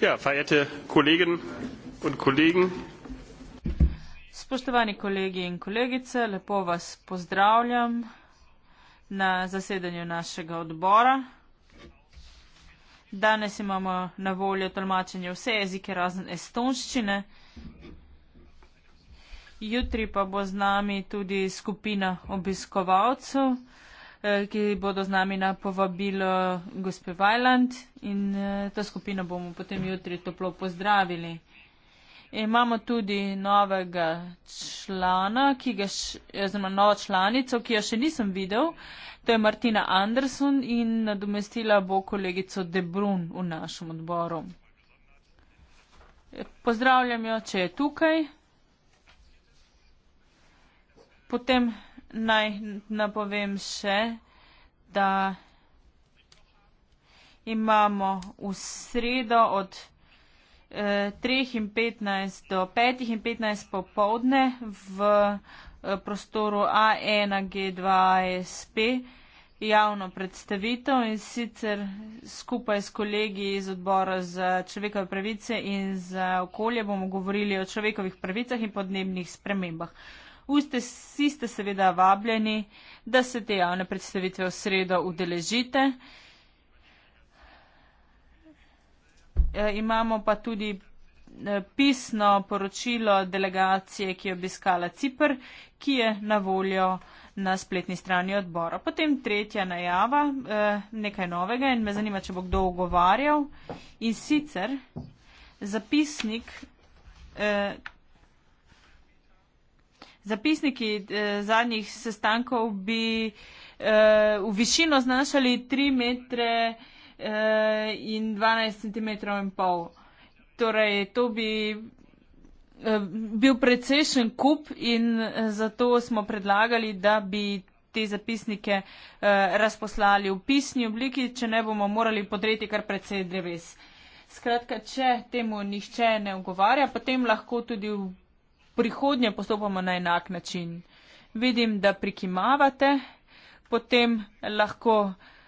Ja, verehrte kolleginnen und kollegen! Spoštovani kolegi in kolegice, lepo vas pozdravljam na zasedanju našega odbora. Danes imamo na voljo tolmačenje vse jezike razen estonščine. Jutri pa bo z nami tudi skupina obiskovalcev. Eh, ki bodo z nami na povabilo gospe Vajland in eh, to skupino bomo potem jutri toplo pozdravili. Imamo tudi novega člana, ki ga, oziroma novo članico, ki jo še nisem videl, to je Martina Anderson in nadomestila bo kolegico Debrun v našem odboru. Pozdravljam jo, če je tukaj. Potem naj napovem še, da imamo v sredo od eh, 3.15 do 5.15 popovdne v eh, prostoru A1 G2 ASP javno predstavitev in sicer skupaj s kolegi iz odbora za človekove pravice in za okolje bomo govorili o človekovih pravicah in podnebnih spremembah. Vste, vsi ste seveda vabljeni, da se te javne predstavitve v sredo udeležite. E, imamo pa tudi e, pisno poročilo delegacije, ki je obiskala Cipr, ki je na voljo na spletni strani odbora. Potem tretja najava, e, nekaj novega in me zanima, če bo kdo ogovarjal. In sicer zapisnik, e, zapisniki eh, zadnjih sestankov bi eh, v višino znašali 3 metre eh, in 12 centimetrov in pol. Torej, to bi eh, bil precejšen kup in eh, zato smo predlagali, da bi te zapisnike eh, razposlali v pisni obliki, če ne bomo morali podreti kar precej dreves. Skratka, če temu nihče ne ogovarja, potem lahko tudi v prihodnje postopamo na enak način. Vidim, da prikimavate, potem lahko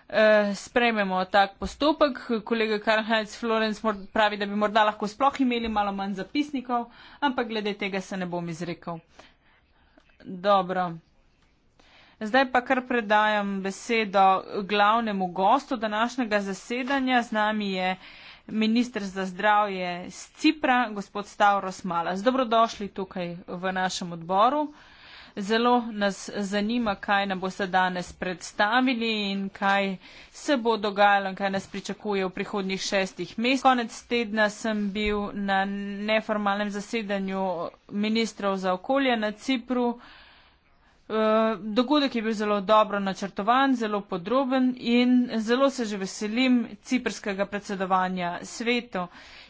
eh, sprememo tak postopek. Kolega Karnhajc Florence pravi, da bi morda lahko sploh imeli malo manj zapisnikov, ampak glede tega se ne bom izrekel. Dobro. Zdaj pa kar predajam besedo glavnemu gostu današnjega zasedanja. Z nami je eh, ministr za zdravje z Cipra, gospod Stavros Malas. Dobrodošli tukaj v našem odboru. Zelo nas zanima, kaj nam boste danes predstavili in kaj se bo dogajalo in kaj nas pričakuje v prihodnjih šestih mesecih. Konec tedna sem bil na neformalnem zasedanju ministrov za okolje na Cipru. Eh, dogodek je bil zelo dobro načrtovan, zelo podroben in zelo se že veselim ciprskega predsedovanja svetu.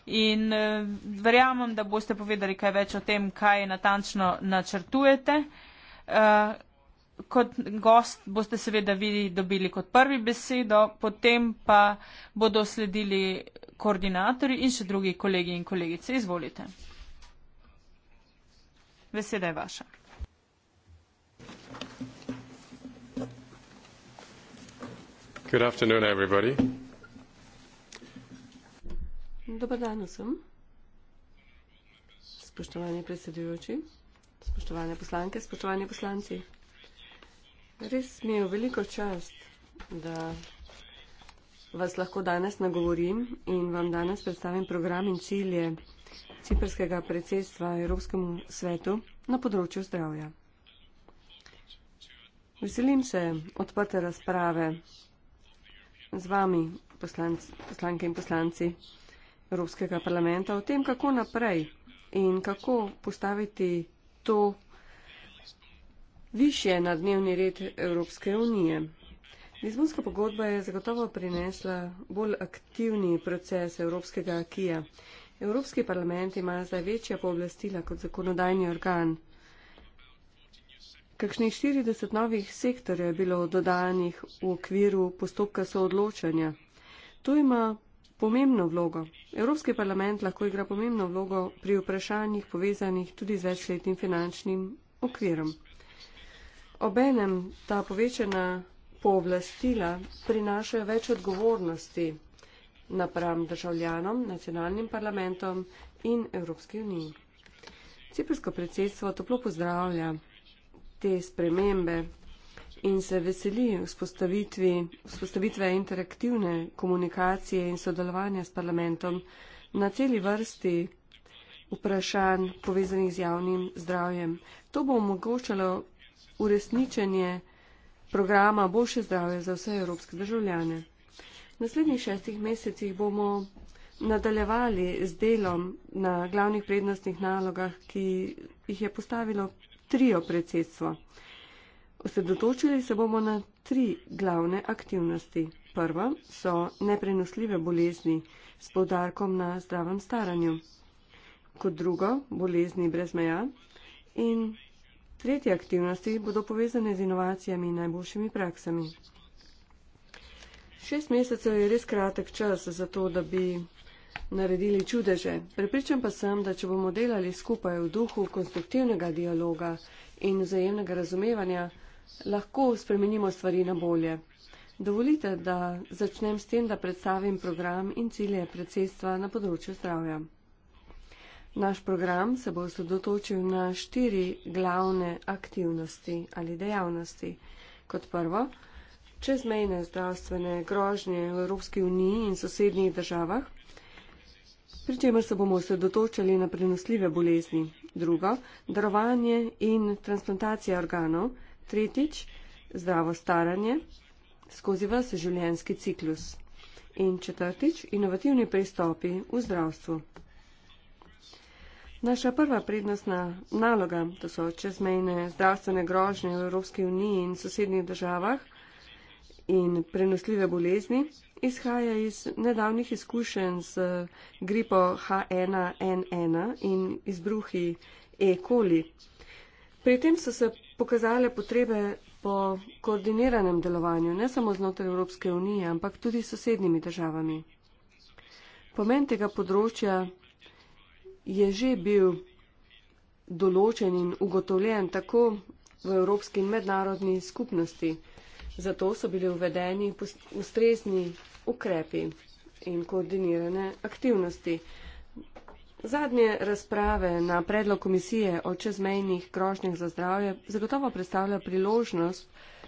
In uh, verjamem, da boste povedali kaj več o tem, kaj natančno načrtujete. Uh, kot gost boste seveda vi dobili kot prvi besedo, potem pa bodo sledili koordinatorji in še drugi kolegi in kolegice. Izvolite. Beseda je vaša. Good afternoon, everybody. Dobar dan vsem. Spoštovani predsedujoči, spoštovane poslanke, spoštovani poslanci. Res mi je veliko čast, da vas lahko danes nagovorim in vam danes predstavim program in cilje ciprskega predsedstva Evropskemu svetu na področju zdravja. Veselim se odprte razprave z vami, poslanc, poslanke in poslanci Evropskega parlamenta, o tem, kako naprej in kako postaviti to više na dnevni red Evropske unije. Lizbonska pogodba je zagotovo prinesla bolj aktivni proces Evropskega akija. Evropski parlament ima zdaj večja pooblastila kot zakonodajni organ. Kakšnih 40 novih sektorjev je bilo dodanih v okviru postopka soodločanja. To ima pomembno vlogo. Evropski parlament lahko igra pomembno vlogo pri vprašanjih povezanih tudi z večletnim finančnim okvirom. Obenem ta povečena pooblastila prinašajo več odgovornosti napram državljanom, nacionalnim parlamentom in Evropski uniji. Ciprsko predsedstvo toplo pozdravlja te spremembe in se veseli vzpostavitve interaktivne komunikacije in sodelovanja s parlamentom na celi vrsti vprašanj povezanih z javnim zdravjem. To bo omogočalo uresničenje programa Boljše zdravje za vse evropske državljane. V naslednjih šestih mesecih bomo nadaljevali z delom na glavnih prednostnih nalogah, ki jih je postavilo trio predsedstvo. Osredotočili se bomo na tri glavne aktivnosti. Prva so neprenosljive bolezni s poudarkom na zdravem staranju. Kot drugo, bolezni brez meja. In tretje aktivnosti bodo povezane z inovacijami in najboljšimi praksami. Šest mesecev je res kratek čas za to, da bi naredili čudeže. Prepričan pa sem, da če bomo delali skupaj v duhu konstruktivnega dialoga in vzajemnega razumevanja, lahko spremenimo stvari na bolje. Dovolite, da začnem s tem, da predstavim program in cilje predsedstva na področju zdravja. Naš program se bo osredotočil na štiri glavne aktivnosti ali dejavnosti. Kot prvo, čezmejne zdravstvene grožnje v Evropski uniji in sosednjih državah, pri čemer se bomo osredotočali na prenosljive bolezni, drugo, darovanje in transplantacija organov, tretjič, zdravo staranje skozi vse življenjski ciklus in četrtič, inovativni pristopi v zdravstvu. Naša prva prednostna naloga, to so čezmejne zdravstvene grožnje v Evropski uniji in sosednjih državah, in prenosljive bolezni izhaja iz nedavnih izkušenj z gripo H1N1 in izbruhi E. coli. Pri tem so se pokazale potrebe po koordiniranem delovanju ne samo znotraj Evropske unije, ampak tudi s sosednjimi državami. Pomen tega področja je že bil določen in ugotovljen tako v evropski in mednarodni skupnosti. Zato so bili uvedeni ustrezni ukrepi in koordinirane aktivnosti. Zadnje razprave na predlog komisije o čezmejnih grožnjah za zdravje zagotovo predstavlja priložnost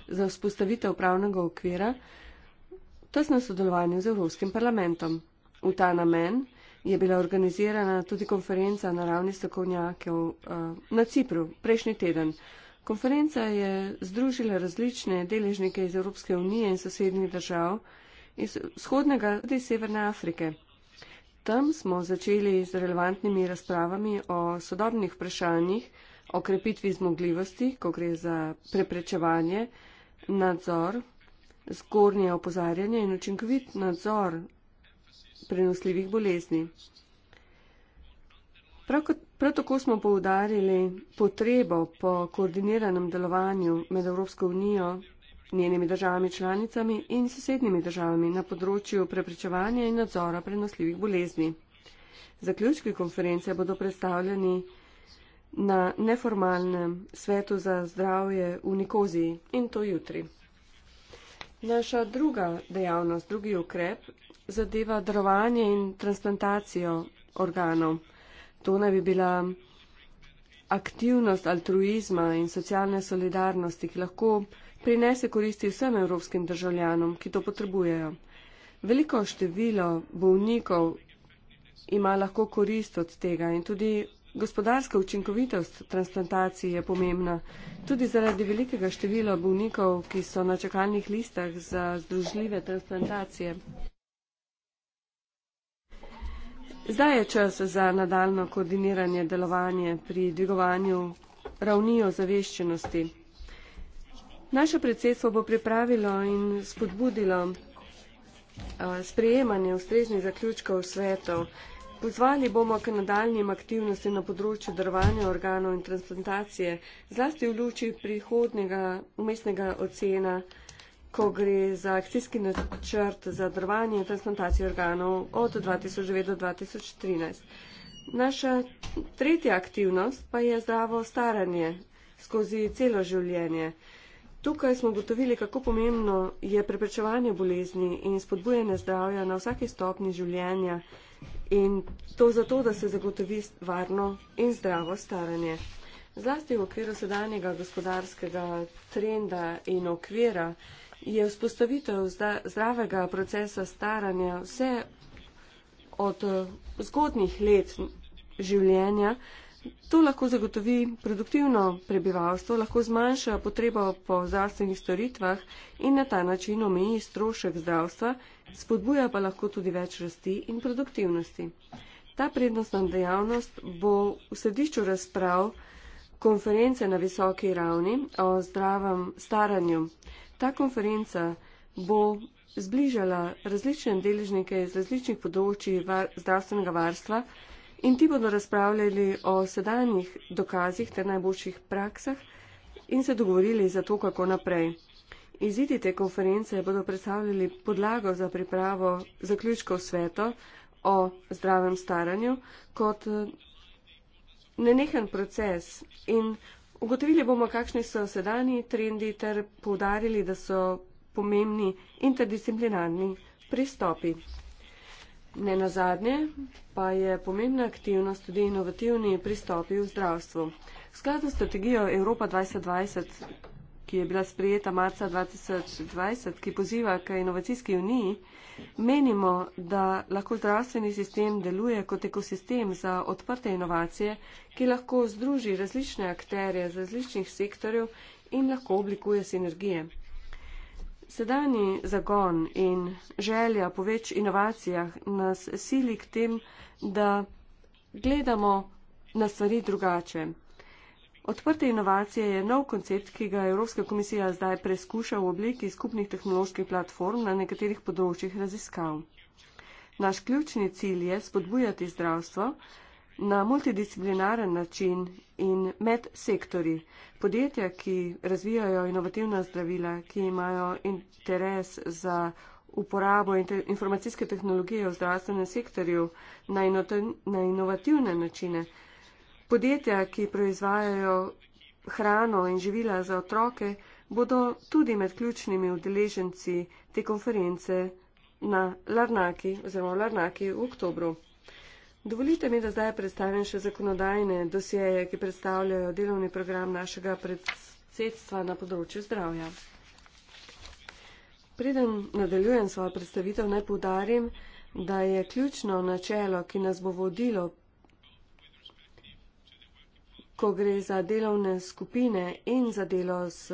za vzpostavitev pravnega okvira tesno sodelovanje z Evropskim parlamentom. V ta namen je bila organizirana tudi konferenca na ravni strokovnjakov eh, na Cipru prejšnji teden. Konferenca je združila različne deležnike iz Evropske unije in sosednjih držav iz vzhodnega tudi Severne Afrike. Tam smo začeli z relevantnimi razpravami o sodobnih vprašanjih, o krepitvi zmogljivosti, ko gre za preprečevanje, nadzor, zgornje opozarjanje in učinkovit nadzor prenosljivih bolezni. Prav kot Prav tako smo poudarili potrebo po koordiniranem delovanju med Evropsko unijo, njenimi državami članicami in sosednjimi državami na področju preprečevanja in nadzora prenosljivih bolezni. Zaključki konference bodo predstavljeni na neformalnem svetu za zdravje v Nikoziji in to jutri. Naša druga dejavnost, drugi ukrep, zadeva darovanje in transplantacijo organov. To naj bi bila aktivnost altruizma in socialne solidarnosti, ki lahko prinese koristi vsem evropskim državljanom, ki to potrebujejo. Veliko število bolnikov ima lahko korist od tega in tudi gospodarska učinkovitost transplantacije je pomembna. Tudi zaradi velikega števila bolnikov, ki so na čakalnih listah za združljive transplantacije. Zdaj je čas za nadaljno koordiniranje delovanja pri dvigovanju ravni ozaveščenosti. Naše predsedstvo bo pripravilo in spodbudilo sprejemanje ustreznih zaključkov svetov. Pozvali bomo k nadaljnjim aktivnostim na področju darovanja organov in transplantacije, zlasti v luči prihodnega umestnega ocena ko gre za akcijski načrt za drvanje in transplantacijo organov od 2009 do 2013. Naša tretja aktivnost pa je zdravo staranje skozi celo življenje. Tukaj smo ugotovili, kako pomembno je preprečevanje bolezni in spodbujanje zdravja na vsaki stopni življenja in to zato, da se zagotovi varno in zdravo staranje. Zlasti v okviru sedanjega gospodarskega trenda in okvira, je vzpostavitev zdravega procesa staranja vse od eh, zgodnih let življenja. To lahko zagotovi produktivno prebivalstvo, lahko zmanjša potrebo po zdravstvenih storitvah in na ta način omeji strošek zdravstva, spodbuja pa lahko tudi več rasti in produktivnosti. Ta prednostna dejavnost bo v središču razprav konference na visoki ravni o zdravem staranju. Ta konferenca bo zbližala različne deležnike iz različnih področji var zdravstvenega varstva in ti bodo razpravljali o sedanjih dokazih ter najboljših praksah in se dogovorili za to, kako naprej. Iziti te konference bodo predstavljali podlago za pripravo zaključkov sveto o zdravem staranju kot nenehen proces in Ugotovili bomo, kakšni so sedajni trendi ter povdarili, da so pomembni interdisciplinarni pristopi. Ne na zadnje pa je pomembna aktivnost tudi inovativni pristopi v zdravstvu. Skladno s strategijo Evropa 2020, ki je bila sprejeta marca 2020, ki poziva k inovacijski uniji, Menimo, da lahko zdravstveni sistem deluje kot ekosistem za odprte inovacije, ki lahko združi različne akterje z različnih sektorjev in lahko oblikuje sinergije. Sedanji zagon in želja po več inovacijah nas sili k tem, da gledamo na stvari drugače. Odprte inovacije je nov koncept, ki ga Evropska komisija zdaj preskuša v obliki skupnih tehnoloških platform na nekaterih področjih raziskav. Naš ključni cilj je spodbujati zdravstvo na multidisciplinaren način in med sektori. Podjetja, ki razvijajo inovativna zdravila, ki imajo interes za uporabo informacijske tehnologije v zdravstvenem sektorju na inovativne načine, Podjetja, ki proizvajajo hrano in živila za otroke, bodo tudi med ključnimi udeleženci te konference na Larnaki oziroma Larnaki v oktobru. Dovolite mi, da zdaj predstavim še zakonodajne dosjeje, ki predstavljajo delovni program našega predsedstva na področju zdravja. Preden nadaljujem svojo predstavitev, naj poudarim, da je ključno načelo, ki nas bo vodilo ko gre za delovne skupine in za delo z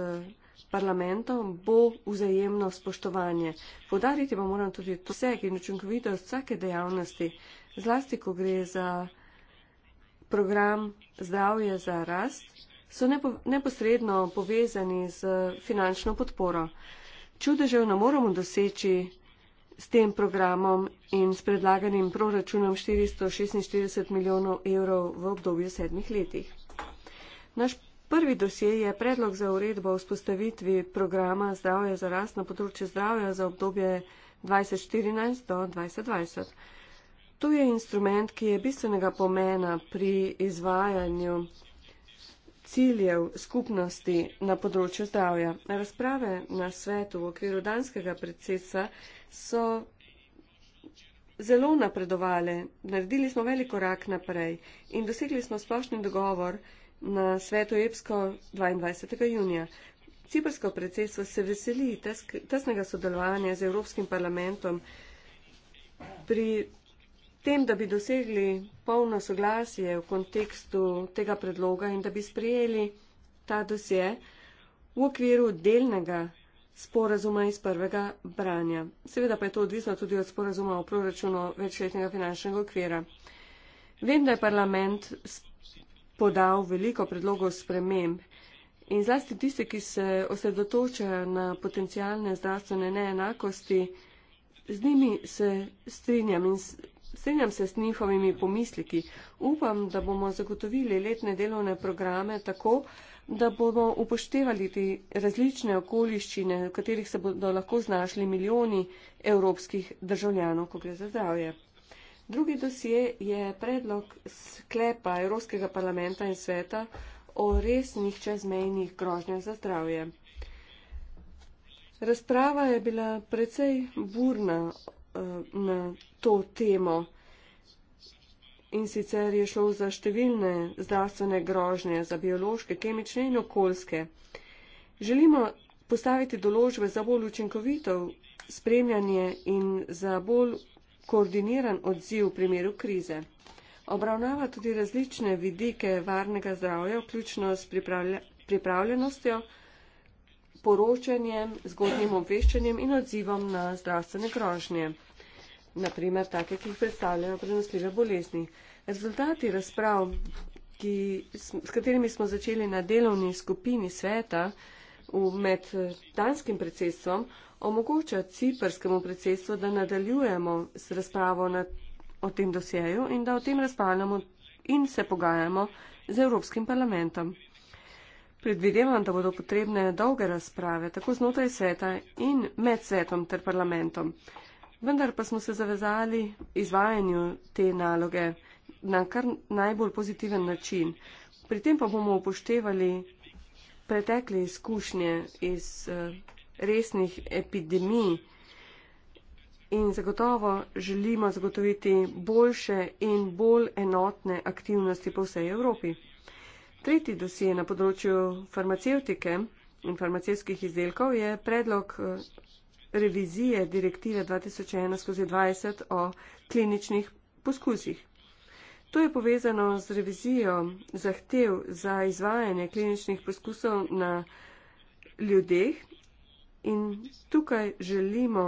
parlamentom, bo vzajemno spoštovanje. Podariti pa moram tudi poseg in učinkovitost vsake dejavnosti, zlasti ko gre za program zdravje za rast, so neposredno povezani z finančno podporo. Čudežev ne moremo doseči s tem programom in s predlaganim proračunom 446 milijonov evrov v obdobju sedmih letih. Naš prvi dosje je predlog za uredbo o spostavitvi programa zdravja za rast na področju zdravja za obdobje 2014 do 2020. To je instrument, ki je bistvenega pomena pri izvajanju ciljev skupnosti na področju zdravja. Razprave na svetu v okviru danskega predsedstva so zelo napredovale. Naredili smo velik korak naprej in dosegli smo splošni dogovor, na svetu EPSKO 22. junija. Ciprsko predsedstvo se veseli tesnega sodelovanja z Evropskim parlamentom pri tem, da bi dosegli polno soglasje v kontekstu tega predloga in da bi sprejeli ta dosje v okviru delnega sporazuma iz prvega branja. Seveda pa je to odvisno tudi od sporazuma o proračunu večletnega finančnega okvira. Vem, da je parlament podal veliko predlogov sprememb. In zlasti tiste, ki se osredotočajo na potencijalne zdravstvene neenakosti, z njimi se strinjam in strinjam se s njihovimi pomisliki. Upam, da bomo zagotovili letne delovne programe tako, da bomo upoštevali te različne okoliščine, v katerih se bodo lahko znašli milijoni evropskih državljanov, ko gre za zdravje. Drugi dosje je predlog sklepa Evropskega parlamenta in sveta o resnih čezmejnih grožnjah za zdravje. Razprava je bila precej burna eh, na to temo in sicer je šlo za številne zdravstvene grožnje, za biološke, kemične in okoljske. Želimo postaviti določbe za bolj učinkovito spremljanje in za bolj koordiniran odziv v primeru krize. Obravnava tudi različne vidike varnega zdravja, vključno s pripravljenostjo, poročanjem, zgodnjim obveščanjem in odzivom na zdravstvene grožnje, naprimer take, ki jih predstavljajo prenosljive bolezni. Rezultati razprav, ki, s katerimi smo začeli na delovni skupini sveta med eh, danskim predsedstvom, omogoča ciprskemu predsedstvu, da nadaljujemo s razpravo na, o tem dosjeju in da o tem razpravljamo in se pogajamo z Evropskim parlamentom. Predvidevam, da bodo potrebne dolge razprave tako znotraj sveta in med svetom ter parlamentom. Vendar pa smo se zavezali izvajanju te naloge na kar najbolj pozitiven način. Pri tem pa bomo upoštevali pretekle izkušnje iz. Uh, resnih epidemij in zagotovo želimo zagotoviti boljše in bolj enotne aktivnosti po vsej Evropi. Tretji dosje na področju farmacevtike in farmacevskih izdelkov je predlog eh, revizije direktive 2001-20 o kliničnih poskusih. To je povezano z revizijo zahtev za izvajanje kliničnih poskusov na ljudeh in tukaj želimo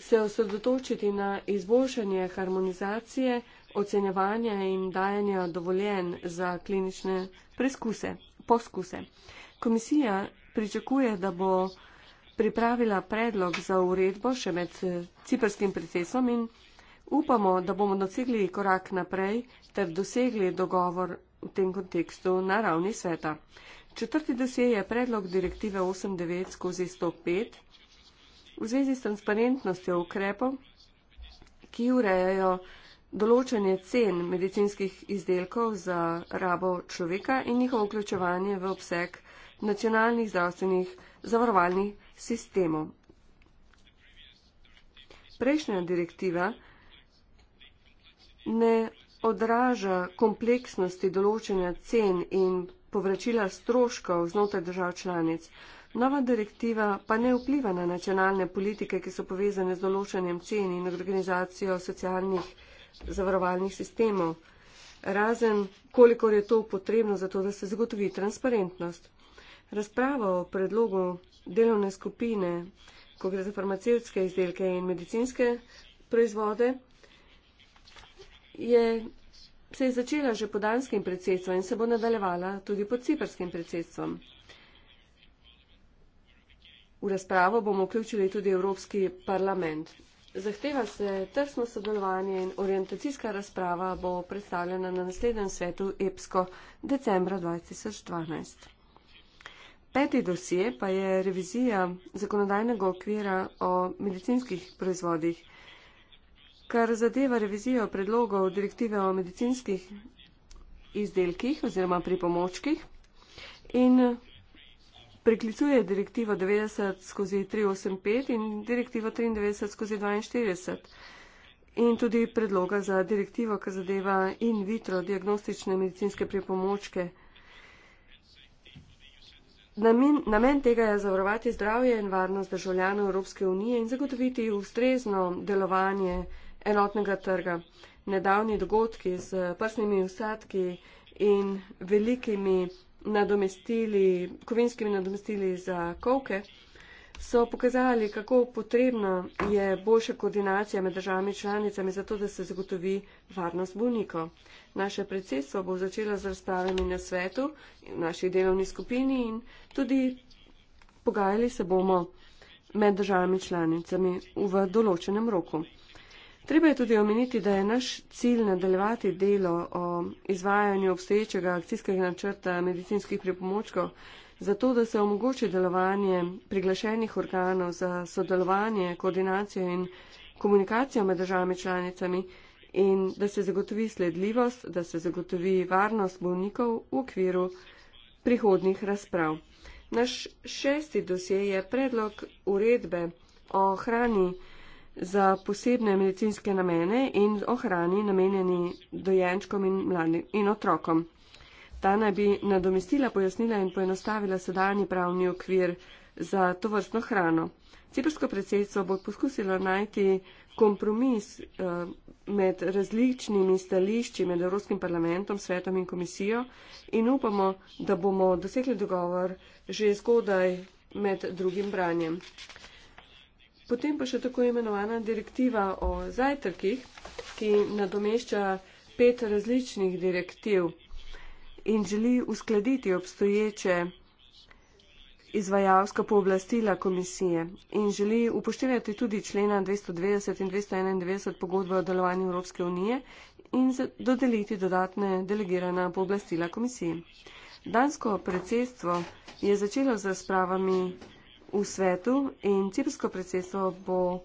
se osredotočiti na izboljšanje harmonizacije, ocenjevanja in dajanja dovoljen za klinične preskuse, poskuse. Komisija pričakuje, da bo pripravila predlog za uredbo še med ciperskim predsedstvom in upamo, da bomo dosegli korak naprej ter dosegli dogovor v tem kontekstu na ravni sveta. Četrti dosje je predlog direktive 89 skozi 105 v zvezi s transparentnostjo ukrepov, ki urejajo določanje cen medicinskih izdelkov za rabo človeka in njihovo vključevanje v obseg nacionalnih zdravstvenih zavarovalnih sistemov. Prejšnja direktiva ne odraža kompleksnosti določanja cen in povračila stroškov znotraj držav članic. Nova direktiva pa ne vpliva na nacionalne politike, ki so povezane z določanjem cen in organizacijo socialnih zavarovalnih sistemov, razen koliko je to potrebno za to, da se zagotovi transparentnost. Razpravo o predlogu delovne skupine, ko gre za farmacevtske izdelke in medicinske proizvode, je se je začela že po danskem predsedstvu in se bo nadaljevala tudi pod ciperskim predsedstvom. V razpravo bomo vključili tudi Evropski parlament. Zahteva se tesno sodelovanje in orientacijska razprava bo predstavljena na naslednjem svetu EPSKO decembra 2012. Peti dosje pa je revizija zakonodajnega okvira o medicinskih proizvodih. Kar zadeva revizijo predlogov direktive o medicinskih izdelkih oziroma pripomočkih in preklicuje direktivo 90 skozi 385 in direktivo 93 skozi 42 in tudi predloga za direktivo, kar zadeva in vitro diagnostične medicinske pripomočke. Namen, namen tega je zavarovati zdravje in varnost državljanov Evropske unije in zagotoviti ustrezno delovanje enotnega trga. Nedavni dogodki z prsnimi usadki in velikimi nadomestili, kovinskimi nadomestili za kovke so pokazali, kako potrebna je boljša koordinacija med državami članicami, zato da se zagotovi varnost bolnikov. Naše predsedstvo bo začelo z razpravami na svetu, v naši delovni skupini in tudi pogajali se bomo med državami članicami v določenem roku. Treba je tudi omeniti, da je naš cilj nadaljevati delo o izvajanju obstoječega akcijskega načrta medicinskih pripomočkov, zato da se omogoči delovanje priglašenih organov za sodelovanje, koordinacijo in komunikacijo med državami članicami in da se zagotovi sledljivost, da se zagotovi varnost bolnikov v okviru prihodnih razprav. Naš šesti dosje je predlog uredbe o hrani, za posebne medicinske namene in ohrani namenjeni dojenčkom in, mladim, in otrokom. Ta naj bi nadomestila, pojasnila in poenostavila sedanji pravni okvir za to vrstno hrano. Ciprsko predsedstvo bo poskusilo najti kompromis eh, med različnimi stališči med Evropskim parlamentom, svetom in komisijo in upamo, da bomo dosegli dogovor že zgodaj med drugim branjem. Potem pa še tako imenovana direktiva o zajtrkih, ki nadomešča pet različnih direktiv in želi uskladiti obstoječe izvajalska pooblastila komisije in želi upoštevati tudi člena 290 in 291 pogodbe o delovanju Evropske unije in dodeliti dodatne delegirana pooblastila komisiji. Dansko predsedstvo je začelo z razpravami v svetu in cipsko predsedstvo bo,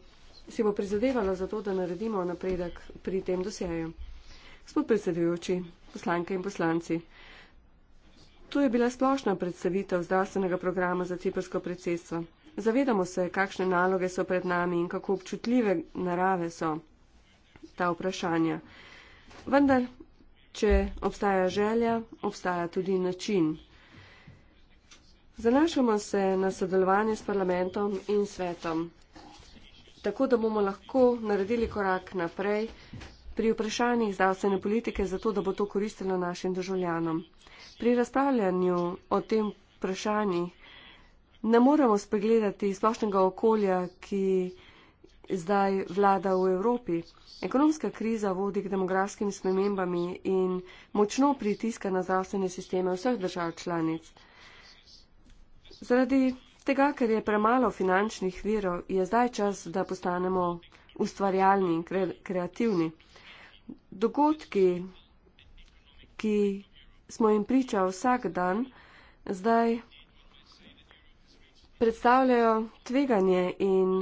si bo prizadevalo za to, da naredimo napredek pri tem dosjeju. Gospod predsedujoči, poslanke in poslanci, to je bila splošna predstavitev zdravstvenega programa za cipsko predsedstvo. Zavedamo se, kakšne naloge so pred nami in kako občutljive narave so ta vprašanja. Vendar, če obstaja želja, obstaja tudi način. Zanašamo se na sodelovanje s parlamentom in svetom, tako da bomo lahko naredili korak naprej pri vprašanjih zdravstvene politike, zato da bo to koristilo našim državljanom. Pri razpravljanju o tem vprašanji ne moremo spregledati splošnega okolja, ki zdaj vlada v Evropi. Ekonomska kriza vodi k demografskim spremembami in močno pritiska na zdravstvene sisteme vseh držav članic. Zaradi tega, ker je premalo finančnih virov, je zdaj čas, da postanemo ustvarjalni in kre kreativni. Dogodki, ki smo jim priča vsak dan, zdaj predstavljajo tveganje in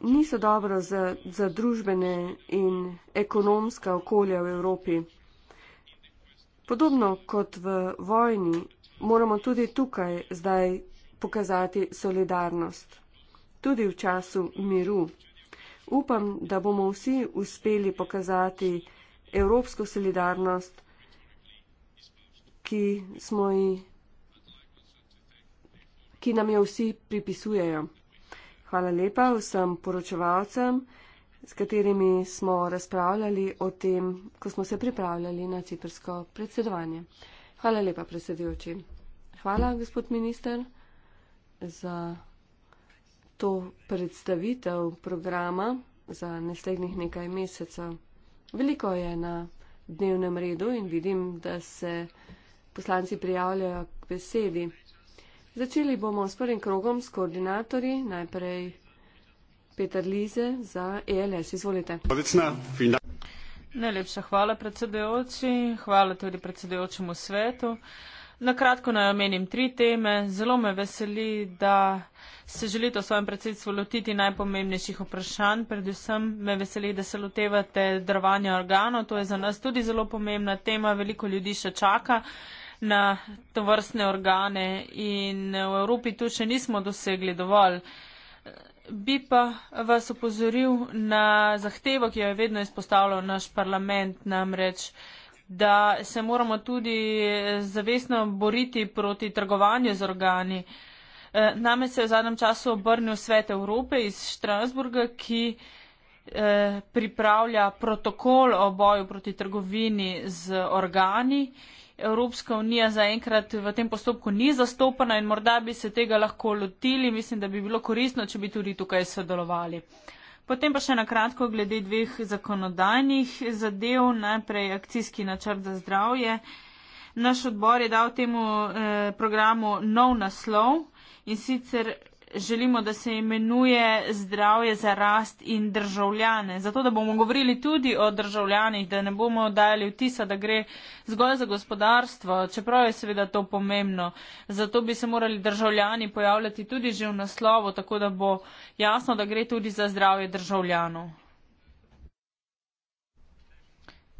niso dobro za, za družbene in ekonomska okolja v Evropi. Podobno kot v vojni moramo tudi tukaj zdaj pokazati solidarnost. Tudi v času miru. Upam, da bomo vsi uspeli pokazati evropsko solidarnost, ki, smo, ki nam jo vsi pripisujejo. Hvala lepa vsem poročevalcem, s katerimi smo razpravljali o tem, ko smo se pripravljali na ciprsko predsedovanje. Hvala lepa, predsedujoči. Hvala, gospod minister, za to predstavitev programa za naslednjih nekaj mesecev. Veliko je na dnevnem redu in vidim, da se poslanci prijavljajo k besedi. Začeli bomo s prvim krogom s koordinatorji, najprej Peter Lize za ELS. Izvolite. Odlična, fina. Najlepša hvala predsedujoči, hvala tudi predsedujočemu svetu. Na kratko naj omenim tri teme. Zelo me veseli, da se želite v svojem predsedstvu lotiti najpomembnejših vprašanj. Predvsem me veseli, da se lotevate drvanja organov. To je za nas tudi zelo pomembna tema. Veliko ljudi še čaka na to vrstne organe in v Evropi tu še nismo dosegli dovolj bi pa vas opozoril na zahtevo, ki jo je vedno izpostavljal naš parlament, namreč, da se moramo tudi zavesno boriti proti trgovanju z organi. E, name se je v zadnjem času obrnil Svet Evrope iz Štrasburga, ki e, pripravlja protokol o boju proti trgovini z organi Evropska unija zaenkrat v tem postopku ni zastopana in morda bi se tega lahko lotili. Mislim, da bi bilo koristno, če bi tudi tukaj sodelovali. Potem pa še na kratko glede dveh zakonodajnih zadev. Najprej akcijski načrt za zdravje. Naš odbor je dal temu eh, programu nov naslov in sicer želimo, da se imenuje zdravje za rast in državljane. Zato, da bomo govorili tudi o državljanih, da ne bomo dajali vtisa, da gre zgolj za gospodarstvo, čeprav je seveda to pomembno. Zato bi se morali državljani pojavljati tudi že v naslovu, tako da bo jasno, da gre tudi za zdravje državljanov.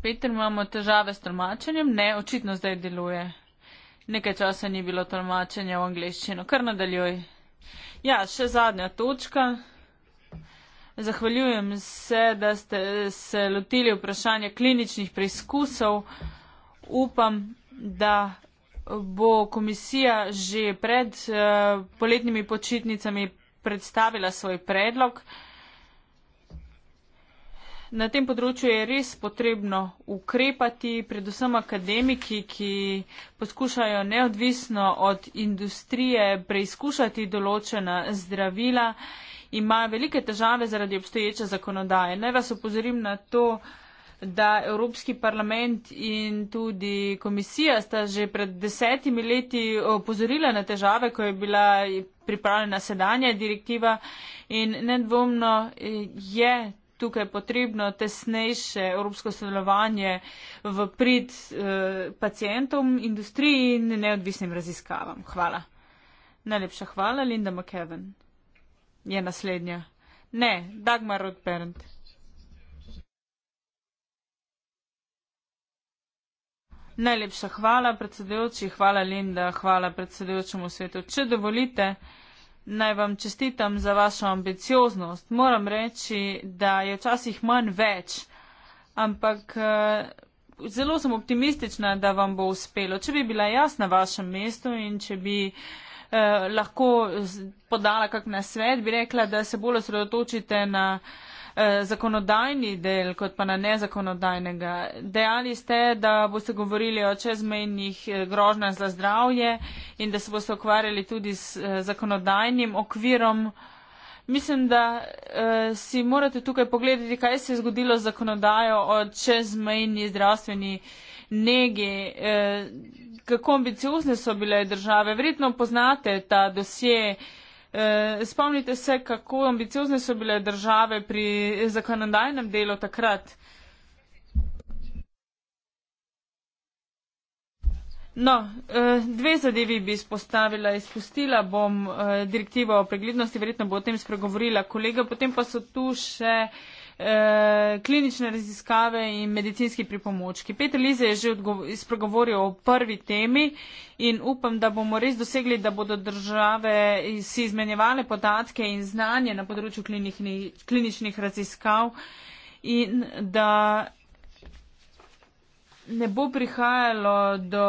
Peter, imamo težave s tolmačenjem? Ne, očitno zdaj deluje. Nekaj časa ni bilo tolmačenja v angleščino. Kar nadaljuj. Ja, še zadnja točka. Zahvaljujem se, da ste se lotili vprašanja kliničnih preizkusov. Upam, da bo komisija že pred uh, poletnimi počitnicami predstavila svoj predlog. Uh, na tem področju je res potrebno ukrepati, predvsem akademiki, ki poskušajo neodvisno od industrije preizkušati določena zdravila, imajo velike težave zaradi obstoječe zakonodaje. Naj vas opozorim na to, da Evropski parlament in tudi komisija sta že pred desetimi leti opozorila na težave, ko je bila pripravljena sedanja direktiva in nedvomno je tukaj potrebno tesnejše evropsko sodelovanje v prid eh, pacijentom, industriji in neodvisnim raziskavam. Hvala. Najlepša hvala, Linda McKeven. Je naslednja. Ne, Dagmar Rotberend. Najlepša hvala, predsedujoči. Hvala, Linda. Hvala predsedujočemu svetu. Če dovolite, eh, Naj vam čestitam za vašo ambicioznost. Moram reči, da je včasih manj več, ampak eh, zelo sem optimistična, da vam bo uspelo. Če bi bila jaz na vašem mestu in če bi eh, lahko podala kak na svet, bi rekla, da se bolj osredotočite na. Eh, zakonodajni del, kot pa na nezakonodajnega. Dejali ste, da boste govorili o čezmejnih eh, grožnjah za zdravje in da se boste ukvarjali tudi s eh, zakonodajnim okvirom. Mislim, da eh, si morate tukaj pogledati, kaj se je zgodilo z zakonodajo o čezmejni zdravstveni negi, eh, kako ambiciozne so bile države. Verjetno poznate ta dosje, eh, Eh, spomnite se, kako ambiciozne so bile države pri zakonodajnem delu takrat. No, eh, dve zadevi bi izpostavila. Izpustila bom eh, direktivo o preglednosti, verjetno bo o tem spregovorila kolega, potem pa so tu še uh, Eh, klinične raziskave in medicinski pripomočki. Peter Lize je že spregovoril o prvi temi in upam, da bomo res dosegli, da bodo države si izmenjevale podatke in znanje na področju klinih, kliničnih raziskav in da ne bo prihajalo do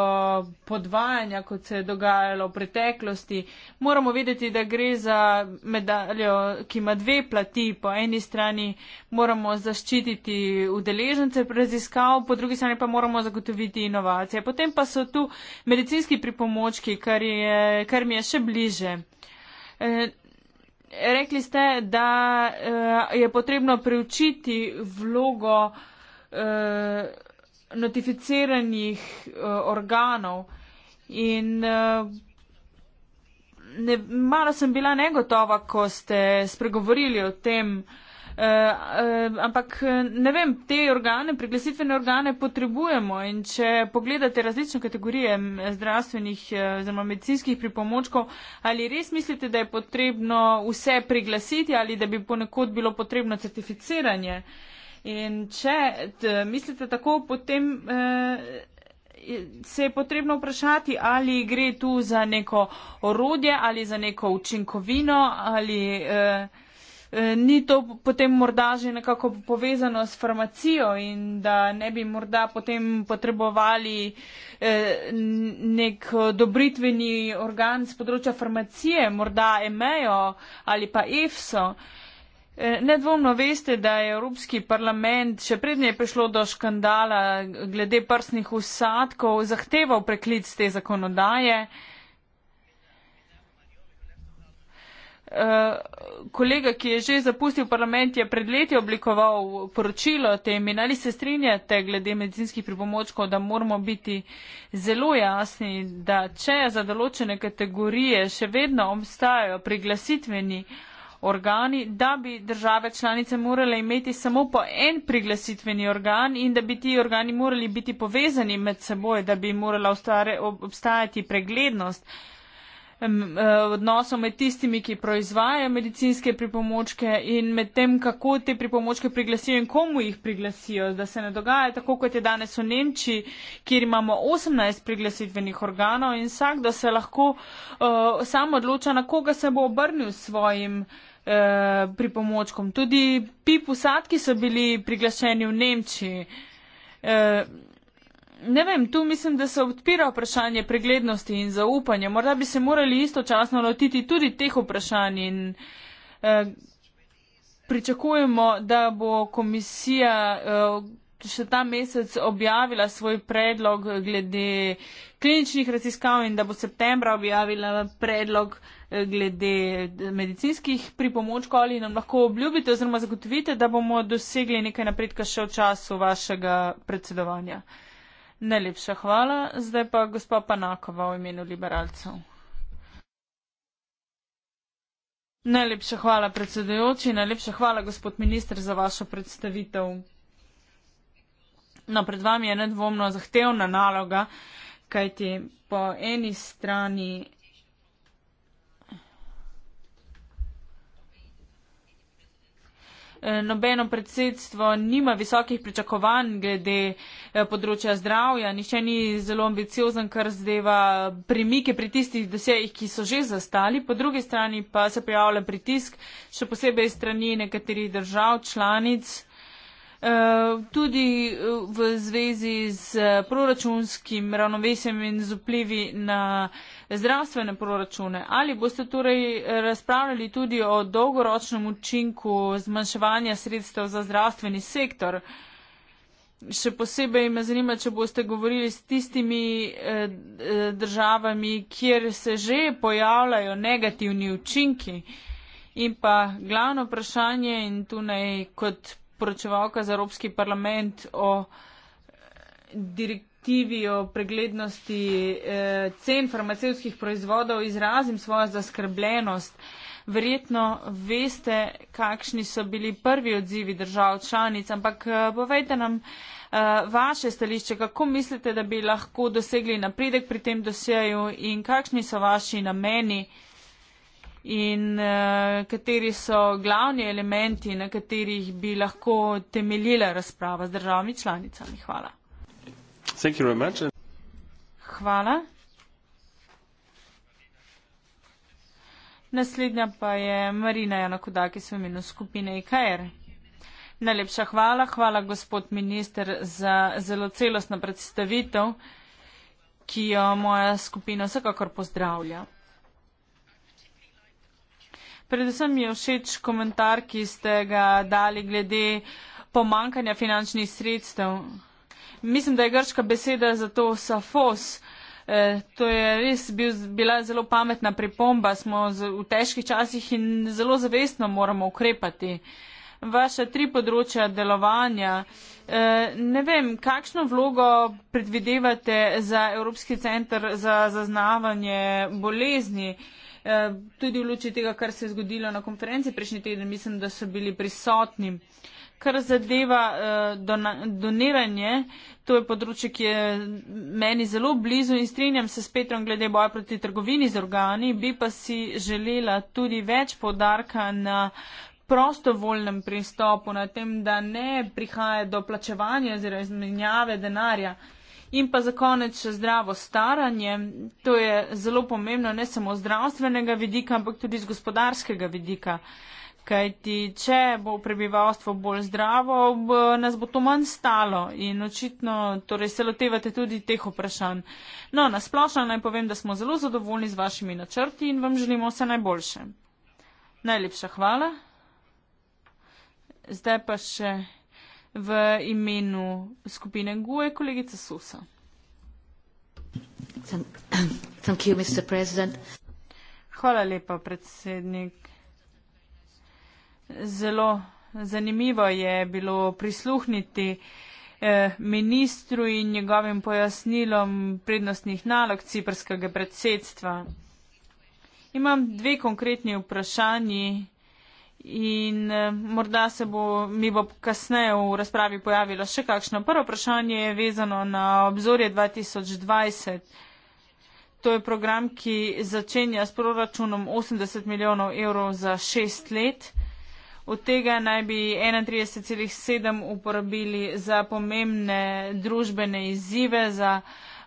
podvajanja, kot se je dogajalo v preteklosti. Moramo vedeti, da gre za medaljo, ki ima dve plati. Po eni strani moramo zaščititi udeležence preziskav, po drugi strani pa moramo zagotoviti inovacije. Potem pa so tu medicinski pripomočki, kar, je, kar mi je še bliže. E, rekli ste, da e, je potrebno preučiti vlogo e, notificiranih uh, organov. In uh, ne, malo sem bila negotova, ko ste spregovorili o tem, uh, uh, ampak ne vem, te organe, priglasitvene organe potrebujemo in če pogledate različne kategorije zdravstvenih oziroma uh, medicinskih pripomočkov, ali res mislite, da je potrebno vse priglasiti ali da bi ponekod bilo potrebno certificiranje? Uh, In če mislite tako, potem eh, se je potrebno vprašati, ali gre tu za neko orodje ali za neko učinkovino ali. Eh, eh Ni to potem morda že nekako povezano s farmacijo in da ne bi morda potem potrebovali eh, nek dobritveni organ z področja farmacije, morda EMEO ali pa EFSO. Nedvomno veste, da je Evropski parlament, še prednje je prišlo do škandala glede prsnih usadkov, zahteval preklic te zakonodaje. Eh, kolega, ki je že zapustil parlament, je pred leti oblikoval poročilo o tem in ali se strinjate glede medicinskih pripomočkov, da moramo biti zelo jasni, da če za določene kategorije še vedno obstajajo priglasitveni organi, da bi države članice morale imeti samo po en priglasitveni organ in da bi ti organi morali biti povezani med seboj, da bi morala obstajati preglednost. Eh, odnosov med tistimi, ki proizvajajo medicinske pripomočke in med tem, kako te pripomočke priglasijo in komu jih priglasijo, da se ne dogaja tako, kot je danes v Nemčiji, kjer imamo 18 priglasitvenih organov in vsak, da se lahko uh, eh, samo odloča, na koga se bo obrnil s svojim uh, pripomočkom. Tudi pipusatki so bili priglašeni v Nemčiji. Uh, ne vem, tu mislim, da se odpira vprašanje preglednosti in zaupanja. Morda bi se morali istočasno lotiti tudi teh vprašanj in eh, pričakujemo, da bo komisija eh, še ta mesec objavila svoj predlog glede kliničnih raziskav in da bo septembra objavila predlog eh, glede eh, medicinskih pripomočkov ali nam lahko obljubite oziroma zagotovite, da bomo dosegli nekaj napredka še v času vašega predsedovanja. Najlepša hvala. Zdaj pa gospa Panakova v imenu liberalcev. Najlepša hvala, predsedujoči. Najlepša hvala, gospod minister, za vašo predstavitev. No, pred vami je nedvomno zahtevna naloga, kajti po eni strani Eh, nobeno predsedstvo nima visokih pričakovanj glede eh, področja zdravja, nišče ni zelo ambiciozen, kar zdeva premike pri tistih dosejih, ki so že zastali, po drugi strani pa se pojavlja pritisk, še posebej strani nekaterih držav članic Eh, tudi eh, v zvezi z eh, proračunskim ravnovesjem in z vplivi na zdravstvene proračune. Ali boste torej razpravljali tudi o dolgoročnem učinku zmanjševanja sredstev za zdravstveni sektor? Še posebej me zanima, če boste govorili s tistimi državami, kjer se že pojavljajo negativni učinki. In pa glavno vprašanje in tu naj kot poročevalka za Evropski parlament o eh, direktivi o preglednosti eh, cen farmacevskih proizvodov, izrazim svojo zaskrbljenost. Verjetno veste, kakšni so bili prvi odzivi držav članic, ampak eh, povejte nam eh, vaše stališče, kako mislite, da bi lahko dosegli napredek pri tem dosjeju in kakšni so vaši nameni eh, in uh, kateri so glavni elementi, na katerih bi lahko temeljila razprava z državami članicami. Hvala. Hvala. Naslednja pa je Marina Janakodak iz imenu skupine IKR. E Najlepša hvala. Hvala, gospod minister, za zelo celostno predstavitev, ki jo moja skupina vsekakor pozdravlja. Predvsem mi je všeč komentar, ki ste ga dali glede pomankanja finančnih sredstev. Mislim, da je grška beseda za to safos. E, to je res bil, bila zelo pametna pripomba. Smo z, v težkih časih in zelo zavestno moramo ukrepati. Vaša tri področja delovanja. E, ne vem, kakšno vlogo predvidevate za Evropski center za zaznavanje bolezni. E, Eh, tudi v luči tega, kar se je zgodilo na konferenci prejšnji teden, mislim, da so bili prisotni. Kar zadeva eh, doniranje, to je področje, ki je meni zelo blizu in strinjam se s Petrom glede boja proti trgovini z organi, bi pa si želela tudi več podarka na prostovoljnem pristopu, na tem, da ne prihaja do plačevanja oziroma izmenjave denarja. In pa za konec še zdravo staranje. To je zelo pomembno ne samo z zdravstvenega vidika, ampak tudi z gospodarskega vidika. Kaj ti, če bo prebivalstvo bolj zdravo, bo, nas bo to manj stalo in očitno torej, se lotevate tudi teh vprašanj. No, nasplošno naj povem, da smo zelo zadovoljni z vašimi načrti in vam želimo vse najboljše. Najlepša hvala. Zdaj pa še v imenu skupine GUE kolegica Susa. Thank you, Hvala lepa, predsednik. Zelo zanimivo je bilo prisluhniti eh, ministru in njegovim pojasnilom prednostnih nalog ciprskega predsedstva. Imam dve konkretni vprašanji. In eh, morda se bo, mi bo kasneje v razpravi pojavilo še kakšno prvo vprašanje vezano na obzorje 2020. To je program, ki začenja s proračunom 80 milijonov evrov za šest let. Od tega naj bi 31,7 uporabili za pomembne družbene izzive, za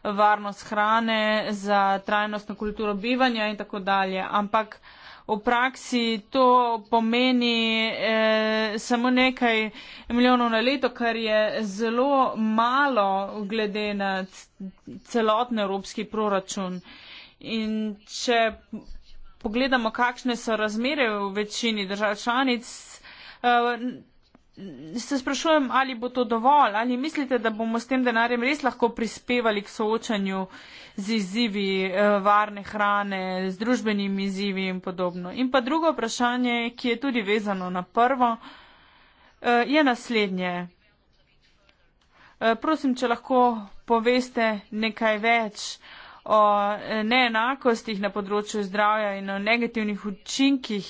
varnost hrane, za trajnostno kulturo bivanja in tako dalje. Ampak v praksi to pomeni eh, samo nekaj milijonov na leto, kar je zelo malo glede na celoten evropski proračun. In če pogledamo, kakšne so razmere v večini držav članic, eh, se sprašujem, ali bo to dovolj, ali mislite, da bomo s tem denarjem res lahko prispevali k soočanju z izzivi eh, varne hrane, z družbenimi izzivi in podobno. In pa drugo vprašanje, ki je tudi vezano na prvo, eh, je naslednje. Eh, prosim, če lahko poveste nekaj več o neenakostih na področju zdravja in o negativnih učinkih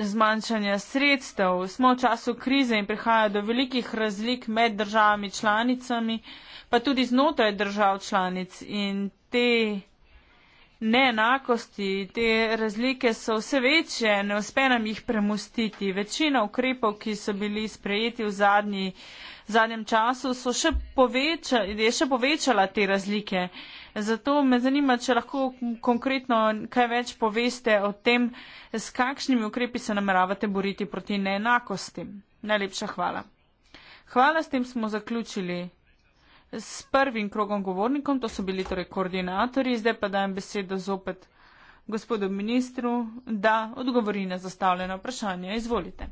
zmanjšanja sredstev. Smo v času krize in prihaja do velikih razlik med državami članicami, pa tudi znotraj držav članic. In te neenakosti, te razlike so vse večje, ne uspe nam jih premustiti. Večina ukrepov, ki so bili sprejeti v zadnji, zadnjem času, še poveča, je še povečala te razlike. Uh, Zato me zanima, če lahko konkretno kaj več poveste o tem, s kakšnimi ukrepi se nameravate boriti proti neenakosti. Najlepša hvala. Hvala, s tem smo zaključili s prvim krogom govornikom, to so bili torej koordinatorji, zdaj pa dajem besedo zopet gospodu ministru, da odgovori na zastavljeno vprašanje. Izvolite.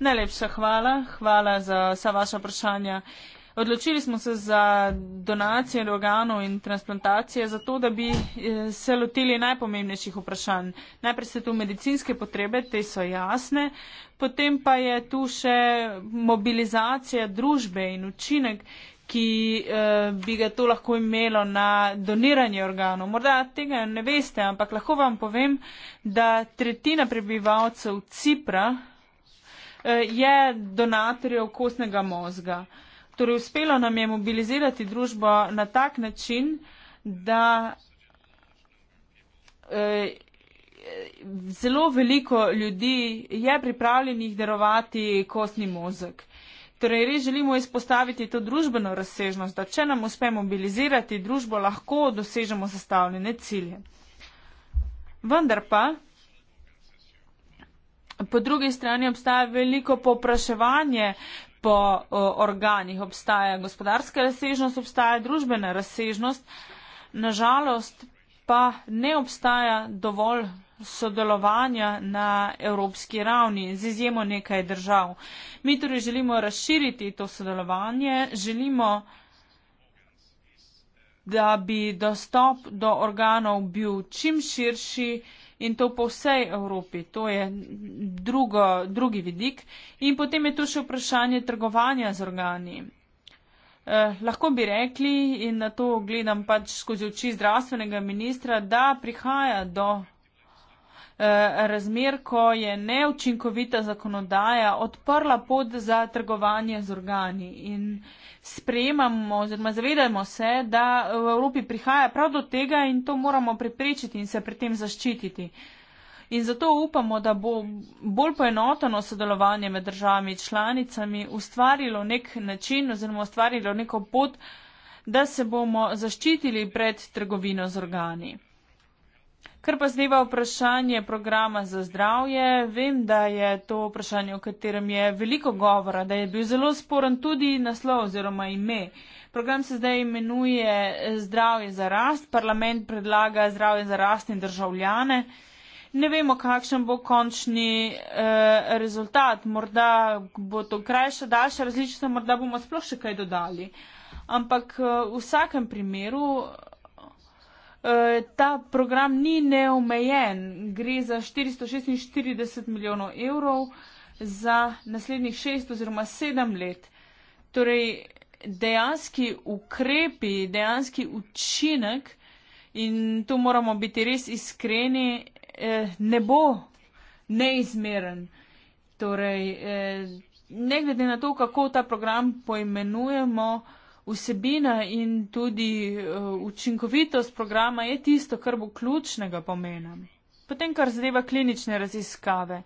Najlepša hvala, hvala za vsa vaša vprašanja. Odločili smo se za donacije organov in transplantacije, zato da bi eh, se lotili najpomembnejših vprašanj. Najprej so tu medicinske potrebe, te so jasne, potem pa je tu še mobilizacija družbe in učinek, ki eh, bi ga to lahko imelo na doniranje organov. Morda tega ne veste, ampak lahko vam povem, da tretjina prebivalcev Cipra Eh, je donatorjev kostnega mozga. Torej, uspelo nam je mobilizirati družbo na tak način, da eh, zelo veliko ljudi je pripravljenih darovati kostni mozek. Torej, res želimo izpostaviti to družbeno razsežnost, da če nam uspe mobilizirati družbo, lahko dosežemo zastavljene cilje. Vendar pa po drugi strani obstaja veliko popraševanje po o, organih, obstaja gospodarska razsežnost, obstaja družbena razsežnost, nažalost pa ne obstaja dovolj sodelovanja na evropski ravni z izjemo nekaj držav. Mi torej želimo razširiti to sodelovanje, želimo, da bi dostop do organov bil čim širši, in to po vsej Evropi. To je drugo, drugi vidik. In potem je tu še vprašanje trgovanja z organi. Eh, lahko bi rekli, in na to gledam pač skozi oči zdravstvenega ministra, da prihaja do Eh, razmer, ko je neučinkovita zakonodaja odprla pot za trgovanje z organi. In sprejemamo oziroma zavedamo se, da v Evropi prihaja prav do tega in to moramo preprečiti in se pri tem zaščititi. In zato upamo, da bo bolj poenoteno sodelovanje med državami članicami ustvarilo nek način oziroma ustvarilo neko pot, da se bomo zaščitili pred trgovino z organi. Kar pa zdaj vprašanje programa za zdravje, vem, da je to vprašanje, o katerem je veliko govora, da je bil zelo sporen tudi naslov oziroma ime. Program se zdaj imenuje eh, Zdravje za rast, parlament predlaga zdravje za rast in državljane. Ne vemo, kakšen bo končni eh, rezultat. Morda bo to krajša, daljša različica, morda bomo sploh še kaj dodali. Ampak eh, v vsakem primeru Eh, ta program ni neomejen, gre za 446 milijonov evrov za naslednjih 6 oziroma 7 let. Torej, dejanski ukrepi, dejanski učinek in tu moramo biti res iskreni, eh, ne bo neizmeren. Torej, eh, ne glede na to, kako ta program poimenujemo, vsebina in tudi uh, učinkovitost programa je tisto, kar bo ključnega pomena. Potem, kar zadeva klinične raziskave.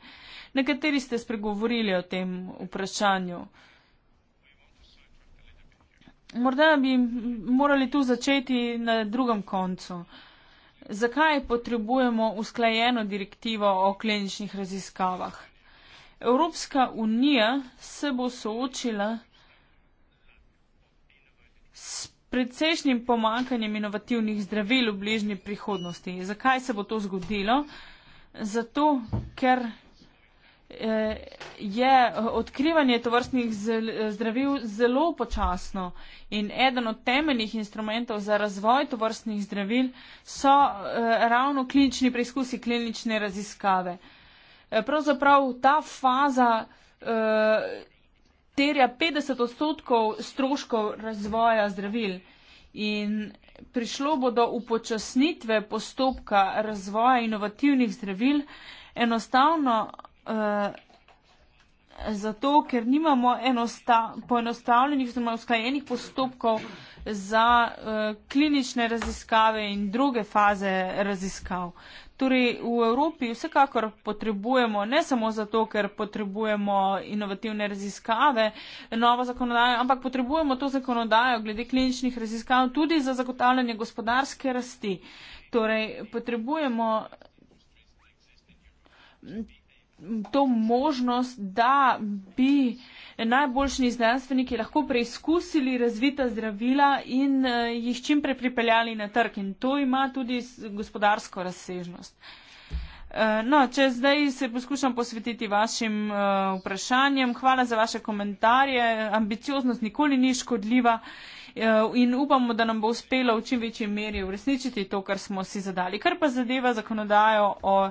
Nekateri ste spregovorili o tem vprašanju. Morda bi morali tu začeti na drugem koncu. Zakaj potrebujemo usklajeno direktivo o kliničnih raziskavah? Evropska unija se bo soočila s precejšnjim pomankanjem inovativnih zdravil v bližnji prihodnosti. Zakaj se bo to zgodilo? Zato, ker eh, je eh, odkrivanje tovrstnih zdravil zelo počasno in eden od temeljnih instrumentov za razvoj tovrstnih zdravil so eh, ravno klinični preizkusi, klinične raziskave. Pravzaprav ta faza terja 50 odstotkov stroškov razvoja zdravil. In prišlo bo do upočasnitve postopka razvoja inovativnih zdravil enostavno eh, zato, ker nimamo enosta, poenostavljenih, oziroma usklajenih postopkov za eh, klinične raziskave in druge faze raziskav. Torej, v Evropi vsekakor potrebujemo, ne samo zato, ker potrebujemo inovativne raziskave, novo zakonodajo, ampak potrebujemo to zakonodajo glede kliničnih raziskav tudi za zagotavljanje gospodarske rasti. Torej, potrebujemo mm, to možnost, da bi najboljšimi znanstveniki lahko preizkusili razvita zdravila in eh, jih čim prej pripeljali na trg. In to ima tudi gospodarsko razsežnost. Eh, no, če zdaj se poskušam posvetiti vašim eh, vprašanjem, hvala za vaše komentarje. Ambicioznost nikoli ni škodljiva in upamo, da nam bo uspelo v čim večji meri uresničiti to, kar smo si zadali. Kar pa zadeva zakonodajo o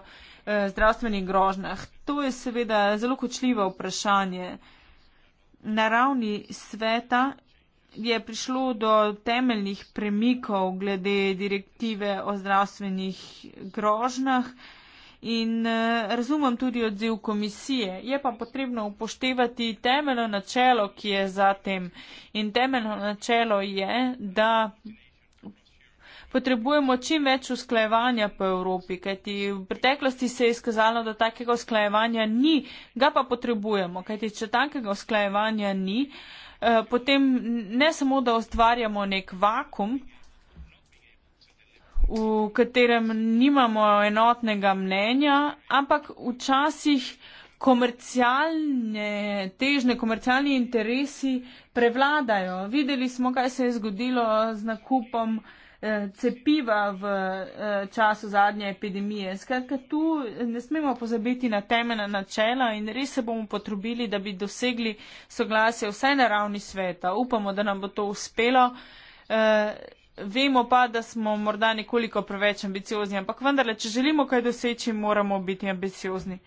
zdravstvenih grožnah. To je seveda zelo kočljivo vprašanje na ravni sveta je prišlo do temeljnih premikov glede direktive o zdravstvenih grožnah in eh, razumem tudi odziv komisije. Je pa potrebno upoštevati temeljno načelo, ki je za tem. In temeljno načelo je, da potrebujemo čim več usklajevanja po Evropi, kajti v preteklosti se je izkazalo, da takega usklajevanja ni, ga pa potrebujemo, kajti če takega usklajevanja ni, eh, potem ne samo, da ustvarjamo nek vakum, v katerem nimamo enotnega mnenja, ampak včasih komercialne težne, komercialni interesi prevladajo. Videli smo, kaj se je zgodilo z nakupom uh, Eh, cepiva v eh, času zadnje epidemije. Skratka, tu ne smemo pozabiti na temena načela in res se bomo potrubili, da bi dosegli soglasje vsaj na ravni sveta. Upamo, da nam bo to uspelo. Eh, vemo pa, da smo morda nekoliko preveč ambiciozni, ampak vendarle, če želimo kaj doseči, moramo biti ambiciozni.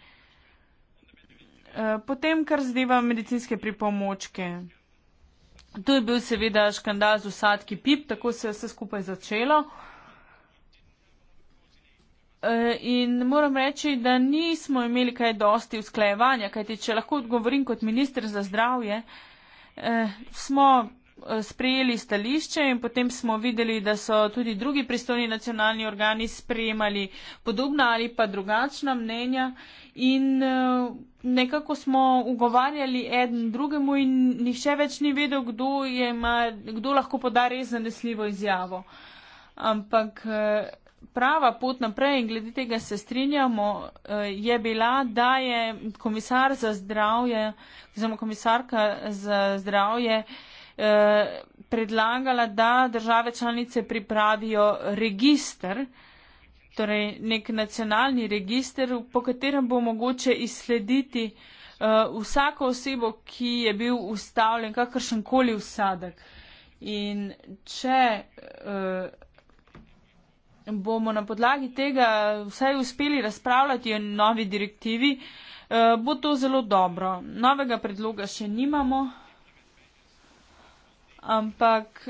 Potem, kar zadeva medicinske pripomočke. To je bil seveda škandal z usadki pip, tako se je vse skupaj začelo. E, in moram reči, da nismo imeli kaj dosti usklajevanja, kajti če lahko odgovorim kot minister za zdravje, e, smo Eh, sprejeli stališče in potem smo videli, da so tudi drugi pristojni nacionalni organi sprejemali podobna ali pa drugačna mnenja in eh, nekako smo ugovarjali eden drugemu in nihče več ni vedel, kdo, ima, kdo lahko poda res zanesljivo izjavo. Ampak eh, prava pot naprej in glede tega se strinjamo je bila, da je komisar za zdravje, oziroma komisarka za zdravje, predlagala, da države članice pripravijo registr, torej nek nacionalni registr, po katerem bo mogoče izslediti uh, vsako osebo, ki je bil ustavljen, kakršen koli usadek. In če uh, bomo na podlagi tega vsaj uspeli razpravljati o novi direktivi, uh, bo to zelo dobro. Novega predloga še nimamo ampak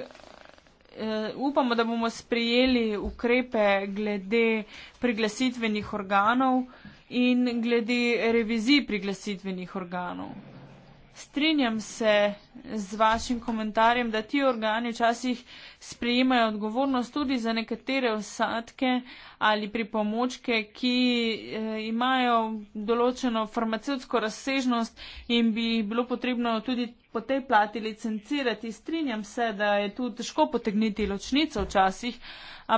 uh, upamo, da bomo sprejeli ukrepe glede priglasitvenih organov in glede revizij priglasitvenih organov strinjam se z vašim komentarjem, da ti organi včasih sprejemajo odgovornost tudi za nekatere vsadke ali pripomočke, ki eh, imajo določeno farmacevsko razsežnost in bi bilo potrebno tudi po tej plati licencirati. Strinjam se, da je tu težko potegniti ločnico včasih,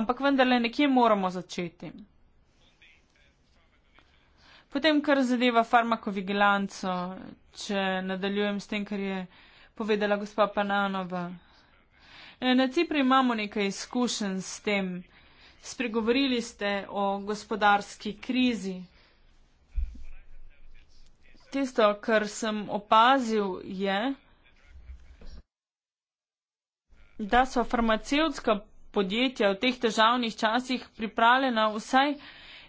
ampak vendarle nekje moramo začeti. Potem, kar zadeva farmakovigilanco, če nadaljujem s tem, kar je povedala gospa Pananova. E, na Cipri imamo nekaj izkušenj s tem. Spregovorili ste o gospodarski krizi. Tisto, kar sem opazil, je, da so farmacevtska podjetja v teh težavnih časih pripravljena vsaj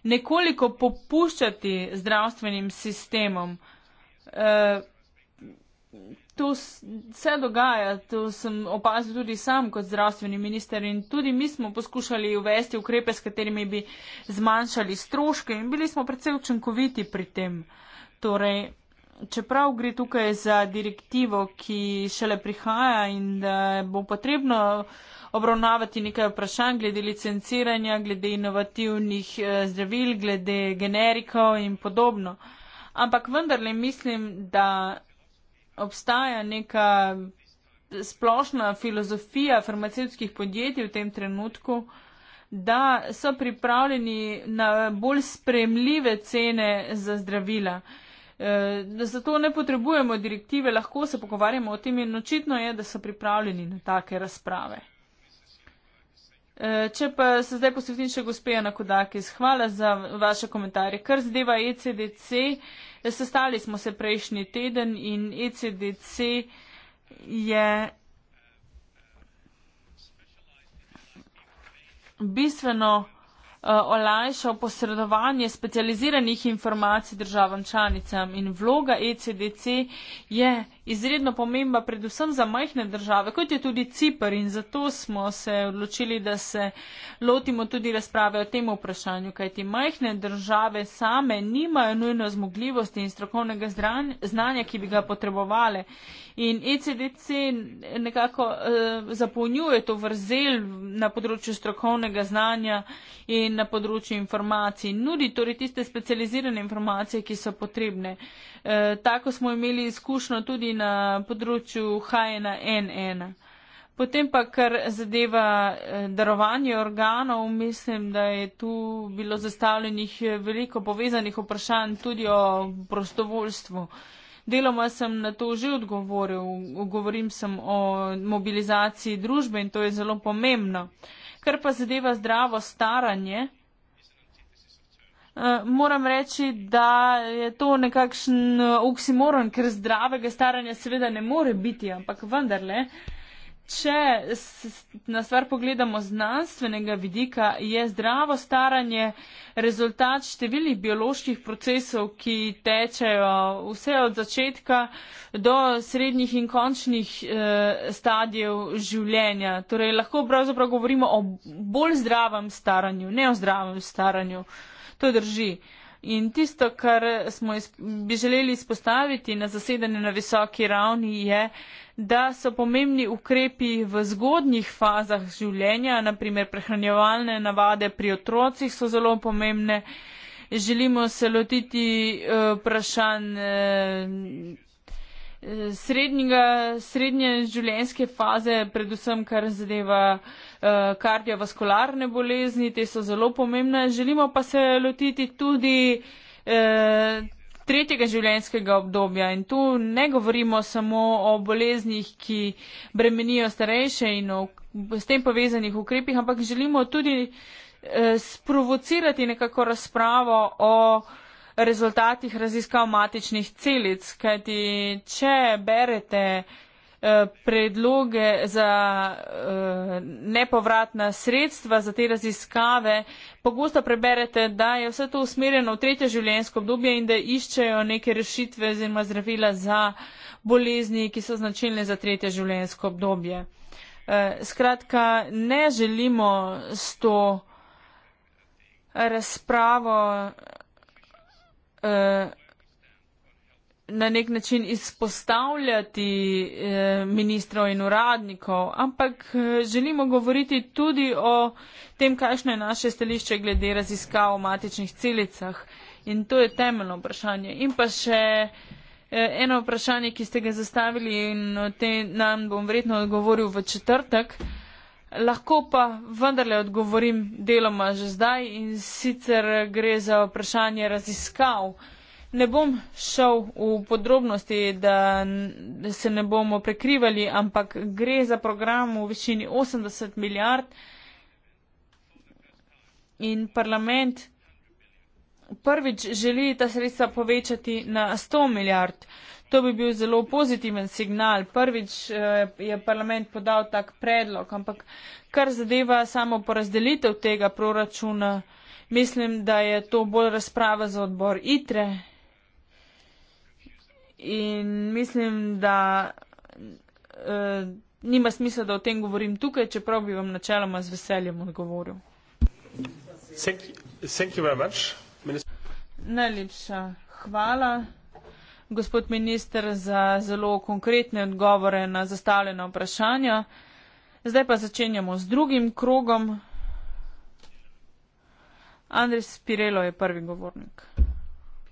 nekoliko popuščati zdravstvenim sistemom. E, to se dogaja, to sem opazil tudi sam kot zdravstveni minister in tudi mi smo poskušali uvesti ukrepe, s katerimi bi zmanjšali stroške in bili smo predvsej učinkoviti pri tem. Torej, čeprav gre tukaj za direktivo, ki šele prihaja in da eh, bo potrebno obravnavati nekaj vprašanj glede licenciranja, glede inovativnih eh, zdravil, glede generikov in podobno. Ampak vendarle mislim, da obstaja neka splošna filozofija farmacevskih podjetij v tem trenutku, da so pripravljeni na bolj spremljive cene za zdravila. Eh, zato ne potrebujemo direktive, lahko se pogovarjamo o tem in očitno je, da so pripravljeni na take razprave. Eh, če pa se zdaj posvetim še gospeja Nakodakis, hvala za vaše komentarje. Kar zdeva ECDC, eh, sestali smo se prejšnji teden in ECDC je bistveno. Eh, olajšal posredovanje specializiranih informacij državam članicam in vloga ECDC je izredno pomemba predvsem za majhne države, kot je tudi Cipr in zato smo se odločili, da se lotimo tudi razprave o tem vprašanju, kajti majhne države same nimajo nujno zmogljivosti in strokovnega znanja, ki bi ga potrebovali. In ECDC nekako eh, zapolnjuje to vrzel na področju strokovnega znanja in na področju informacij, nudi torej tiste specializirane informacije, ki so potrebne. Eh, E, tako smo imeli izkušnjo tudi na področju HN1. Potem pa, kar zadeva eh, darovanje organov, mislim, da je tu bilo zastavljenih eh, veliko povezanih vprašanj tudi o prostovoljstvu. Deloma sem na to že odgovoril, govorim sem o mobilizaciji družbe in to je zelo pomembno. Kar pa zadeva zdravo staranje, Eh, moram reči, da je to nekakšen eh, oksimoron, ker zdravega staranja seveda ne more biti, ampak vendarle. Če na stvar pogledamo znanstvenega vidika, je zdravo staranje rezultat številnih bioloških procesov, ki tečejo vse od začetka do srednjih in končnih eh, stadijev življenja. Torej lahko pravzaprav govorimo o bolj zdravem staranju, ne o zdravem staranju. Eh, To drži. In tisto, kar smo izp bi želeli izpostaviti na zasedanju na visoki ravni, je, da so pomembni ukrepi v zgodnjih fazah življenja, naprimer prehranjevalne navade pri otrocih so zelo pomembne. Želimo se lotiti eh, vprašanj uh, uh, eh, srednje življenjske faze, predvsem kar zadeva. Eh, kardiovaskularne bolezni, te so zelo pomembne. Želimo pa se lotiti tudi eh, tretjega življenjskega obdobja in tu ne govorimo samo o boleznih, ki bremenijo starejše in o s tem povezanih ukrepih, ampak želimo tudi eh, sprovocirati nekako razpravo o rezultatih raziskav matičnih celic, kajti če berete Eh, predloge za eh, nepovratna sredstva za te raziskave. Pogosto preberete, da je vse to usmerjeno v tretje življenjsko obdobje in da iščejo neke rešitve oziroma zdravila za bolezni, ki so značilne za tretje življenjsko obdobje. Eh, skratka, ne želimo s to razpravo na nek način izpostavljati eh, ministrov in uradnikov, ampak eh, želimo govoriti tudi o tem, kakšno je naše stališče glede raziskav v matičnih celicah. In to je temeljno vprašanje. In pa še eh, eno vprašanje, ki ste ga zastavili in o tem nam bom verjetno odgovoril v četrtek. Lahko pa vendarle odgovorim deloma že zdaj in sicer gre za vprašanje raziskav. Ne bom šel v podrobnosti, da se ne bomo prekrivali, ampak gre za program v višini 80 milijard in parlament prvič želi ta sredstva povečati na 100 milijard. To bi bil zelo pozitiven signal. Prvič eh, je parlament podal tak predlog, ampak kar zadeva samo porazdelitev tega proračuna. Mislim, da je to bolj razprava za odbor ITRE in mislim, da e, nima smisla, da o tem govorim tukaj, čeprav bi vam načeloma z veseljem odgovoril. Thank you, thank you Najlepša hvala, gospod minister, za zelo konkretne odgovore na zastavljena vprašanja. Zdaj pa začenjamo z drugim krogom. Andres Pirelo je prvi govornik.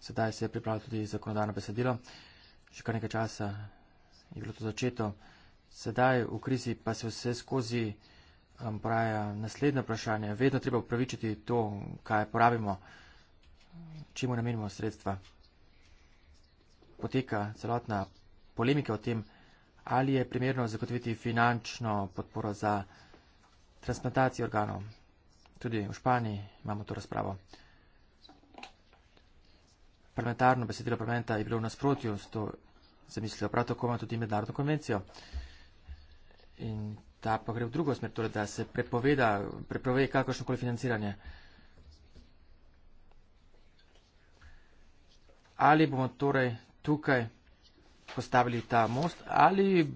Sedaj se je pripravljalo tudi zakonodajno besedilo, še kar nekaj časa je bilo to začeto. Sedaj v krizi pa se vse skozi um, poraja naslednje vprašanje. Vedno treba upravičiti to, kaj porabimo, čemu namenimo sredstva. Poteka celotna polemika o tem, ali je primerno zagotoviti finančno podporo za transplantacijo organov. Tudi v Španiji imamo to razpravo parlamentarno besedilo parlamenta je bilo v nasprotju s to zamislijo. Prav tako ima tudi mednarodno konvencijo. In ta pa gre v drugo smer, torej da se prepoveda, prepove kakršnokoli financiranje. Ali bomo torej tukaj postavili ta most, ali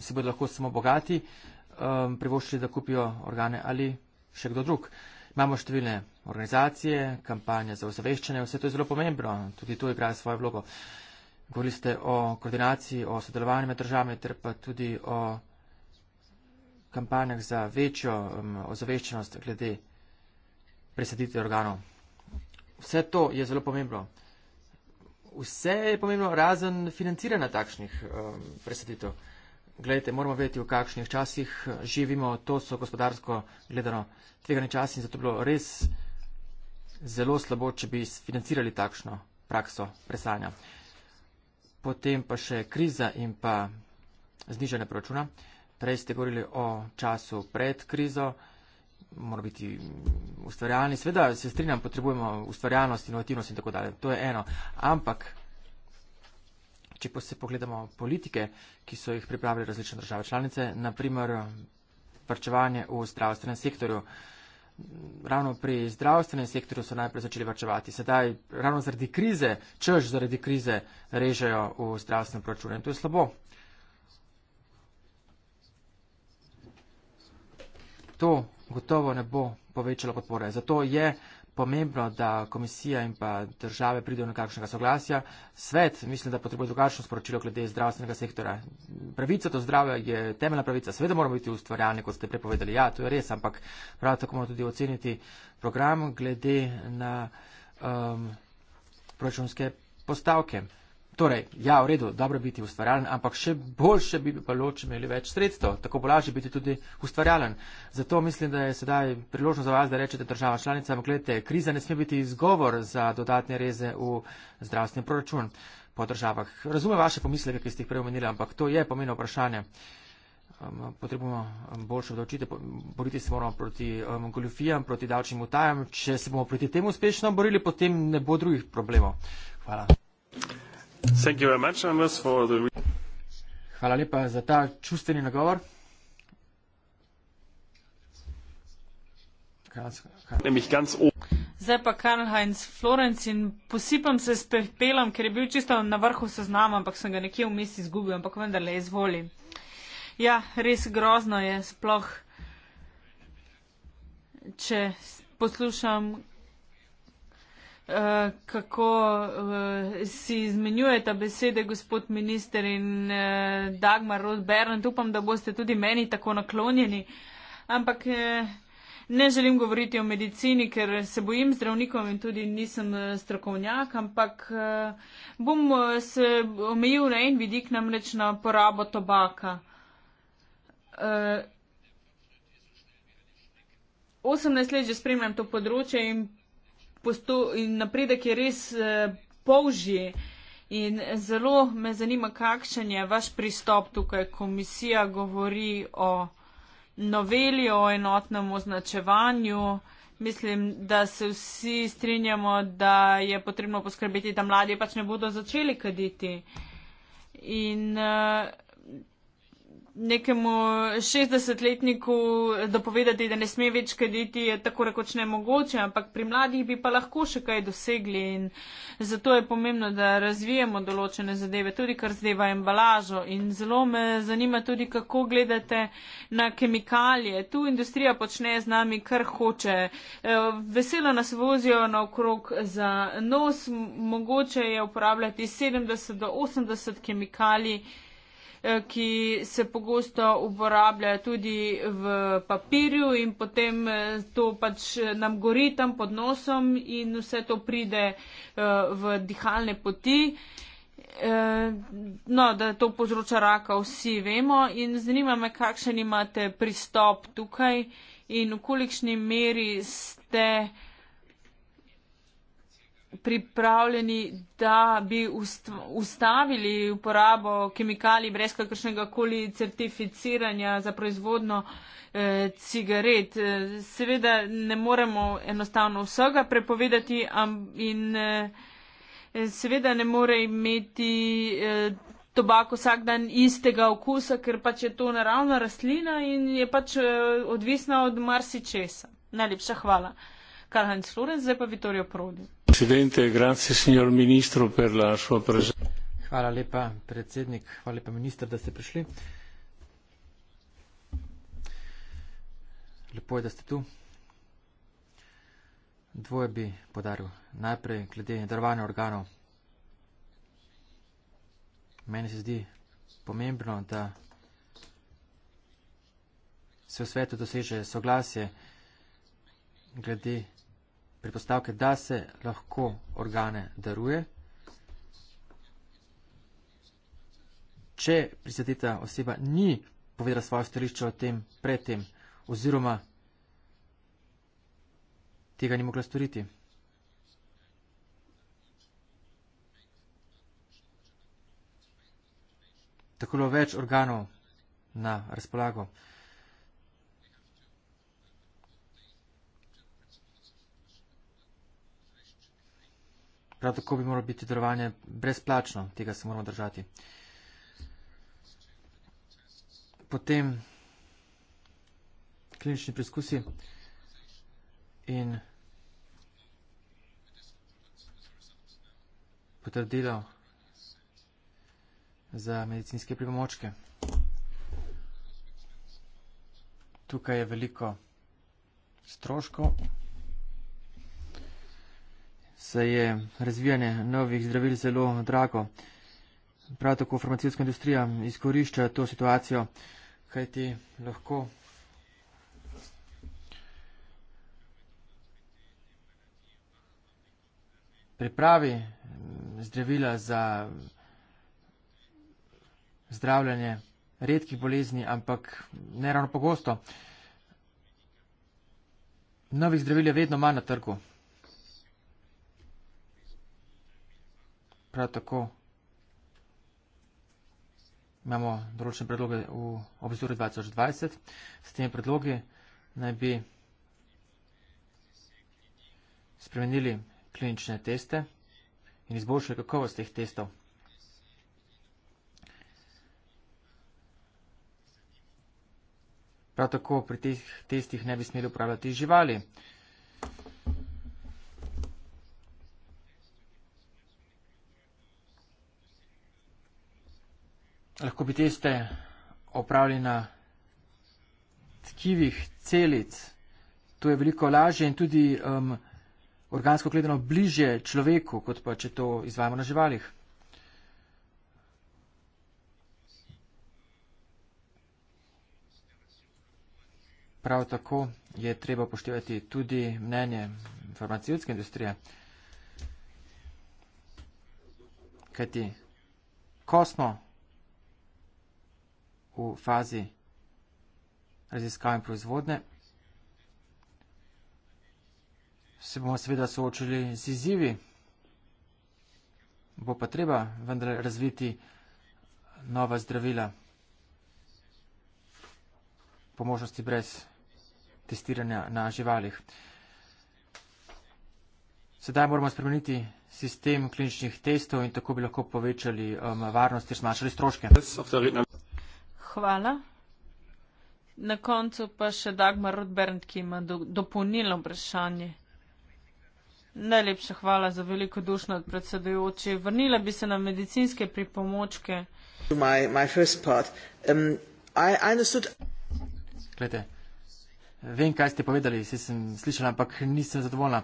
si bodo lahko samo bogati um, privoščili, da kupijo organe, ali še kdo drug. Uh, Imamo številne organizacije, kampanje za ozaveščanje, vse to je zelo pomembno, tudi to igra svojo vlogo. Govorili ste o koordinaciji, o sodelovanju med državami, ter pa tudi o kampanjah za večjo um, ozaveščenost glede presaditve organov. Vse to je zelo pomembno. Vse je pomembno, razen financiranja takšnih um, presaditev. Glejte, moramo vedeti, v kakšnih časih eh, živimo, to so gospodarsko gledano tvegani časi in zato bi bilo res zelo slabo, če bi financirali takšno prakso presanja. Potem pa še kriza in pa znižanje proračuna. Prej ste govorili o času pred krizo, mora biti ustvarjalni. Sveda se strinjam, potrebujemo ustvarjalnost, inovativnost in tako dalje. To je eno. Ampak Če pa se pogledamo politike, ki so jih pripravili različne države članice, naprimer vrčevanje v zdravstvenem sektorju. Ravno pri zdravstvenem sektorju so najprej začeli vrčevati. Sedaj, ravno zaradi krize, čež zaradi krize, režejo v zdravstvenem proračunu in to je slabo. To gotovo ne bo povečalo podpore. Zato je pomembno, da komisija in pa države pridejo na kakšnega soglasja. Svet, mislim, da potrebuje drugačno sporočilo glede zdravstvenega sektora. Pravica do zdravja je temeljna pravica. Sveda moramo biti ustvarjalni, kot ste prepovedali. Ja, to je res, ampak prav tako moramo tudi oceniti program glede na um, proračunske postavke. Torej, ja, v redu, dobro biti ustvarjalen, ampak še boljše bi bilo, če imeli več sredstev, tako bo lažje biti tudi ustvarjalen. Zato mislim, da je sedaj priložnost za vas, da rečete država članica, ampak gledajte, kriza ne sme biti izgovor za dodatne reze v zdravstveni proračun po državah. Razumem vaše pomisleke, ki ste jih preomenili, ampak to je pomeno vprašanje. Um, potrebujemo um, boljše odločitev, boriti se moramo proti um, goljufijam, proti davčnim utajam. Če se bomo proti tem uspešno borili, potem ne bo drugih problemov. Hvala. Hvala lepa za ta čustveni nagovor. Zdaj pa Karl Heinz Florenc in posipam se s pepelom, ker je bil čisto na vrhu seznama, ampak sem ga nekje v misli izgubil, ampak vendarle izvoli. Ja, res grozno je sploh, če poslušam, Eh, kako uh, si izmenjujeta besede, gospod minister in uh, Dagmar Rodbernd. Upam, da boste tudi meni tako naklonjeni. Ampak uh, ne želim govoriti o medicini, ker se bojim zdravnikov in tudi nisem strokovnjak, ampak uh, bom se omejil na en vidik, namreč na porabo tobaka. Uh, 18 let že spremljam to področje in posto, in napredek je res eh, polži. In zelo me zanima, kakšen je vaš pristop tukaj. Komisija govori o noveli, o enotnem označevanju. Mislim, da se vsi strinjamo, da je potrebno poskrbeti, da mladi pač ne bodo začeli kaditi. In uh, nekemu 60-letniku dopovedati, da ne sme več kaditi, je tako rekoč ne mogoče, ampak pri mladih bi pa lahko še kaj dosegli in zato je pomembno, da razvijemo določene zadeve, tudi kar zdeva embalažo. In zelo me zanima tudi, kako gledate na kemikalije. Tu industrija počne z nami, kar hoče. E, veselo nas vozijo na okrog za nos, mogoče je uporabljati 70 do 80 kemikalij. Eh, ki se pogosto uporabljajo tudi v papirju in potem eh, to pač eh, nam gori tam pod nosom in vse to pride v dihalne poti. No, da to povzroča raka, vsi vemo in zanima me, kakšen imate pristop tukaj in v kolikšni meri ste pripravljeni, da bi ust ustavili uporabo kemikalij brez kakršnega koli certificiranja za proizvodno eh, cigaret. Eh, seveda ne moremo enostavno vsega prepovedati in eh, seveda ne more imeti eh, tobako vsak dan istega okusa, ker pač je to naravna rastlina in je pač eh, odvisna od marsičesa. Najlepša hvala. Karhan Slurec, zdaj pa Vitorijo Prodi predsedujoči grazie signor ministro per la sua presenza Hvala lepa, predsednik, hvala lepa, minister, da ste prišli. Lepo je, da ste tu. Dvoje bi podaril. Najprej, glede darovanja organov. Meni se zdi pomembno, da se v svetu doseže soglasje glede predpostavke, da se lahko organe daruje. Če prizadeta oseba ni povedala svojo stališče o tem predtem oziroma tega ni mogla storiti. Tako je več organov na razpolago. Prav tako bi moralo biti darovanje brezplačno, tega se moramo držati. Potem klinični preizkusi in potrdilo za medicinske pripomočke. Tukaj je veliko stroškov saj je razvijanje novih zdravil zelo drago. Prav tako farmacijska industrija izkorišča to situacijo, kajti lahko. Pripravi mm, zdravila za zdravljanje redkih bolezni, ampak ne ravno pogosto. Novih zdravil je vedno manj na trgu. prav tako imamo določene predloge v obzoru 2020. S temi predlogi naj bi spremenili klinične teste in izboljšali kakovost teh testov. Prav tako pri teh testih ne bi smeli upravljati živali. Prav tako pri teh testih ne bi smeli upravljati živali. lahko bi teste opravili na tkivih celic. To je veliko lažje in tudi um, organsko gledano bliže človeku, kot pa če to izvajamo na živalih. Prav tako je treba poštevati tudi mnenje farmacijske industrije. Kajti, ko smo v fazi raziskav in proizvodne. Se bomo seveda soočili z izzivi, bo pa treba vendar razviti nova zdravila, po možnosti brez testiranja na živalih. Sedaj moramo spremeniti sistem kliničnih testov in tako bi lahko povečali um, varnost ter zmanjšali stroške hvala. Na koncu pa še Dagmar Rodbernd, ki ima do, dopolnilo vprašanje. Najlepša hvala za veliko dušno od predsedujoče. Vrnila bi se na medicinske pripomočke. My, my um, I, I understood... Glede, vem, kaj ste povedali, se sem slišala, ampak nisem zadovoljna.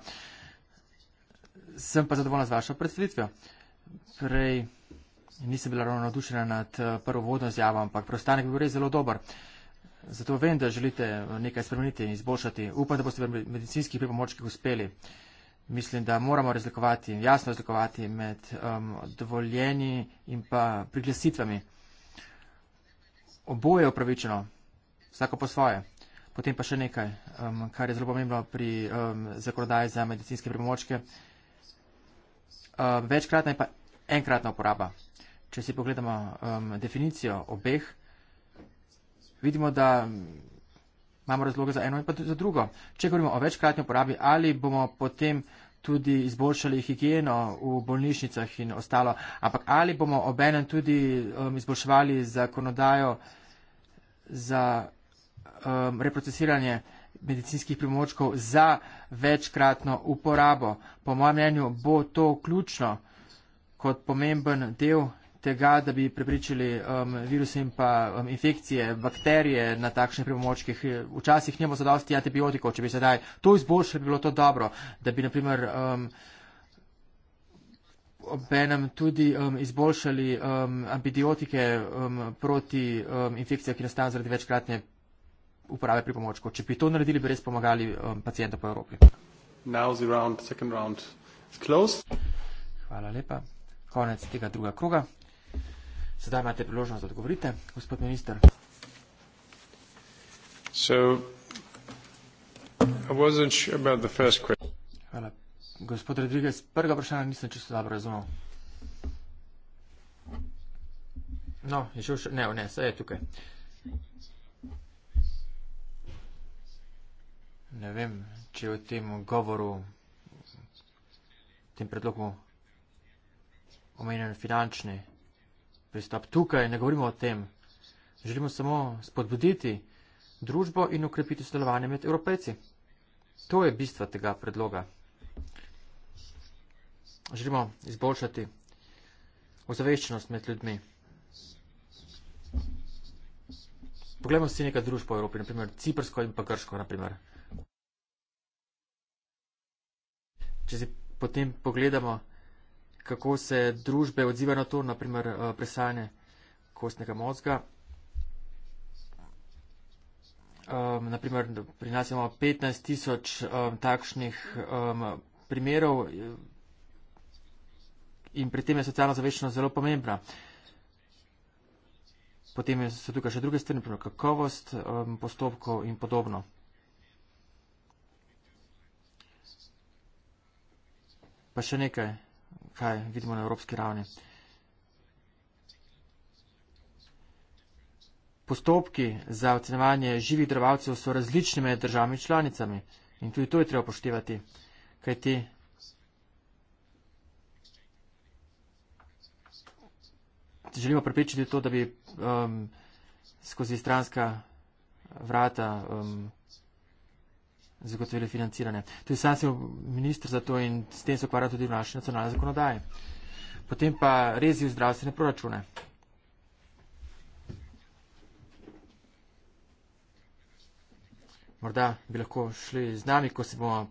Sem pa zadovoljna z vašo predstavitvijo. Prej... Torej, nisem bila ravno navdušena nad eh, prvo vodno zjavo, ampak preostanek bi bil res zelo dober. Zato vem, da želite eh, nekaj spremeniti in izboljšati. Upam, da boste pri medicinskih pripomočkih uspeli. Mislim, da moramo razlikovati, jasno razlikovati med um, dovoljenji in pa priglesitvami. Oboje je upravičeno, vsako po svoje. Potem pa še nekaj, um, kar je zelo pomembno pri um, zakonodaji za medicinske pripomočke. Um, večkratna je pa enkratna uporaba. Če si pogledamo um, definicijo obeh, vidimo, da imamo razloge za eno in pa tudi za drugo. Če govorimo o večkratni uporabi, ali bomo potem tudi izboljšali higieno v bolnišnicah in ostalo, ampak ali bomo obenem tudi um, izboljševali zakonodajo za um, reprocesiranje medicinskih primočkov za večkratno uporabo. Po mojem mnenju bo to ključno kot pomemben del tega, da bi prepričali um, viruse in pa um, infekcije, bakterije na takšnih premočkih. Včasih njemo zadosti antibiotikov, če bi sedaj to izboljšali, bi bilo to dobro, da bi naprimer um, obenem tudi um, izboljšali um, antibiotike um, proti um, infekcijam, ki nastajajo zaradi večkratne uporabe pripomočkov. Če bi to naredili, bi res pomagali um, pacijentom po Evropi. Round, round Hvala lepa. Konec tega drugega kruga. Sedaj imate priložnost, da odgovorite, gospod minister. Hvala. Gospod Rodriguez, prvega vprašanja nisem čisto dobro razumel. No, je šel še, ne, ne, vse je tukaj. Ne vem, če je v tem govoru, v tem predlogu omenjen finančni. Pristop tukaj, ne govorimo o tem. Želimo samo spodbuditi družbo in ukrepiti sodelovanje med evropejci. To je bistvo tega predloga. Želimo izboljšati ozaveščenost med ljudmi. Poglejmo si nekaj družb v Evropi, naprimer Ciprsko in pa Grško. Naprimer. Če si potem pogledamo, kako se družbe odzivajo na to, naprimer eh, presajanje kostnega mozga. Um, naprimer, pri nas imamo 15 tisoč um, takšnih um, primerov in pri tem je socialna zaveščenost zelo pomembna. Potem so tukaj še druge strani, naprimer kakovost um, postopkov in podobno. Pa še nekaj kaj vidimo na evropski ravni. Postopki za ocenjevanje živih drvavcev so različni med državami članicami in tudi to je treba poštevati, kajti želimo prepričati to, da bi um, skozi stranska vrata um, zagotovili financiranje. Tudi sam sem ministr za to in s tem se ukvarja tudi v naši nacionalni zakonodaji. Potem pa rezi v zdravstvene proračune. Morda bi lahko šli z nami, ko se bomo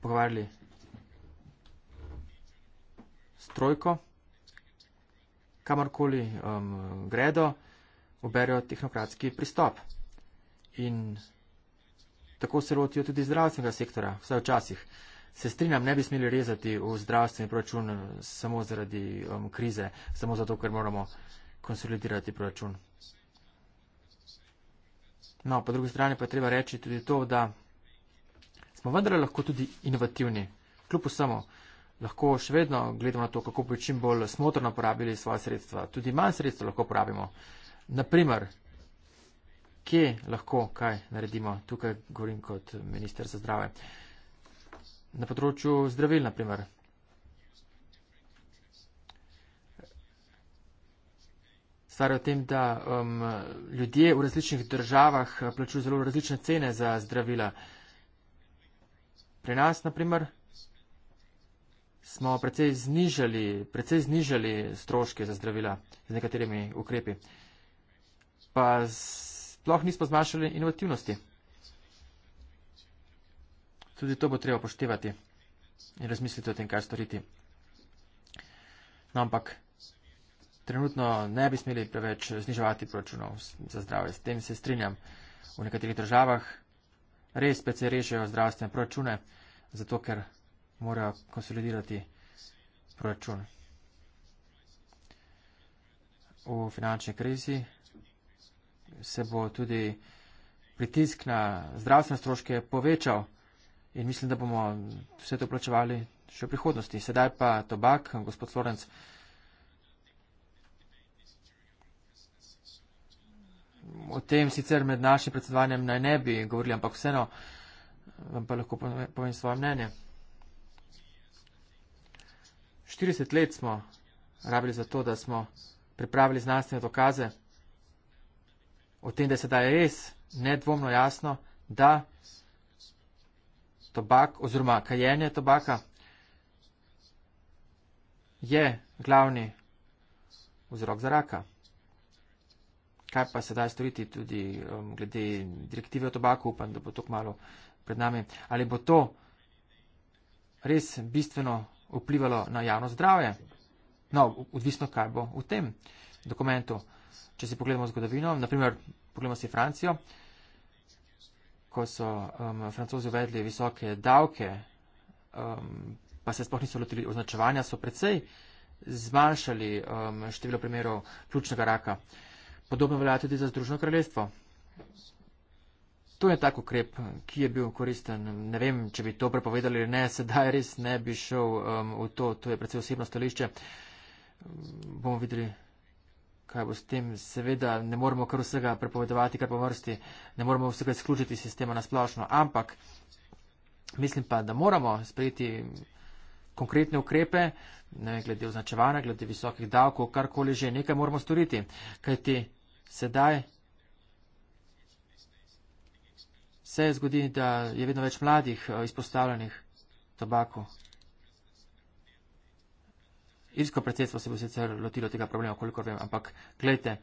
pogovarjali s trojko, kamorkoli um, gredo, oberajo tehnokratski pristop. In tako se lotijo tudi zdravstvenega sektora, vsaj včasih. Se strinjam, ne bi smeli rezati v zdravstveni proračun eh, samo zaradi um, krize, samo zato, ker moramo konsolidirati proračun. No, po drugi strani pa je treba reči tudi to, da smo vendar lahko tudi inovativni. Kljub vsemu lahko še vedno gledamo na to, kako bi čim bolj smotrno porabili svoje sredstva. Tudi manj sredstva lahko porabimo. Naprimer, kje lahko kaj naredimo. Tukaj govorim kot minister za zdrave. Na področju zdravil, naprimer. Stvar je o tem, da um, ljudje v različnih državah uh, plačujo zelo različne cene za zdravila. Pri nas, naprimer, smo precej znižali, precej znižali stroške za zdravila z nekaterimi ukrepi. Pa sploh nismo zmanjšali inovativnosti. Tudi to bo treba poštevati in razmisliti o tem, kaj storiti. No, ampak trenutno ne bi smeli preveč zniževati proračunov za zdravje. S tem se strinjam. V nekaterih državah res precej režejo zdravstvene proračune, zato ker morajo konsolidirati proračun. V finančni krizi se bo tudi pritisk na zdravstvene stroške povečal in mislim, da bomo vse to plačevali še v prihodnosti. Sedaj pa tobak, gospod Florenc. O tem sicer med našim predsedovanjem naj ne bi govorili, ampak vseeno vam pa lahko povem svoje mnenje. 40 let smo rabili za to, da smo pripravili znanstvene dokaze o tem, da se da res nedvomno jasno, da tobak oziroma kajenje tobaka je glavni vzrok za raka. Kaj pa se da storiti tudi um, glede direktive o tobaku, upam, da bo to kmalo pred nami. Ali bo to res bistveno vplivalo na javno zdravje? No, odvisno, kaj bo v tem dokumentu če si pogledamo zgodovino, naprimer, pogledamo si Francijo, ko so um, francozi uvedli visoke davke, um, pa se sploh niso lotili označevanja, so precej zmanjšali um, število primerov ključnega raka. Podobno velja tudi za Združeno kraljestvo. To je tak ukrep, ki je bil koristen. Ne vem, če bi to prepovedali ali ne, sedaj res ne bi šel um, v to. To je predvsej osebno stališče. Bomo videli, kaj bo s tem. Seveda ne moremo kar vsega prepovedovati, kar po vrsti, ne moremo vsega izključiti iz sistema nasplošno, ampak mislim pa, da moramo sprejeti konkretne ukrepe, ne vem, glede označevanja, glede visokih davkov, karkoli že, nekaj moramo storiti, kajti sedaj se zgodi, da je vedno več mladih eh, izpostavljenih tobaku. Irsko predsedstvo se bo sicer lotilo tega problema, kolikor vem, ampak gledajte,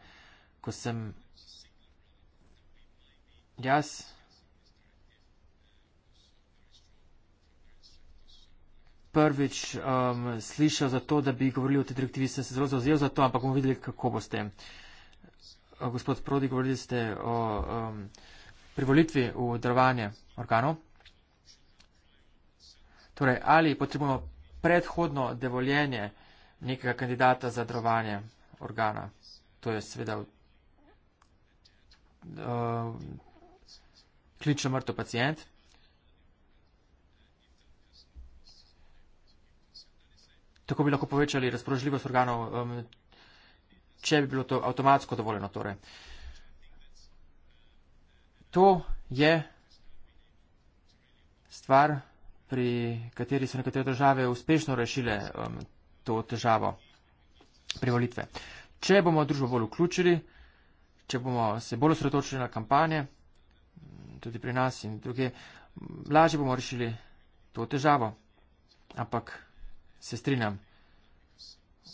ko sem jaz. Prvič um, slišal za to, da bi govorili o tej direktivi, sem se zelo zauzel za to, ampak bomo videli, kako boste. Uh, gospod Prodi, govorili ste o um, privolitvi v drvanje organov. Torej, ali potrebujemo predhodno devoljenje nekega kandidata za drovanje organa. To je seveda uh, klično mrtev pacijent. Tako bi lahko povečali razpoložljivost organov, um, če bi bilo to avtomatsko dovoljeno. Torej. To je stvar, pri kateri so nekatere države uspešno rešile um, to težavo pri volitve. Če bomo družbo bolj vključili, če bomo se bolj osredotočili na kampanje, tudi pri nas in druge, lažje bomo rešili to težavo. Ampak se strinjam,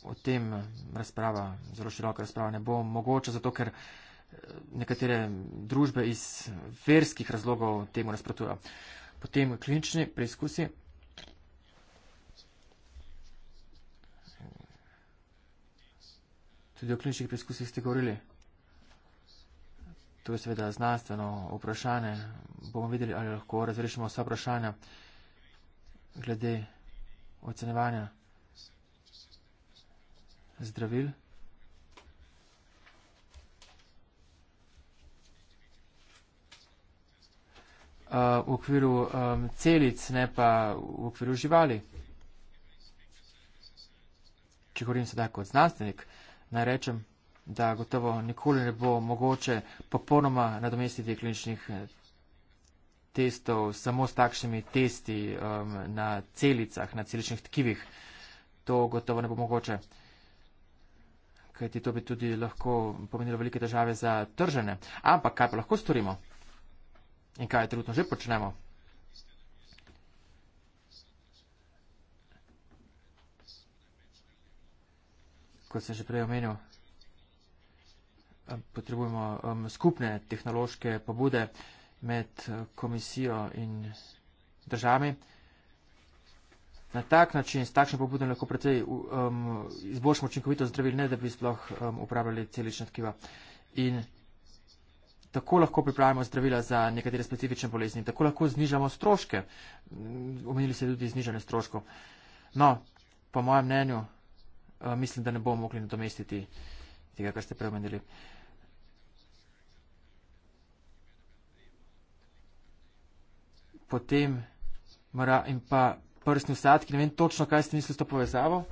o tem razprava, zelo široka razprava ne bo mogoča, zato ker eh, nekatere družbe iz verskih razlogov temu nasprotujejo. Potem klinični preizkusi. Tudi o kliničnih preizkusih ste govorili. To je seveda znanstveno vprašanje. Bomo videli, ali lahko razrešimo vsa vprašanja glede ocenevanja zdravil. Uh, v okviru um, celic, ne pa v okviru živali. Če govorim sedaj kot znanstvenik, naj rečem, da gotovo nikoli ne bo mogoče popolnoma nadomestiti kliničnih eh, testov samo s takšnimi testi um, na celicah, na celičnih tkivih. To gotovo ne bo mogoče, kajti to bi tudi lahko pomenilo velike države za tržene. Ampak kaj pa lahko storimo? In kaj trenutno že počnemo? kot sem že prej omenil, eh, potrebujemo skupne tehnološke pobude med eh, komisijo in državami. Na tak način, s takšnim pobudom lahko precej um, izboljšamo učinkovitost zdravil, ne da bi sploh um, uporabljali celična tkiva. In tako lahko pripravimo zdravila za nekatere specifične bolezni, tako lahko znižamo stroške. Omenili ste tudi znižanje stroškov. No, po mojem mnenju, mislim, da ne bomo mogli nadomestiti tega, kar ste preomenili. Potem mora in pa prsni vsadki, ne vem točno, kaj ste mislili s to povezavo.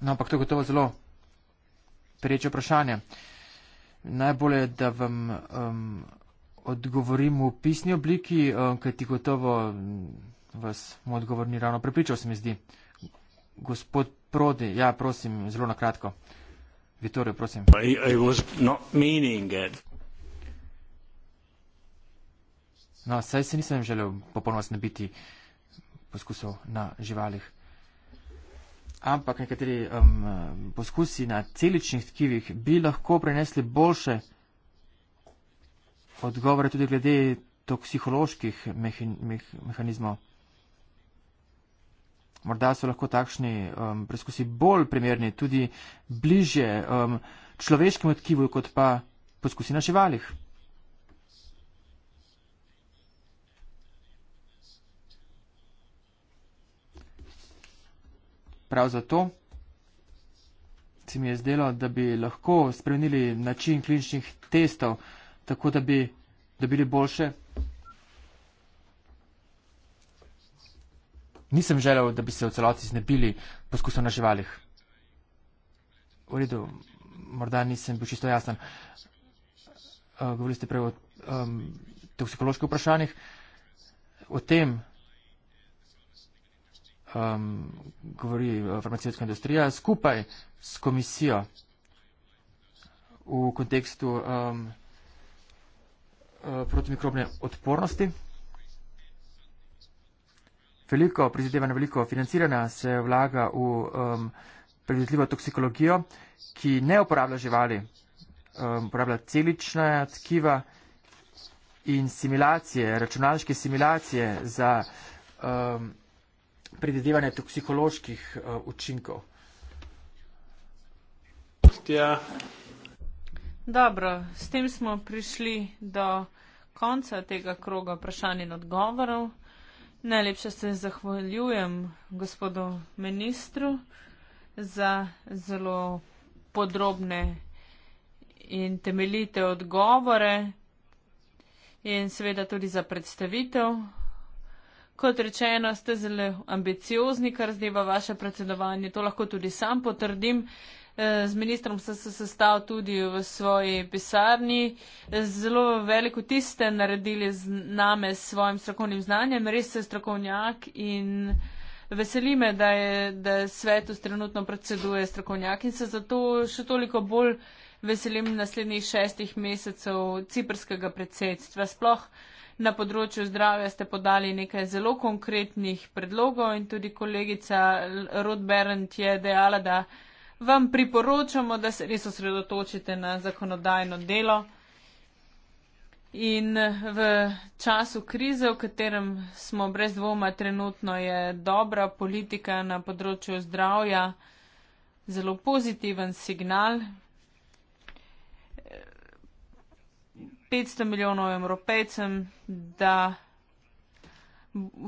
No, ampak to je gotovo zelo pereče vprašanje. Najbolje je, da vam um, odgovorim v pisni obliki, um, kaj ti gotovo. Um, vas moj odgovor ni ravno prepričal, se mi zdi. Gospod Prodi, ja, prosim, zelo na kratko. Vittorio, prosim. No, saj se nisem želel popolnoma snabiti poskusov na živalih. Ampak nekateri um, poskusi na celičnih tkivih bi lahko prenesli boljše odgovore tudi glede toksiholoških mehin, me, mehanizmov morda so lahko takšni um, preizkusi bolj primerni, tudi bliže um, človeškemu tkivu, kot pa poskusi na živalih. Prav zato se mi je zdelo, da bi lahko spremenili način kliničnih testov, tako da bi dobili boljše Nisem želel, da bi se v celoti znebili poskusov na živalih. V redu, morda nisem bil čisto jasen. Eh, govorili ste prej o um, toksikoloških vprašanjih. O tem um, govori eh, farmacijska industrija skupaj s komisijo v kontekstu um, protimikrobne odpornosti veliko prizadevanja, veliko financiranja se vlaga v um, predvidljivo toksikologijo, ki ne uporablja živali, um, uporablja celična tkiva in simulacije, računalniške simulacije za um, predvidevanje toksikoloških uh, učinkov. Ja. Dobro, s tem smo prišli do konca tega kroga vprašanj in odgovorov. Najlepše se zahvaljujem gospodu ministru za zelo podrobne in temeljite odgovore in seveda tudi za predstavitev. Kot rečeno, ste zelo ambiciozni, kar zdaj v vaše predsedovanje, to lahko tudi sam potrdim. Eh, z ministrom sem se sestal tudi v svoji pisarni. Zelo veliko tiste naredili z name s svojim strokovnim znanjem. Res se strokovnjak in veseli me, da, je, da svetu trenutno predseduje strokovnjak in se zato še toliko bolj veselim naslednjih šestih mesecev ciprskega predsedstva. Sploh na področju zdravja ste podali nekaj zelo konkretnih predlogov in tudi kolegica Rod Berend je dejala, da vam priporočamo, da se res osredotočite na zakonodajno delo. In v času krize, v katerem smo brez dvoma trenutno, je dobra politika na področju zdravja zelo pozitiven signal. 500 milijonov evropejcem, da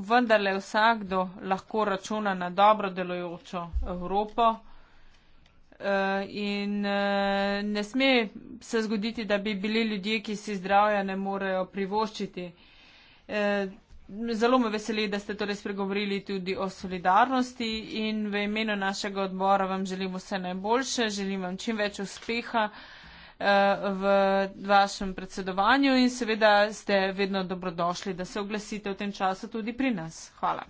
vendarle vsakdo lahko računa na dobro delojočo Evropo. Eh, in eh, ne sme se zgoditi, da bi bili ljudje, ki si zdravja ne morejo privoščiti. Eh, zelo me veseli, da ste torej spregovorili tudi o solidarnosti in v imenu našega odbora vam želim vse najboljše, želim vam čim več uspeha v vašem predsedovanju in seveda ste vedno dobrodošli, da se oglasite v tem času tudi pri nas. Hvala.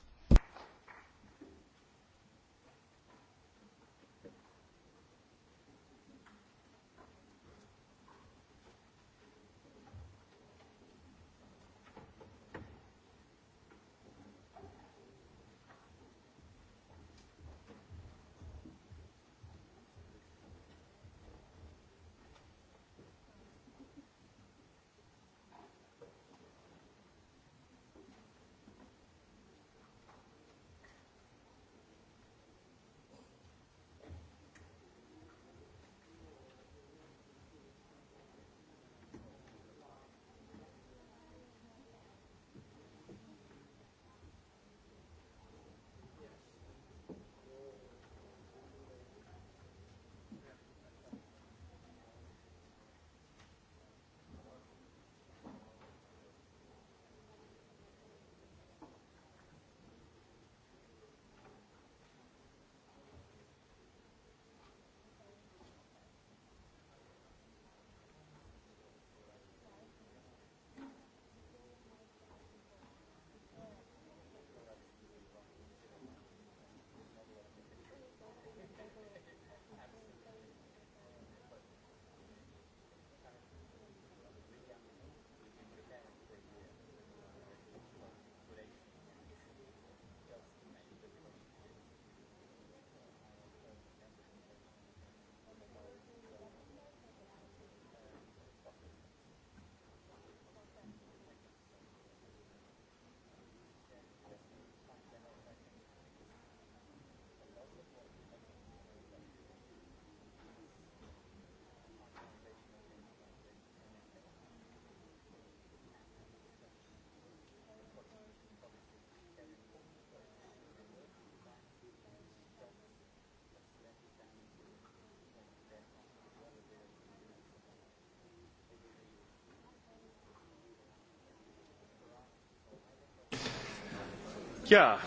Ja,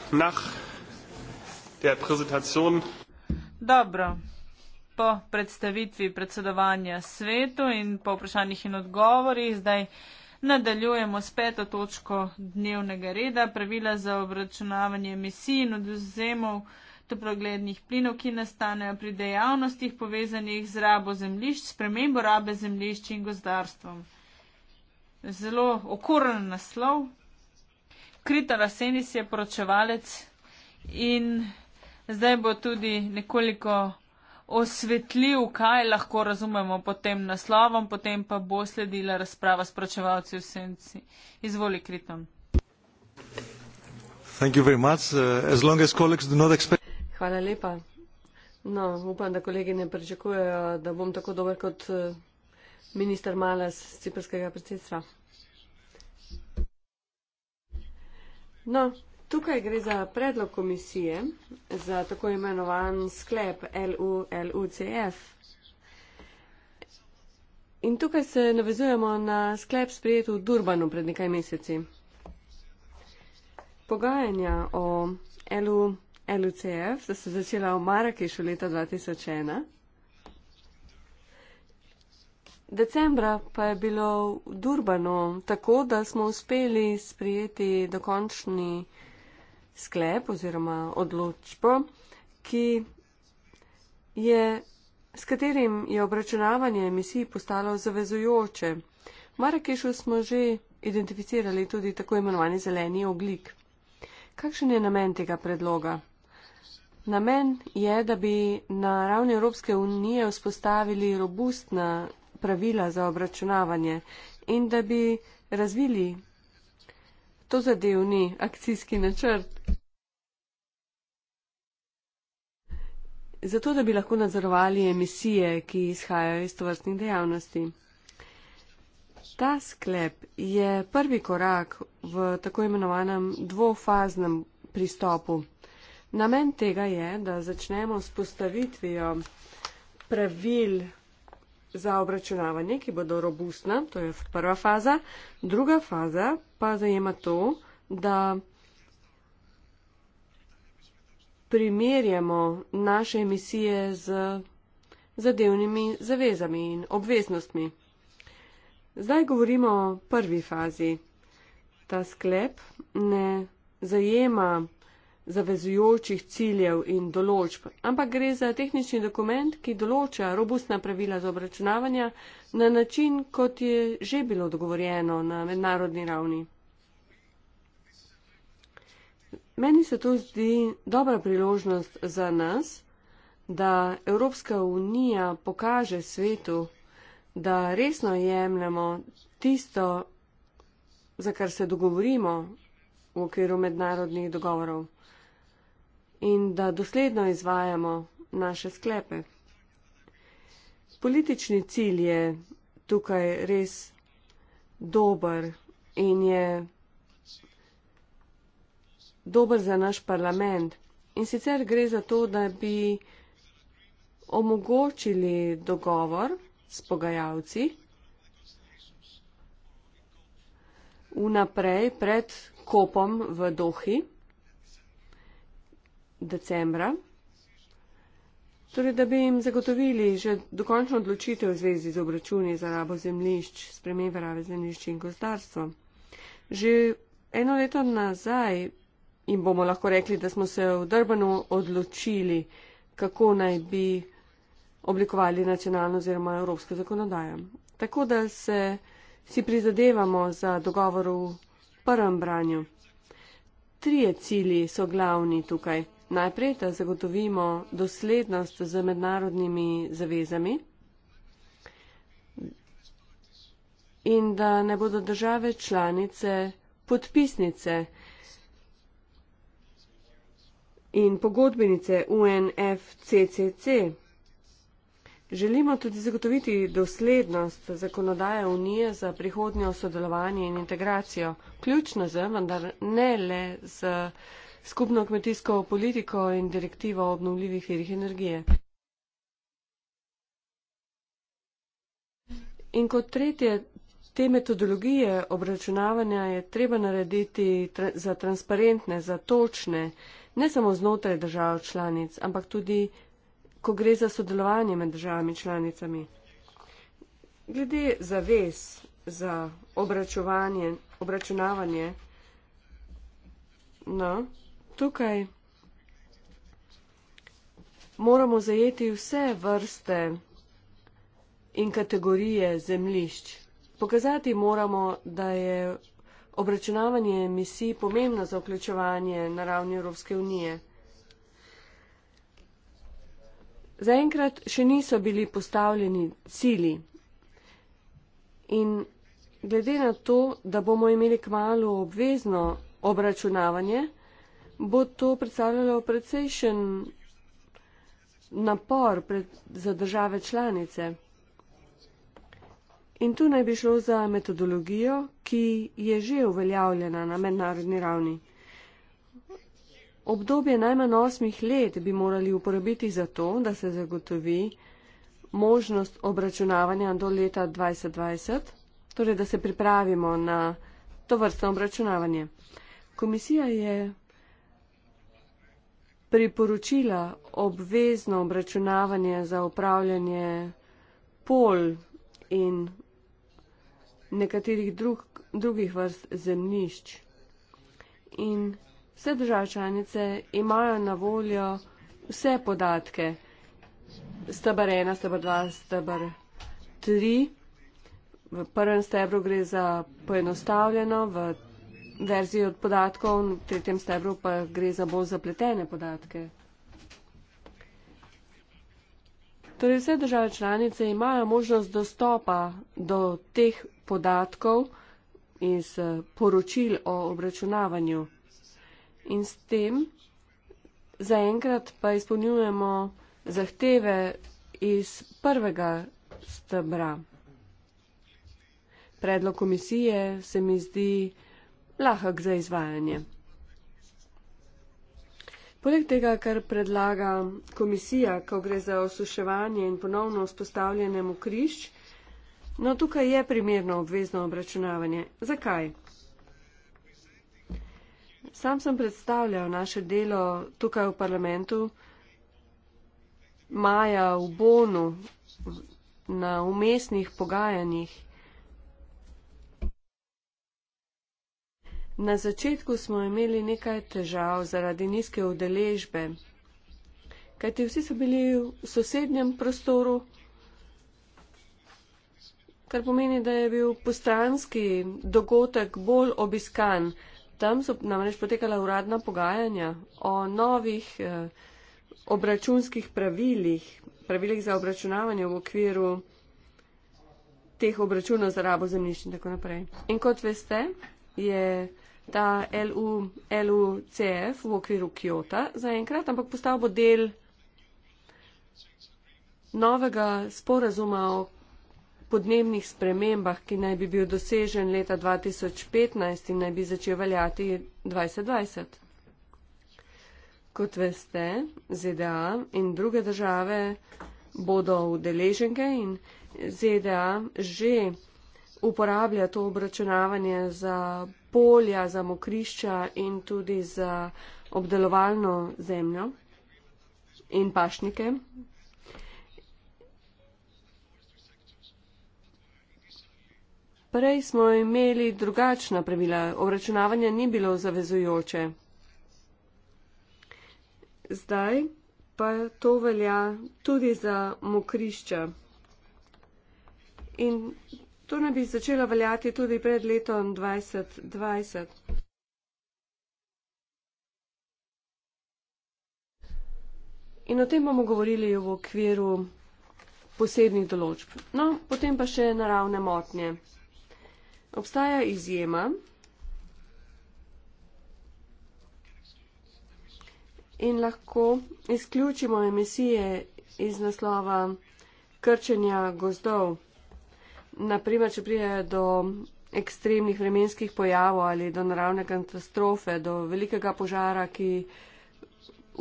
Dobro, po predstavitvi predsedovanja svetu in po vprašanjih in odgovorih, zdaj nadaljujemo s peto točko dnevnega reda, pravila za obračunavanje emisij in oduzemov toproglednih plinov, ki nastanejo pri dejavnostih povezanih z rabo zemljišč, spremembo rabe zemljišč in gozdarstvom. Zelo okoren naslov. Kritar Asenis je poročevalec in zdaj bo tudi nekoliko osvetljiv, kaj lahko razumemo pod tem naslovom, potem pa bo sledila razprava s poročevalci v Senci. Izvoli, Kritar. Uh, Hvala lepa. No, upam, da kolegi ne pričakujejo, da bom tako dober kot uh, minister Malas z ciprskega predsedstva. No, tukaj gre za predlog komisije, za tako imenovan sklep LULUCF. In tukaj se navezujemo na sklep sprejet v Durbanu pred nekaj meseci. Pogajanja o LULUCF so se začela v Marakešu leta 2001. Decembra pa je bilo v Durbanu tako, da smo uspeli sprijeti dokončni sklep oziroma odločbo, ki je, s katerim je obračunavanje emisij postalo zavezujoče. V Marakešu smo že identificirali tudi tako imenovani zeleni oglik. Kakšen je namen tega predloga? Namen je, da bi na ravni Evropske unije vzpostavili robustna pravila za obračunavanje in da bi razvili to zadevni akcijski načrt. Zato, da bi lahko nadzorovali emisije, ki izhajajo iz tovrstnih dejavnosti. Ta sklep je prvi korak v tako imenovanem dvofaznem pristopu. Namen tega je, da začnemo s postavitvijo pravil za obračunavanje, ki bodo robustna, to je prva faza. Druga faza pa zajema to, da primerjamo naše emisije z zadevnimi zavezami in obveznostmi. Zdaj govorimo o prvi fazi. Ta sklep ne zajema zavezujočih ciljev in določb, ampak gre za tehnični dokument, ki določa robustna pravila za obračunavanja na način, kot je že bilo dogovorjeno na mednarodni ravni. Meni se to zdi dobra priložnost za nas, da Evropska unija pokaže svetu, da resno jemljamo tisto, za kar se dogovorimo v okviru mednarodnih dogovorov in da dosledno izvajamo naše sklepe. Politični cilj je tukaj res dober in je dober za naš parlament. In sicer gre za to, da bi omogočili dogovor s pogajalci vnaprej pred kopom v Dohi decembra, torej da bi jim zagotovili že dokončno odločitev v zvezi z obračuni za rabo zemlišč, spremembe rabe zemlišč in gozdarstva. Že eno leto nazaj jim bomo lahko rekli, da smo se v Drbanu odločili, kako naj bi oblikovali nacionalno oziroma evropsko zakonodajo. Tako da se si prizadevamo za dogovor v prvem branju. Trije cilji so glavni tukaj. Najprej, da zagotovimo doslednost z mednarodnimi zavezami in da ne bodo države članice podpisnice in pogodbenice UNFCCC. Želimo tudi zagotoviti doslednost zakonodaje Unije za prihodnjo sodelovanje in integracijo, ključno z, vendar ne le z. Uh, skupno kmetijsko politiko in direktivo o obnovljivih virih energije. In kot tretje, te metodologije obračunavanja je treba narediti za transparentne, za točne, ne samo znotraj držav članic, ampak tudi, ko gre za sodelovanje med državami članicami. Glede zaves za obračunavanje, no, tukaj moramo zajeti vse vrste in kategorije zemlišč. Pokazati moramo, da je obračunavanje emisij pomembno za vključevanje na ravni Evropske unije. Zaenkrat še niso bili postavljeni cili in glede na to, da bomo imeli k malu obvezno obračunavanje, bo to predstavljalo precejšen napor pred, za države članice. In tu naj bi šlo za metodologijo, ki je že uveljavljena na mednarodni ravni. Obdobje najmanj osmih let bi morali uporabiti za to, da se zagotovi možnost obračunavanja do leta 2020, torej da se pripravimo na to vrstno obračunavanje. Komisija je priporočila obvezno obračunavanje za upravljanje pol in nekaterih drug, drugih vrst zemljišč. In vse države članice imajo na voljo vse podatke, stebr ena, stebr dva, stebr tri. V prvem stebru gre za poenostavljeno, v verziji od podatkov, v tretjem stebru pa gre za bolj zapletene podatke. Torej vse države članice imajo možnost dostopa do teh podatkov iz eh, poročil o obračunavanju. In s tem zaenkrat pa izpolnjujemo zahteve iz prvega stebra. Predlog komisije se mi zdi lahek za izvajanje. Poleg tega, kar predlaga komisija, ko gre za osuševanje in ponovno vzpostavljanje mokrišč, no tukaj je primerno obvezno obračunavanje. Zakaj? Sam sem predstavljal naše delo tukaj v parlamentu maja v Bonu na umestnih pogajanjih Na začetku smo imeli nekaj težav zaradi nizke udeležbe, kajti vsi so bili v sosednjem prostoru, kar pomeni, da je bil postranski dogodek bolj obiskan. Tam so namreč potekala uradna pogajanja o novih eh, obračunskih pravilih, pravilih za obračunavanje v okviru teh obračunov za rabo zemljišč in tako naprej. In kot veste, je ta LUCF v okviru Kyoto zaenkrat, ampak postal bo del novega sporazuma o podnebnih spremembah, ki naj bi bil dosežen leta 2015 in naj bi začel veljati 2020. Kot veste, ZDA in druge države bodo udeleženke in ZDA že uporablja to obračunavanje za polja, za mokrišča in tudi za obdelovalno zemljo in pašnike. Prej smo imeli drugačna pravila, obračunavanje ni bilo zavezujoče. Zdaj pa to velja tudi za mokrišča. In To naj bi začelo veljati tudi pred letom 2020. In o tem bomo govorili v okviru posebnih določb. No, potem pa še naravne motnje. Obstaja izjema in lahko izključimo emisije iz naslova krčenja gozdov naprimer, če prije do ekstremnih vremenskih pojavov ali do naravne katastrofe, do velikega požara, ki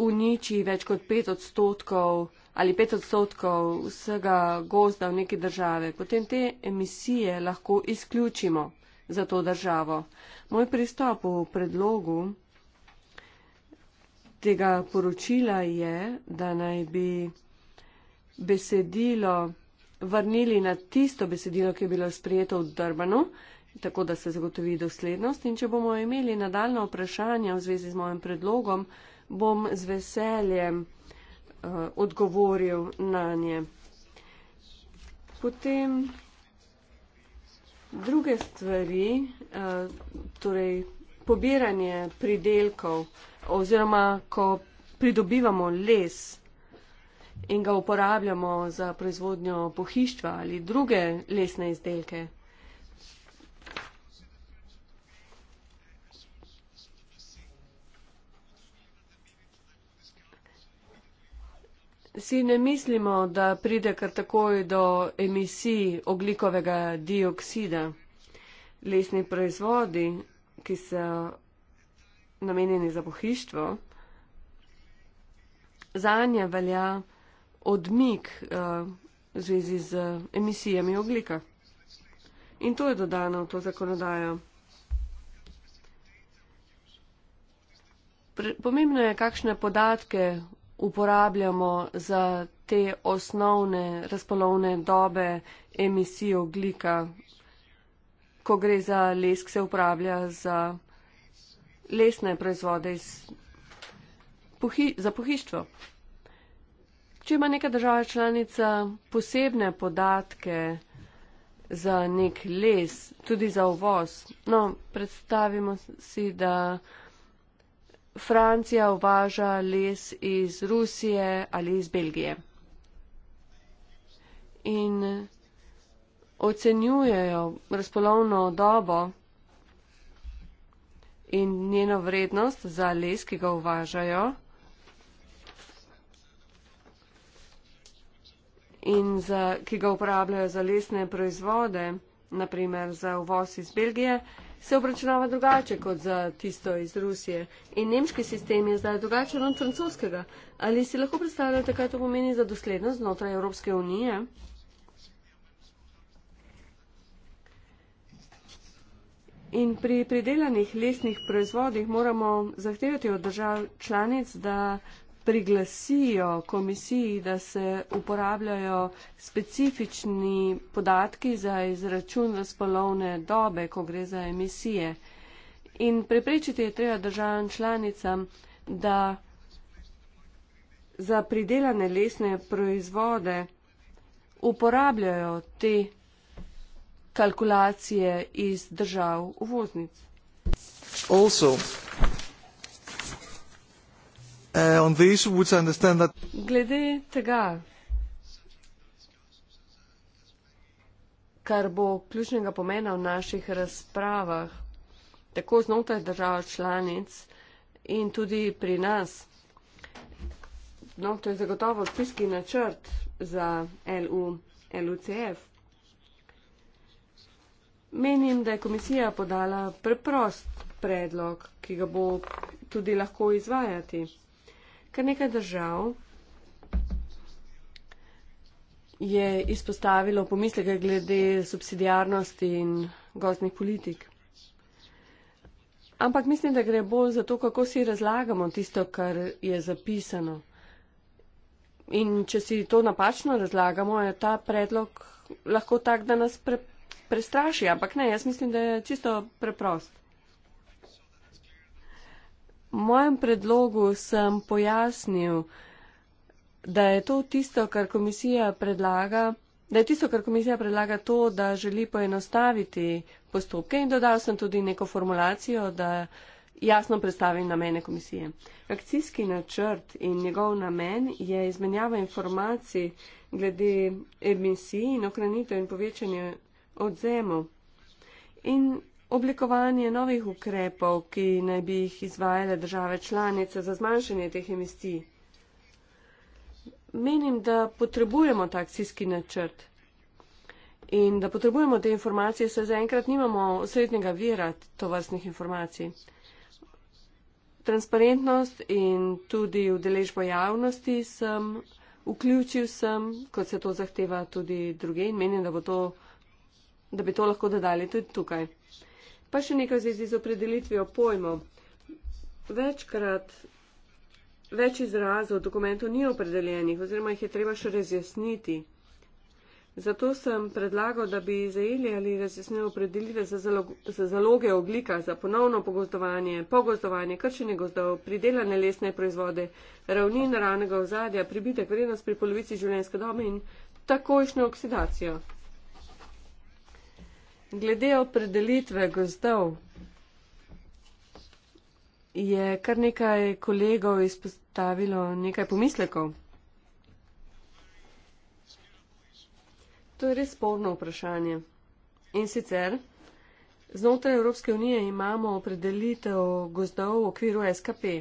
uniči več kot pet odstotkov ali pet odstotkov vsega gozda v neki države, potem te emisije lahko izključimo za to državo. Moj pristop v predlogu tega poročila je, da naj bi besedilo vrnili na tisto besedilo, ki je bilo sprijeto v Drbanu, tako da se zagotovi doslednost. In če bomo imeli nadaljno vprašanje v zvezi z mojim predlogom, bom z veseljem uh, odgovoril na nje. Potem druge stvari, uh, torej pobiranje pridelkov oziroma ko pridobivamo les, in ga uporabljamo za proizvodnjo pohištva ali druge lesne izdelke. Si ne mislimo, da pride kar takoj do emisij oglikovega dioksida. Lesni proizvodi, ki so namenjeni za pohištvo, zanje velja odmik uh, v zvezi z eh, emisijami oglika. In to je dodano v to zakonodajo. Pre, pomembno je, kakšne podatke uporabljamo za te osnovne razpolovne dobe emisij oglika. Ko gre za les, se uporablja za lesne proizvode iz, pohi, za pohištvo. Če ima neka država članica posebne podatke za nek les, tudi za uvoz, no, predstavimo si, da Francija uvaža les iz Rusije ali iz Belgije. In ocenjujejo razpolovno dobo in njeno vrednost za les, ki ga uvažajo. in za, ki ga uporabljajo za lesne proizvode, naprimer za uvoz iz Belgije, se obračunava drugače kot za tisto iz Rusije. In nemški sistem je zdaj drugačen od francoskega. Ali si lahko predstavljate, kaj to pomeni za doslednost znotraj Evropske unije? In pri pridelanih lesnih proizvodih moramo zahtevati od držav članic, da priglasijo komisiji, da se uporabljajo specifični podatki za izračun razpolovne dobe, ko gre za emisije. In preprečiti je treba državam članicam, da za pridelane lesne proizvode uporabljajo te kalkulacije iz držav uvoznic. Also, Uh, on the issue which I understand that Glede tega, kar bo ključnega pomena v naših razpravah, tako znotraj držav članic in tudi pri nas, no, to je zagotovo spiski načrt za LU, LUCF. Menim, da je komisija podala preprost predlog, ki ga bo tudi lahko izvajati kar nekaj držav je izpostavilo pomisleke glede subsidijarnosti in gozdnih politik. Ampak mislim, da gre bolj za to, kako si razlagamo tisto, kar je zapisano. In če si to napačno razlagamo, je ta predlog lahko tak, da nas pre, prestraši. Ampak ne, jaz mislim, da je čisto preprost. V mojem predlogu sem pojasnil, da je to tisto, kar komisija predlaga, da je tisto, kar komisija predlaga to, da želi poenostaviti postopke in dodal sem tudi neko formulacijo, da jasno predstavim namene komisije. Akcijski načrt in njegov namen je izmenjava informacij glede emisij in ohranitev in povečanje odzemov. In Oblikovanje novih ukrepov, ki naj bi jih izvajale države članice za zmanjšanje teh emisij. Menim, da potrebujemo taksijski načrt in da potrebujemo te informacije, saj zaenkrat nimamo srednjega vira to vrstnih informacij. Transparentnost in tudi udeležbo javnosti sem vključil sem, kot se to zahteva tudi druge in menim, da, to, da bi to lahko dodali tudi tukaj. Pa še nekaj v zvezi z opredelitvijo pojmov. Večkrat več izrazov v dokumentu ni opredeljenih oziroma jih je treba še razjasniti. Zato sem predlagal, da bi zajeli ali razjasnili opredelitve za, zalog, za zaloge oglika, za ponovno pogozdovanje, pogozdovanje, krčenje gozdov, pridelane lesne proizvode, ravni naravnega ozadja, pribitek vrednost pri polovici življenjske dobe in takojšnjo oksidacijo glede opredelitve gozdov je kar nekaj kolegov izpostavilo nekaj pomislekov. To je res sporno vprašanje. In sicer, znotraj Evropske unije imamo opredelitev gozdov v okviru SKP.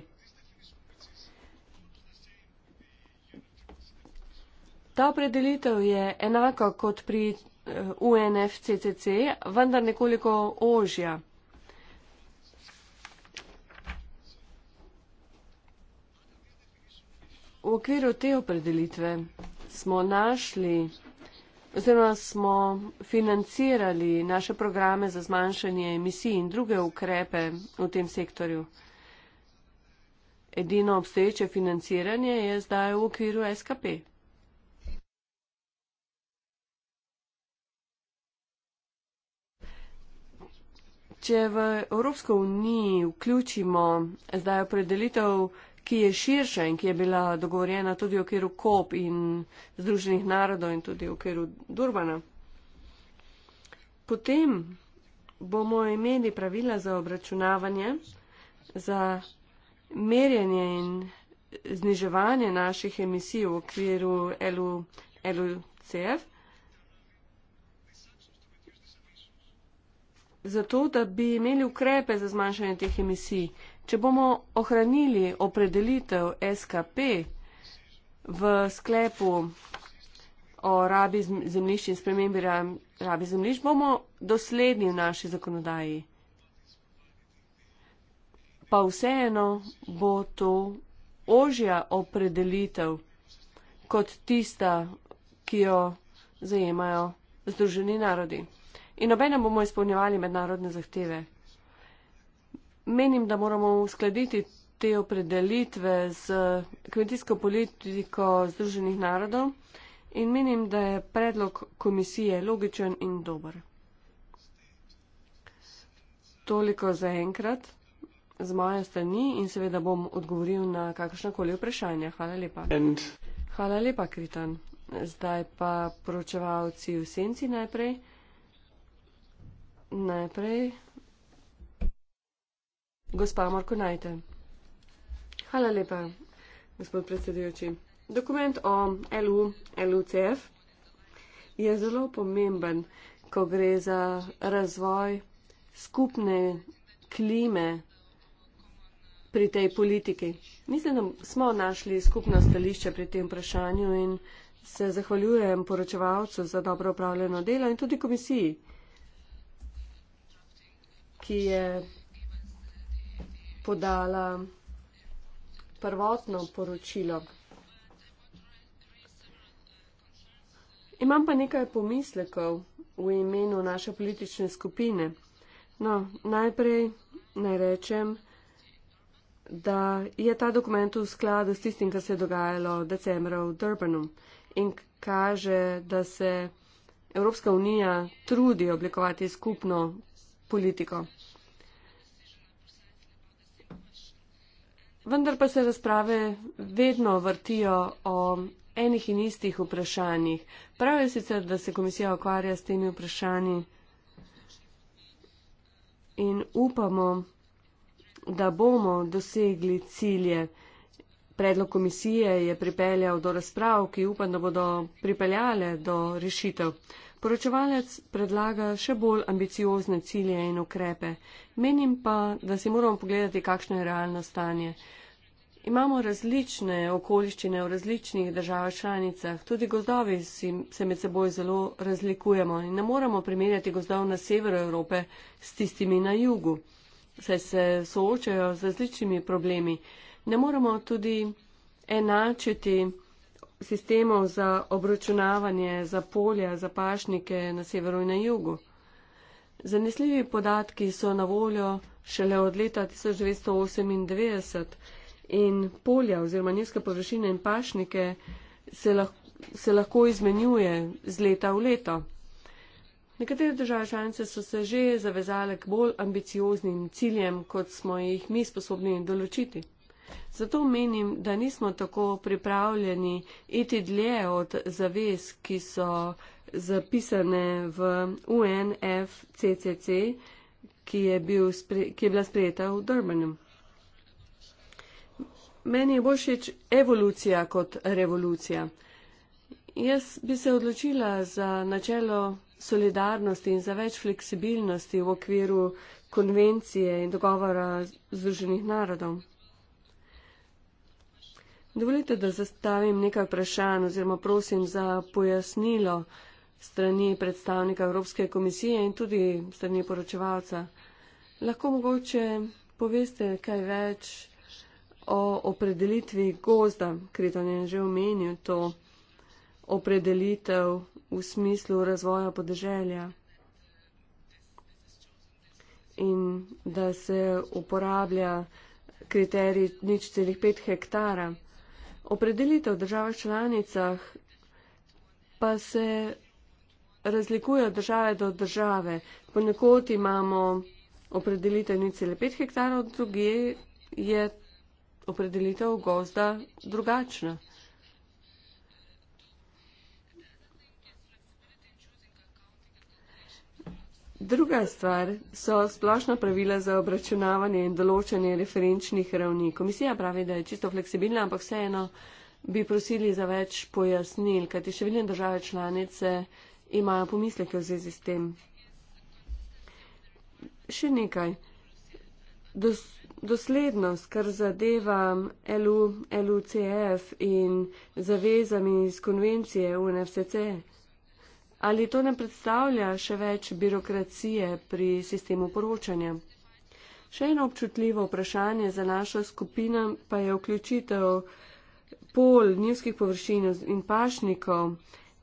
Ta opredelitev je enaka kot pri UNFCCC, vendar nekoliko ožja. V okviru te opredelitve smo našli oziroma smo financirali naše programe za zmanjšanje emisij in druge ukrepe v tem sektorju. Edino obstoječe financiranje je zdaj v okviru SKP. Če v Evropsko uniji vključimo zdaj opredelitev, ki je širša in ki je bila dogovorjena tudi v okviru KOP in Združenih narodov in tudi v okviru Durbana, potem bomo imeli pravila za obračunavanje, za merjenje in zniževanje naših emisij v okviru LU, LUCF zato, da bi imeli ukrepe za zmanjšanje teh emisij. Če bomo ohranili opredelitev SKP v sklepu o rabi zemljišč in spremembi rabi zemljišč, bomo dosledni v naši zakonodaji. Pa vseeno bo to ožja opredelitev kot tista, ki jo zajemajo Združeni narodi in obenem bomo izpolnjevali mednarodne zahteve. Menim, da moramo uskladiti te opredelitve z kmetijsko politiko Združenih narodov in menim, da je predlog komisije logičen in dober. Toliko za enkrat z moje strani in seveda bom odgovoril na kakršnakoli vprašanja. Hvala lepa. And Hvala lepa, Kritan. Zdaj pa poročevalci v senci najprej najprej. Gospa Morko Najte. Hvala lepa, gospod predsedujoči. Dokument o LU, LUCF je zelo pomemben, ko gre za razvoj skupne klime pri tej politiki. Mislim, da smo našli skupno stališče pri tem vprašanju in se zahvaljujem poročevalcu za dobro upravljeno delo in tudi komisiji ki je podala prvotno poročilo. Imam pa nekaj pomislekov v imenu naše politične skupine. No, najprej naj rečem, da je ta dokument v skladu s tistim, kar se je dogajalo decembra v Durbanu in kaže, da se Evropska unija trudi oblikovati skupno politiko. Vendar pa se razprave vedno vrtijo o enih in istih vprašanjih. Prav je sicer, da se komisija okvarja s temi vprašanji in upamo, da bomo dosegli cilje. Predlog komisije je pripeljal do razprav, ki upam, da bodo pripeljale do rešitev. Poročevalec predlaga še bolj ambiciozne cilje in ukrepe. Menim pa, da si moramo pogledati, kakšno je realno stanje. Imamo različne okoliščine v različnih državah članicah, tudi gozdovi si, se med seboj zelo razlikujemo in ne moremo primerjati gozdov na severu Evrope s tistimi na jugu, saj se soočajo z različnimi problemi ne moremo tudi enačiti sistemov za obračunavanje za polja, za pašnike na severu in na jugu. Zanesljivi podatki so na voljo šele od leta 1998 in polja oziroma nizke površine in pašnike se lahko, se lahko izmenjuje z leta v leto. Nekatere države članice so se že zavezale k bolj ambicioznim ciljem, kot smo jih mi sposobni določiti. Zato menim, da nismo tako pripravljeni iti dlje od zavez, ki so zapisane v UNFCCC, ki je, bil spre, ki je bila sprejeta v Durbanu. Meni je bolj všeč evolucija kot revolucija. Jaz bi se odločila za načelo solidarnosti in za več fleksibilnosti v okviru konvencije in dogovora Združenih narodov. Dovolite, da zastavim nekaj vprašanj oziroma prosim za pojasnilo strani predstavnika Evropske komisije in tudi strani poročevalca. Lahko mogoče poveste kaj več o opredelitvi gozda, Kriton je že omenil to opredelitev v smislu razvoja podeželja in da se uporablja kriterij nič celih pet hektara. Opredelitev v državah članicah pa se razlikuje od države do države. Ponekod imamo opredelitev 0,5 hektarov, drugi je opredelitev gozda drugačna. Druga stvar so splošna pravila za obračunavanje in določanje referenčnih ravni. Komisija pravi, da je čisto fleksibilna, ampak vseeno bi prosili za več pojasnil, kajti še veljne države članice imajo pomisleke v zvezi s tem. Še nekaj. Dos, doslednost, kar zadeva LU, LUCF in zavezami iz konvencije UNFCC, Ali to ne predstavlja še več birokracije pri sistemu poročanja? Še eno občutljivo vprašanje za našo skupino pa je vključitev pol nivskih površin in pašnikov.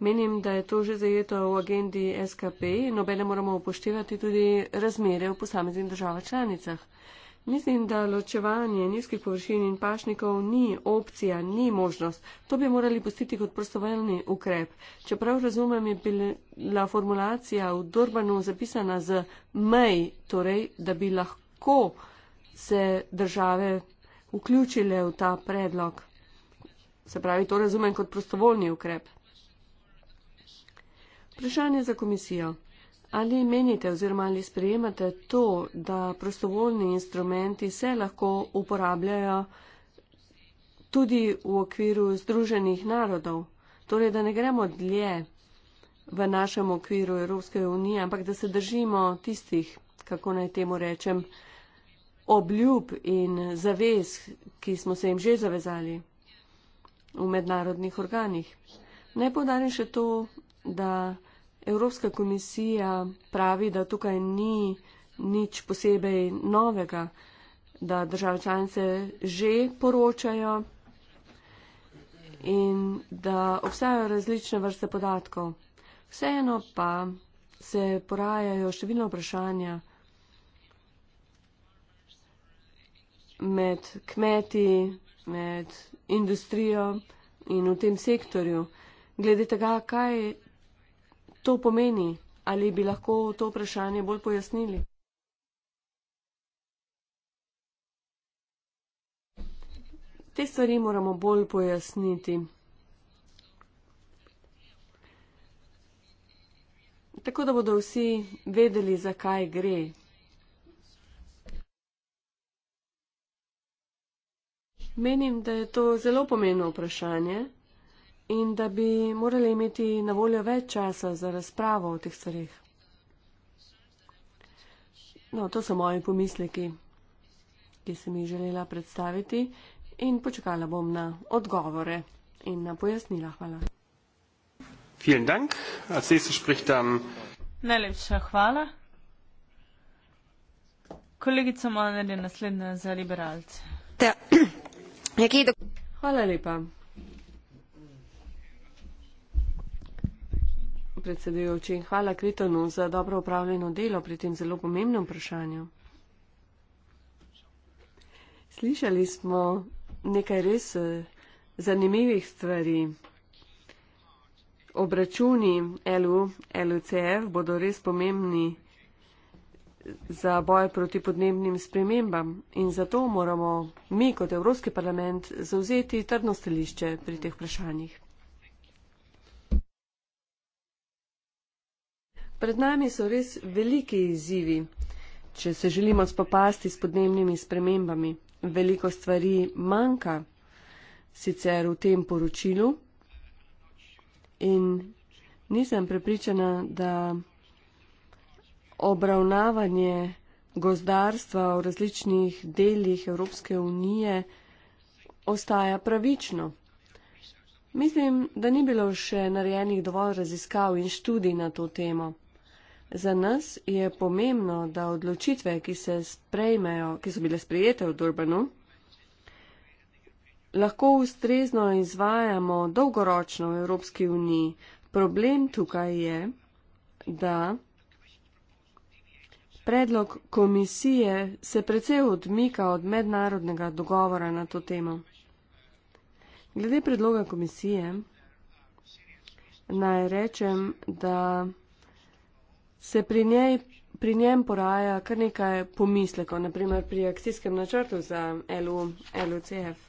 Menim, da je to že zajeto v agendi SKP in obene moramo upoštevati tudi razmere v posameznih državah članicah. Mislim, da ločevanje nizkih površin in pašnikov ni opcija, ni možnost. To bi morali pustiti kot prostovoljni ukrep. Čeprav razumem, je bila formulacija v Durbanu zapisana z mej, torej, da bi lahko se države vključile v ta predlog. Se pravi, to razumem kot prostovoljni ukrep. Vprašanje za komisijo. Ali menite oziroma ali sprejemate to, da prostovoljni instrumenti se lahko uporabljajo tudi v okviru Združenih narodov? Torej, da ne gremo dlje v našem okviru Evropske unije, ampak da se držimo tistih, kako naj temu rečem, obljub in zavez, ki smo se jim že zavezali v mednarodnih organih. Naj podarim še to, da. Evropska komisija pravi, da tukaj ni nič posebej novega, da države članice že poročajo in da obstajajo različne vrste podatkov. Vseeno pa se porajajo številna vprašanja med kmeti, med industrijo in v tem sektorju. Glede tega, kaj to pomeni? Ali bi lahko to vprašanje bolj pojasnili? Te stvari moramo bolj pojasniti. Tako da bodo vsi vedeli, zakaj gre. Menim, da je to zelo pomembno vprašanje in da bi morali imeti na voljo več časa za razpravo o teh stvarih. No, to so moji pomisleki, ki sem jih želela predstaviti in počakala bom na odgovore in na pojasnila. Hvala. Najlepša hvala. Kolegica Maner je naslednja za liberalce. Ja. Hvala lepa. predsedujoči. Hvala Kritonu za dobro upravljeno delo pri tem zelo pomembnem vprašanju. Slišali smo nekaj res eh, zanimivih stvari. Obračuni LU, LUCF bodo res pomembni za boj proti podnebnim spremembam in zato moramo mi kot Evropski parlament zauzeti trdno stališče pri teh vprašanjih. Pred nami so res veliki izzivi, če se želimo spopasti s podnebnimi spremembami. Veliko stvari manjka sicer v tem poročilu in nisem prepričana, da obravnavanje gozdarstva v različnih delih Evropske unije ostaja pravično. Mislim, da ni bilo še narejenih dovolj raziskav in študij na to temo. Za nas je pomembno, da odločitve, ki, sprejmejo, ki so bile sprejete v Durbanu, lahko ustrezno izvajamo dolgoročno v Evropski uniji. Problem tukaj je, da predlog komisije se precej odmika od mednarodnega dogovora na to temo. Glede predloga komisije, naj rečem, da se pri, njej, pri njem poraja kar nekaj pomislekov, naprimer pri akcijskem načrtu za LU, LUCF.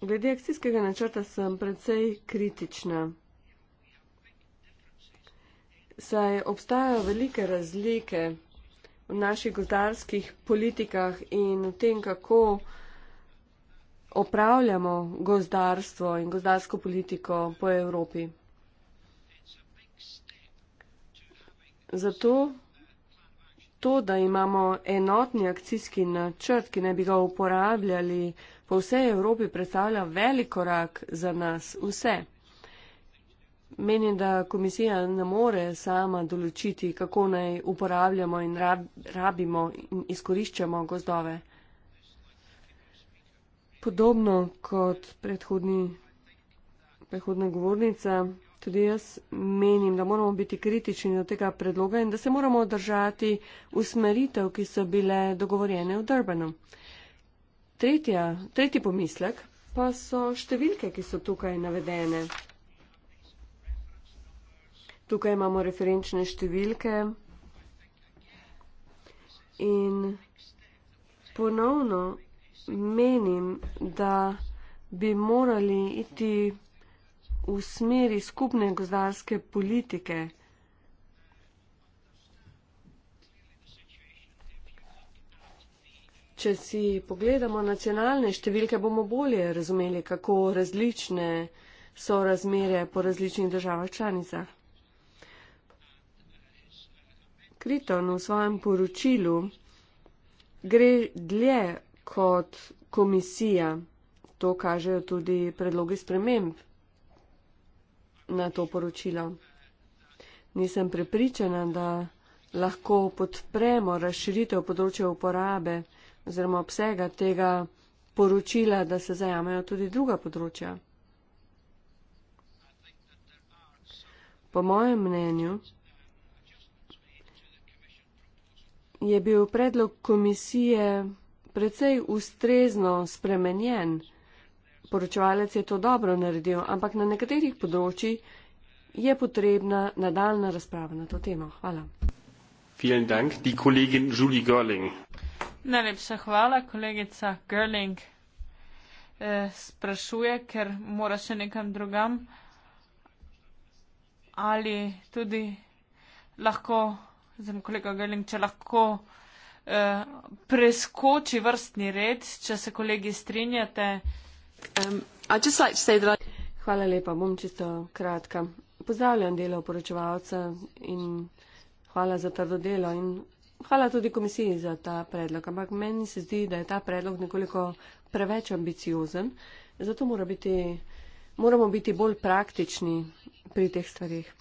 Glede akcijskega načrta sem precej kritična, saj obstajajo velike razlike v naših gozdarskih politikah in v tem, kako opravljamo gozdarstvo in gozdarsko politiko po Evropi. Zato to, da imamo enotni akcijski načrt, ki ne bi ga uporabljali po vsej Evropi, predstavlja velik korak za nas vse. Menim, da komisija ne more sama določiti, kako naj uporabljamo in rabimo in izkoriščamo gozdove. Podobno kot predhodna govornica, Tudi jaz menim, da moramo biti kritični do tega predloga in da se moramo držati usmeritev, ki so bile dogovorjene v Drbenu. Tretja, tretji pomislek pa so številke, ki so tukaj navedene. Tukaj imamo referenčne številke in ponovno menim, da bi morali iti v smeri skupne gozdarske politike. Če si pogledamo nacionalne številke, bomo bolje razumeli, kako različne so razmere po različnih državah članicah. Kriton v svojem poročilu gre dlje kot komisija. To kažejo tudi predlogi sprememb na to poročilo. Nisem prepričana, da lahko podpremo razširitev področja uporabe oziroma obsega tega poročila, da se zajamejo tudi druga področja. Po mojem mnenju je bil predlog komisije precej ustrezno spremenjen poročevalec je to dobro naredil, ampak na nekaterih področjih je potrebna nadaljna razprava na to temo. Hvala. Dank, Julie Najlepša hvala, kolegica Görling. Eh, sprašuje, ker mora še nekam drugam, ali tudi lahko, zem kolega Görling, če lahko eh, preskoči vrstni red, če se kolegi strinjate. Um, hvala lepa, bom čisto kratka. Pozdravljam delo poročevalca in hvala za trdo delo in hvala tudi komisiji za ta predlog. Ampak meni se zdi, da je ta predlog nekoliko preveč ambiciozen, zato mora biti, moramo biti bolj praktični pri teh stvarih.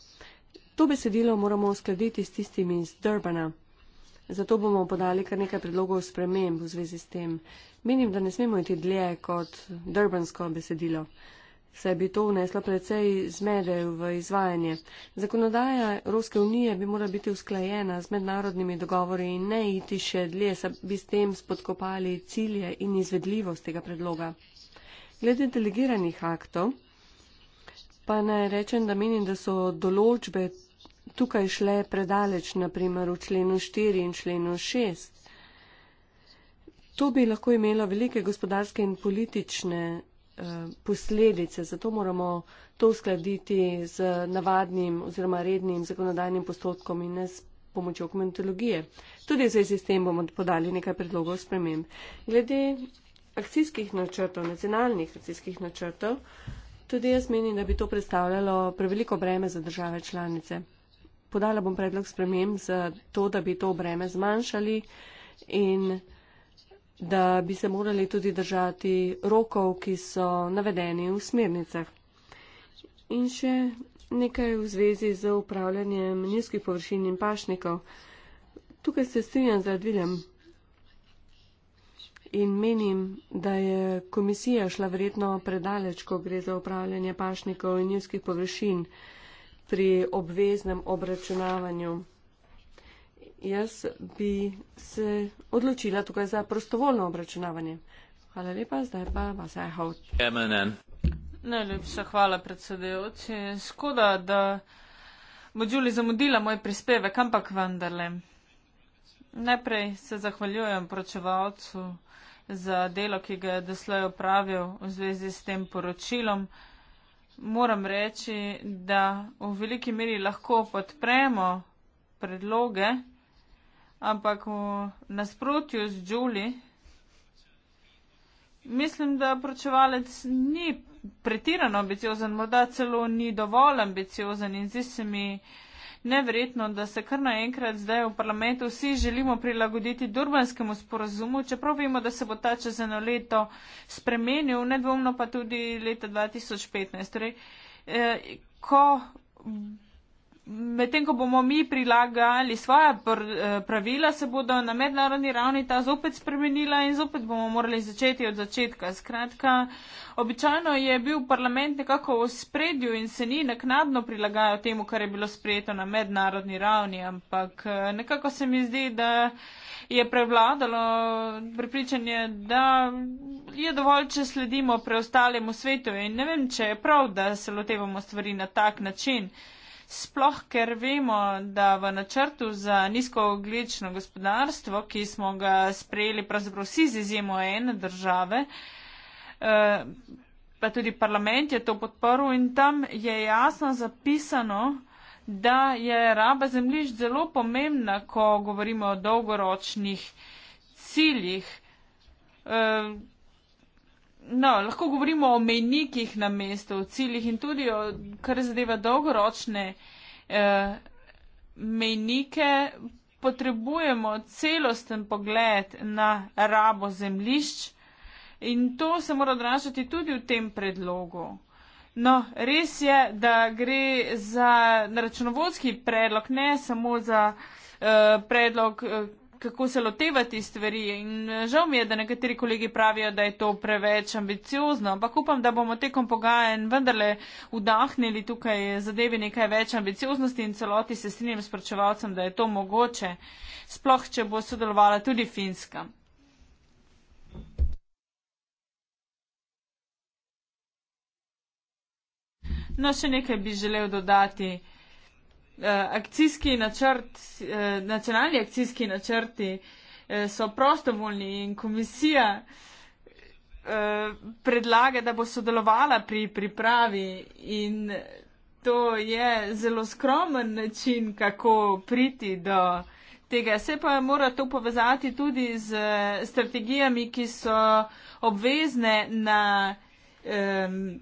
To besedilo moramo uskladiti s tistimi iz Durbana. Zato bomo podali kar nekaj predlogov sprememb v zvezi s tem. Menim, da ne smemo iti dlje kot drbansko besedilo. Se bi to vneslo precej zmede v izvajanje. Zakonodaja Evropske unije bi mora biti usklajena z mednarodnimi dogovori in ne iti še dlje, se bi s tem spodkopali cilje in izvedljivost tega predloga. Glede delegiranih aktov, pa naj rečem, da menim, da so določbe tukaj šle predaleč, naprimer v členu 4 in členu 6. To bi lahko imelo velike gospodarske in politične eh, posledice, zato moramo to uskladiti z navadnim oziroma rednim zakonodajnim postopkom in ne s pomočjo komentologije. Tudi v zvezi s tem bomo podali nekaj predlogov sprememb. Glede akcijskih načrtov, nacionalnih akcijskih načrtov, tudi jaz menim, da bi to predstavljalo preveliko breme za države članice podala bom predlog spremem za to, da bi to breme zmanjšali in da bi se morali tudi držati rokov, ki so navedeni v smernicah. In še nekaj v zvezi z upravljanjem nizkih površin in pašnikov. Tukaj se strinjam z Radviljem in menim, da je komisija šla verjetno predaleč, ko gre za upravljanje pašnikov in nizkih površin pri obveznem obračunavanju. Jaz bi se odločila tukaj za prostovoljno obračunavanje. Hvala lepa, zdaj pa vas je eh, haut. Najlepša hvala, predsedujoči. Škoda, da bo Đuli zamudila moj prispevek, ampak vendarle. Najprej se zahvaljujem poročevalcu za delo, ki ga je doslej opravil v zvezi s tem poročilom moram reči, da v veliki meri lahko podpremo predloge, ampak v nasprotju z Džuli, mislim, da pročevalec ni pretirano ambiciozen, morda celo ni dovolj ambiciozen in zdi se mi, nevredno, da se kar naenkrat zdaj v parlamentu vsi želimo prilagoditi Durbanskemu sporazumu, čeprav vemo, da se bo ta čez eno leto spremenil, nedvomno pa tudi leta 2015. Torej, eh, ko medtem ko bomo mi prilagali svoja pr, eh, pravila, se bodo na mednarodni ravni ta zopet spremenila in zopet bomo morali začeti od začetka. Skratka, običajno je bil parlament nekako v spredju in se ni naknadno prilagajal temu, kar je bilo sprejeto na mednarodni ravni, ampak eh, nekako se mi zdi, da je prevladalo prepričanje, da je dovolj, če sledimo preostalemu svetu in ne vem, če je prav, da se lotevamo stvari na tak način sploh ker vemo, da v načrtu za nizkooglično gospodarstvo, ki smo ga sprejeli pravzaprav vsi z izjemo ene države, eh, pa tudi parlament je to podporil in tam je jasno zapisano, da je raba zemljišč zelo pomembna, ko govorimo o dolgoročnih ciljih. Eh, No, lahko govorimo o mejnikih na mestu, o ciljih in tudi o kar zadeva dolgoročne eh, mejnike. Potrebujemo celosten pogled na rabo zemlišč in to se mora odražati tudi v tem predlogu. No, res je, da gre za računovodski predlog, ne samo za eh, predlog. Eh, kako se lotevati stvari. In eh, žal mi je, da nekateri kolegi pravijo, da je to preveč ambiciozno, ampak upam, da bomo tekom pogajanj vendarle vdahnili tukaj zadevi nekaj več ambicioznosti in celoti se strinjam s pričevalcem, da je to mogoče, sploh če bo sodelovala tudi Finska. No, še nekaj bi želel dodati. Eh, akcijski načrt, eh, nacionalni akcijski načrti eh, so prostovoljni in komisija predlaga, da bo sodelovala pri pripravi in to je zelo skromen način, kako priti do tega. Se pa mora to povezati tudi z strategijami, ki so obvezne na. Um,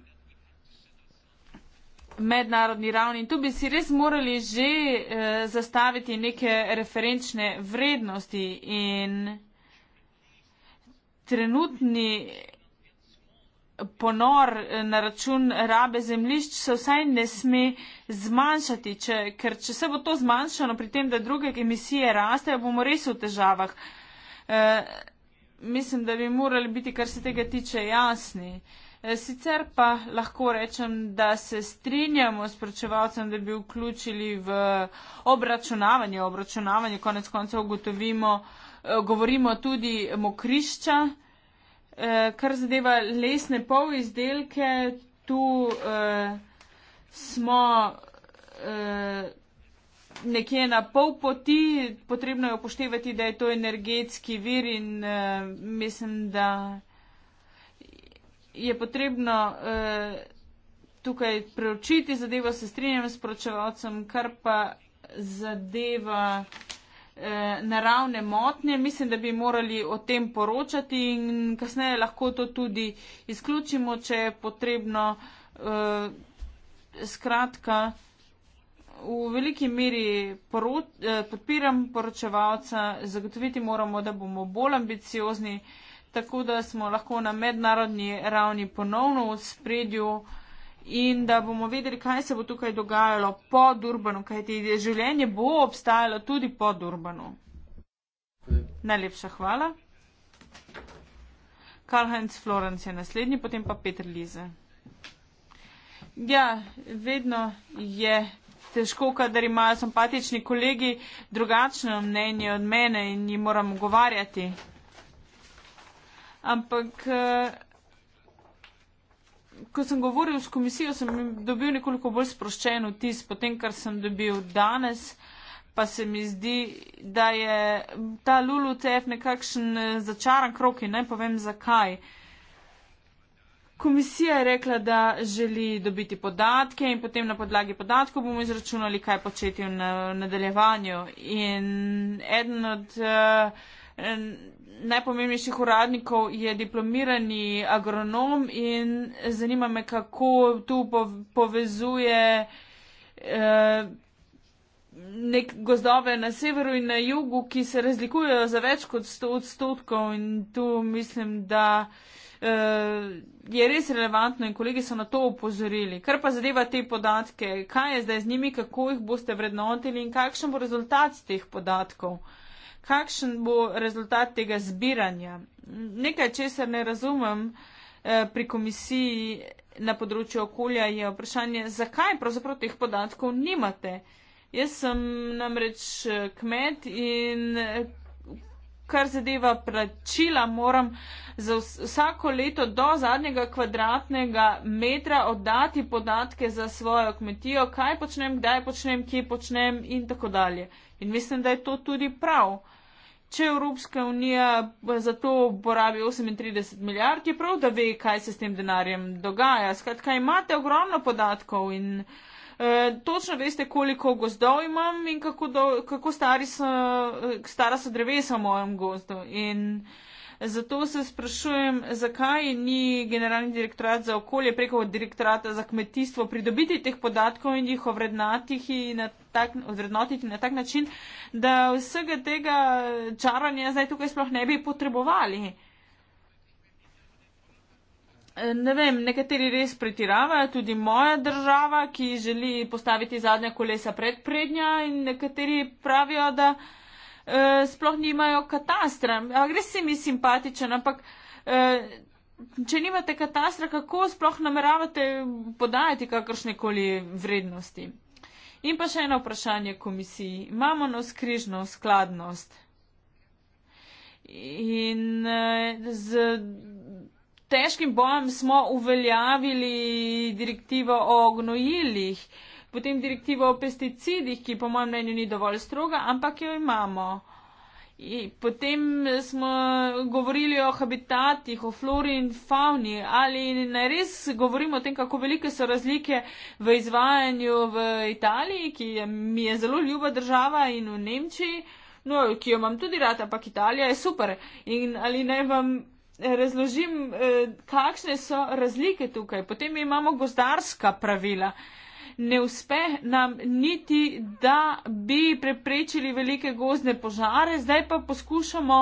mednarodni ravni. Tu bi si res morali že eh, zastaviti neke referenčne vrednosti in trenutni ponor eh, na račun rabe zemljišč se vsaj ne sme zmanjšati, če, ker če se bo to zmanjšano pri tem, da druge emisije rastejo, bomo res v težavah. Eh, mislim, da bi morali biti, kar se tega tiče, jasni. Eh, Eh, sicer pa lahko rečem, da se strinjamo s pričevalcem, da bi vključili v obračunavanje, obračunavanje konec koncev ugotovimo, eh, govorimo tudi mokrišča, eh, kar zadeva lesne polizdelke, tu smo nekje na pol poti, potrebno je upoštevati, da je to energetski vir in mislim, da je potrebno uh, tukaj preučiti zadevo, se strinjam s poročevalcem, kar pa zadeva eh, naravne motnje. Mislim, da bi morali o tem poročati in kasneje lahko to tudi izključimo, če je potrebno. Eh, skratka, v veliki meri podpiram poročevalca, zagotoviti moramo, da bomo bolj ambiciozni, tako da smo lahko na mednarodni ravni ponovno v spredju in da bomo vedeli, kaj se bo tukaj dogajalo pod urbano, kajti življenje bo obstajalo tudi pod urbano. Najlepša hvala. Karl-Heinz Florenc je naslednji, potem pa Petr Lize. Ja, vedno je težko, kadar imajo simpatični kolegi drugačno mnenje od mene in jim moram govarjati. Ampak, eh, ko sem govoril s komisijo, sem dobil nekoliko bolj sproščen vtis, potem, kar sem dobil danes, pa se mi zdi, da je ta LULUCF nekakšen eh, začaran krok in naj povem zakaj. Komisija je rekla, da želi dobiti podatke in potem na podlagi podatkov bomo izračunali, kaj početi v nadaljevanju. In eden od uh, najpomembnejših uradnikov je diplomirani agronom in zanima me, kako tu povezuje eh, nek gozdove na severu in na jugu, ki se razlikujejo za več kot 100 odstotkov in tu mislim, da eh, je res relevantno in kolegi so na to upozorili. Kar pa zadeva te podatke, kaj je zdaj z njimi, kako jih boste vrednotili in kakšen bo rezultat teh podatkov? kakšen bo rezultat tega zbiranja. Nekaj, česar ne razumem eh, pri komisiji na področju okolja, je vprašanje, zakaj pravzaprav teh podatkov nimate. Jaz sem namreč eh, kmet in eh, kar zadeva plačila, moram za vsako leto do zadnjega kvadratnega metra oddati podatke za svojo kmetijo, kaj počnem, kdaj počnem, kje počnem in tako dalje. In mislim, da je to tudi prav. Če Evropska unija za to porabi 38 milijard, je prav, da ve, kaj se s tem denarjem dogaja. Skratka, imate ogromno podatkov in. Eh, točno veste, koliko gozdov imam in kako, do, kako so, eh, stara so drevesa v mojem gozdu. In zato se sprašujem, zakaj ni generalni direktorat za okolje preko direktorata za kmetijstvo pridobiti teh podatkov in jih ovrednotiti na, na tak način, da vsega tega čaranja zdaj tukaj sploh ne bi potrebovali ne vem, nekateri res pretiravajo, tudi moja država, ki želi postaviti zadnja kolesa pred prednja in nekateri pravijo, da eh, sploh nimajo katastra. Agresiv mi simpatičen, ampak eh, če nimate katastra, kako sploh nameravate podajati kakršne koli vrednosti? In pa še eno vprašanje komisiji. Imamo noskrižno skladnost. In eh, z težkim bojem smo uveljavili direktivo o gnojilih, potem direktivo o pesticidih, ki po mojem mnenju ni dovolj stroga, ampak jo imamo. Potem smo govorili o habitatih, o flori in fauni, ali naj res govorimo o tem, kako velike so razlike v izvajanju v Italiji, ki je, mi je zelo ljuba država in v Nemčiji, no, ki jo imam tudi rada, ampak Italija je super. In ali naj vam razložim, eh, kakšne so razlike tukaj. Potem imamo gozdarska pravila. Ne uspe nam niti, da bi preprečili velike gozne požare, zdaj pa poskušamo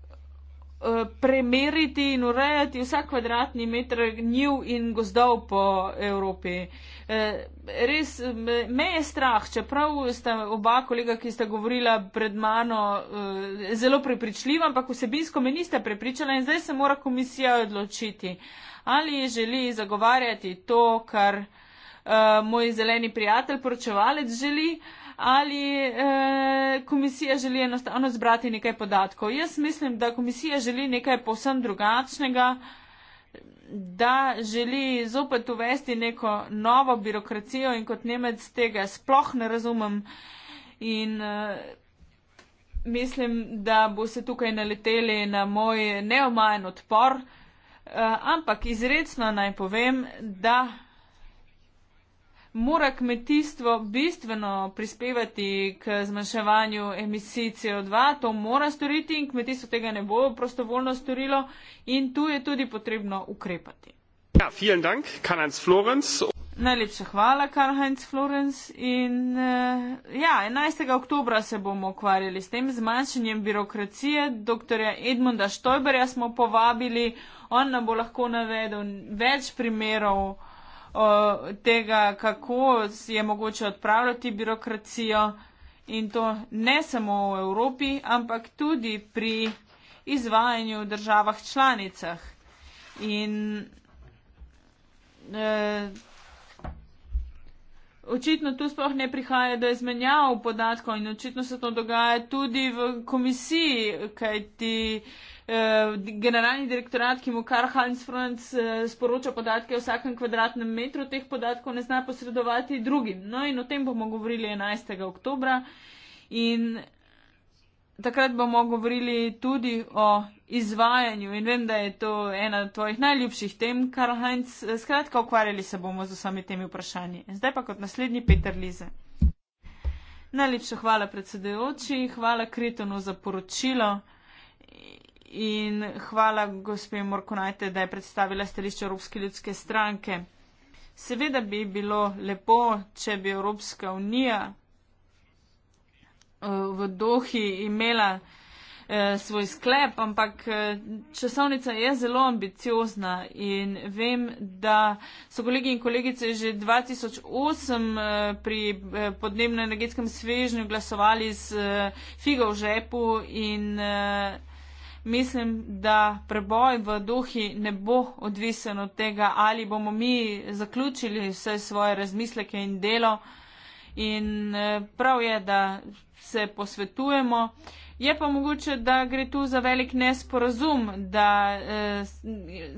eh, premeriti in urejati vsak kvadratni meter njiv in gozdov po Evropi. Eh, res me je strah, čeprav sta oba kolega, ki sta govorila pred mano, eh, zelo prepričljiva, ampak vsebinsko me niste prepričala in zdaj se mora komisija odločiti, ali želi zagovarjati to, kar eh, moj zeleni prijatelj, poročevalec želi. Ali eh, komisija želi enostavno zbrati nekaj podatkov? Jaz mislim, da komisija želi nekaj posebno drugačnega, eh, da želi zopet uvesti neko novo birokracijo in kot Nemec tega sploh ne razumem. In uh, mislim, da bo se tukaj naleteli na moj neomajen odpor, uh, ampak izredno naj povem, da mora kmetijstvo bistveno prispevati k zmanjševanju emisij CO2, to mora storiti in kmetijstvo tega ne bo prostovoljno storilo in tu je tudi potrebno ukrepati. Ja, vielen Dank, Karl-Heinz Florenz. Najlepša hvala, Karl-Heinz Florenz. In eh, ja, 11. oktober se bomo ukvarjali s tem zmanjšanjem birokracije. Dr. Edmunda Štojberja smo povabili, on nam bo lahko navedel več primerov tega, kako je mogoče odpravljati birokracijo in to ne samo v Evropi, ampak tudi pri izvajanju v državah članicah. In eh, očitno tu sploh ne prihaja do izmenjav podatkov in očitno se to dogaja tudi v komisiji, kajti eh, Eh, generalni direktorat, ki mu kar Hans Franz sporoča podatke o vsakem kvadratnem metru, teh podatkov ne zna posredovati drugim. No in o tem bomo govorili 11. oktobra in takrat bomo govorili tudi o izvajanju in vem, da je to ena tvojih najljubših tem, Karl Heinz. Eh, skratka, ukvarjali se bomo z vsemi temi vprašanji. Zdaj pa kot naslednji Peter Lize. Najlepša hvala predsedujoči, hvala Kritonu za poročilo in hvala gospe Morkonajte, da je predstavila stališče Evropske ljudske stranke. Seveda bi bilo lepo, če bi Evropska unija eh, v dohi imela eh, svoj sklep, ampak eh, časovnica je zelo ambiciozna in vem, da so kolegi in kolegice že 2008 pri podnebno-energetskem svežnju glasovali z figo v žepu in mislim, da preboj v Dohi ne bo odvisen od tega, ali bomo mi zaključili vse svoje razmisleke in delo. In e, prav je, da se posvetujemo. Je pa mogoče, da gre tu za velik nesporazum, da eh,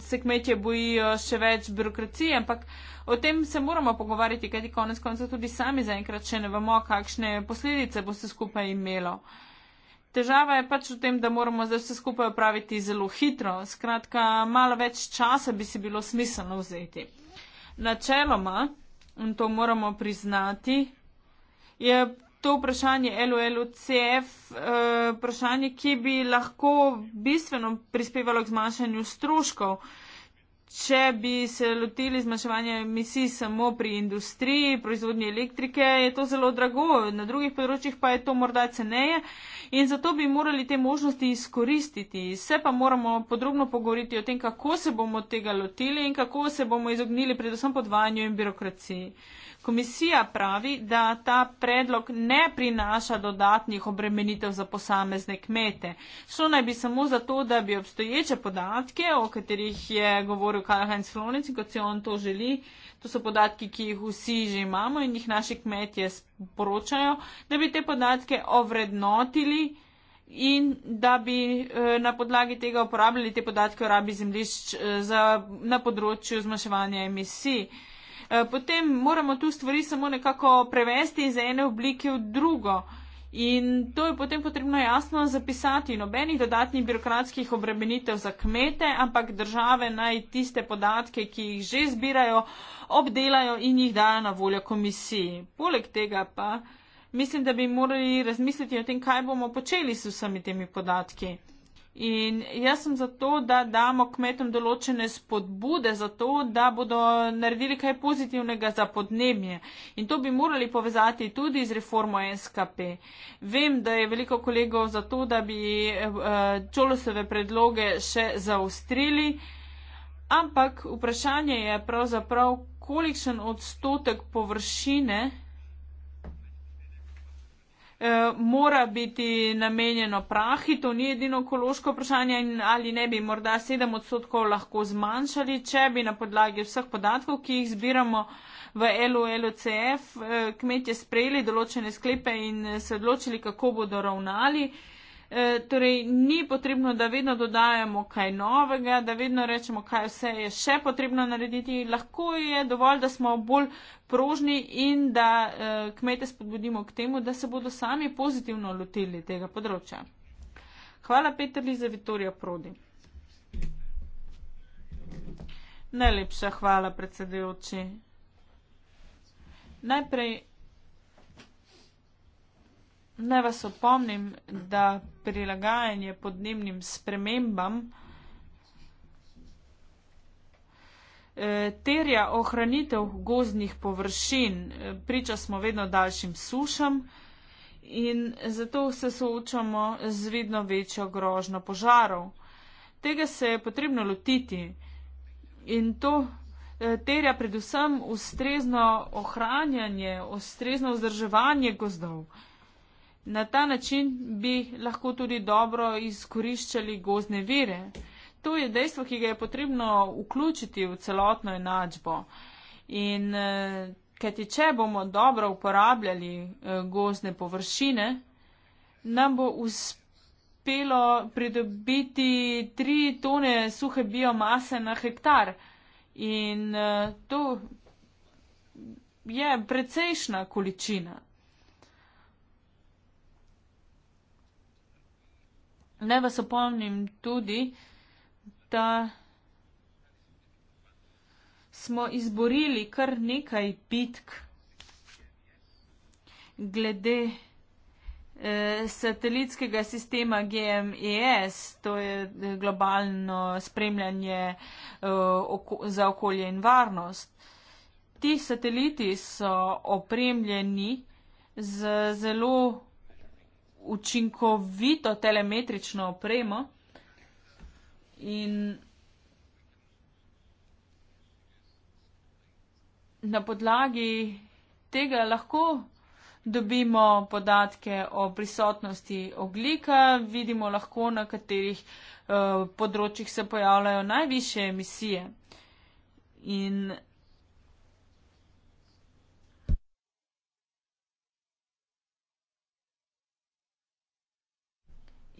se kmetje bojijo še več birokracije, ampak o tem se moramo pogovarjati, kajti konec konca tudi sami zaenkrat še ne vemo, kakšne posledice bo se skupaj imelo. Eh, Težava je pač v tem, da moramo zdaj vse skupaj upraviti zelo hitro. Skratka, malo več časa bi si bilo smiselno vzeti. Načeloma, in to moramo priznati, je to vprašanje LOLCF eh, vprašanje, ki bi lahko bistveno prispevalo k zmanjšanju stroškov. Če bi se lotili zmanjševanja emisij samo pri industriji, proizvodnji elektrike, je to zelo drago, na drugih področjih pa je to morda ceneje in zato bi morali te možnosti izkoristiti. Se pa moramo podrobno pogovoriti o tem, kako se bomo tega lotili in kako se bomo izognili predvsem podvajanju in birokraciji. Komisija pravi, da ta predlog ne prinaša dodatnih obremenitev za posamezne kmete. Šlo naj bi samo zato, da bi obstoječe podatke, o katerih je govoril Karl Heinz Flonic, kot se on to želi, uh, To so podatki, ki jih vsi že imamo in jih naši kmetje sporočajo, da bi te podatke ovrednotili in da bi eh, na podlagi tega uporabljali te podatke o rabi zemlišč eh, za, na področju zmanjševanja emisij. Eh, potem moramo tu stvari samo nekako prevesti iz ene oblike v drugo. In to je potem potrebno jasno zapisati. Nobenih dodatnih birokratskih obremenitev za kmete, ampak države naj tiste podatke, ki jih že zbirajo, obdelajo in jih dajo na voljo komisiji. Poleg tega pa mislim, da bi morali razmisliti o tem, kaj bomo počeli s vsemi temi podatki. In jaz sem zato, da damo kmetom določene spodbude za to, da bodo naredili kaj pozitivnega za podnebje. In to bi morali povezati tudi z reformo SKP. Vem, da je veliko kolegov za to, da bi eh, čolosove predloge še zaustrili, ampak vprašanje je pravzaprav, kolikšen odstotek površine mora biti namenjeno prahi, to ni edino ekološko vprašanje in ali ne bi morda 7 odstotkov lahko zmanjšali, če bi na podlagi vseh podatkov, ki jih zbiramo v LOLCF, eh, kmetje sprejeli določene sklepe in se odločili, kako bodo ravnali. E, torej, ni potrebno, da vedno dodajamo kaj novega, da vedno rečemo, kaj vse je še potrebno narediti. Lahko je dovolj, da smo bolj prožni in da eh, kmete spodbudimo k temu, da se bodo sami pozitivno lotili tega področja. Hvala, Petr Liza Vitorija Prodi. Najlepša hvala, predsedujoči. Najprej Naj vas opomnim, da prilagajanje podnebnim spremembam eh, terja ohranitev gozdnih površin. Priča smo vedno daljšim sušam in zato se soočamo z vedno večjo grožno požarov. Tega se je potrebno lotiti in to eh, terja predvsem ustrezno ohranjanje, ustrezno vzdrževanje gozdov. Na ta način bi lahko tudi dobro izkoriščali gozne vire. To je dejstvo, ki ga je potrebno vključiti v celotno enačbo. In eh, kajti, če bomo dobro uporabljali eh, gozne površine, nam bo uspelo pridobiti tri tone suhe biomase na hektar. In eh, to je precejšna količina. Naj vas opomnim tudi, da smo izborili kar nekaj bitk glede eh, satelitskega sistema GMES, to je eh, globalno spremljanje eh, za okolje in varnost. Ti sateliti so opremljeni z zelo učinkovito telemetrično opremo. In na podlagi tega lahko dobimo podatke o prisotnosti oglika, vidimo lahko, na katerih uh, področjih se pojavljajo najviše emisije. In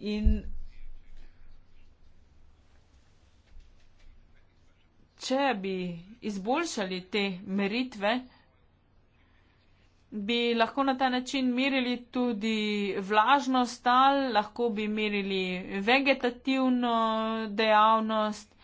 In če bi izboljšali te meritve, bi lahko na ta način merili tudi vlažnost tal, lahko bi merili vegetativno dejavnost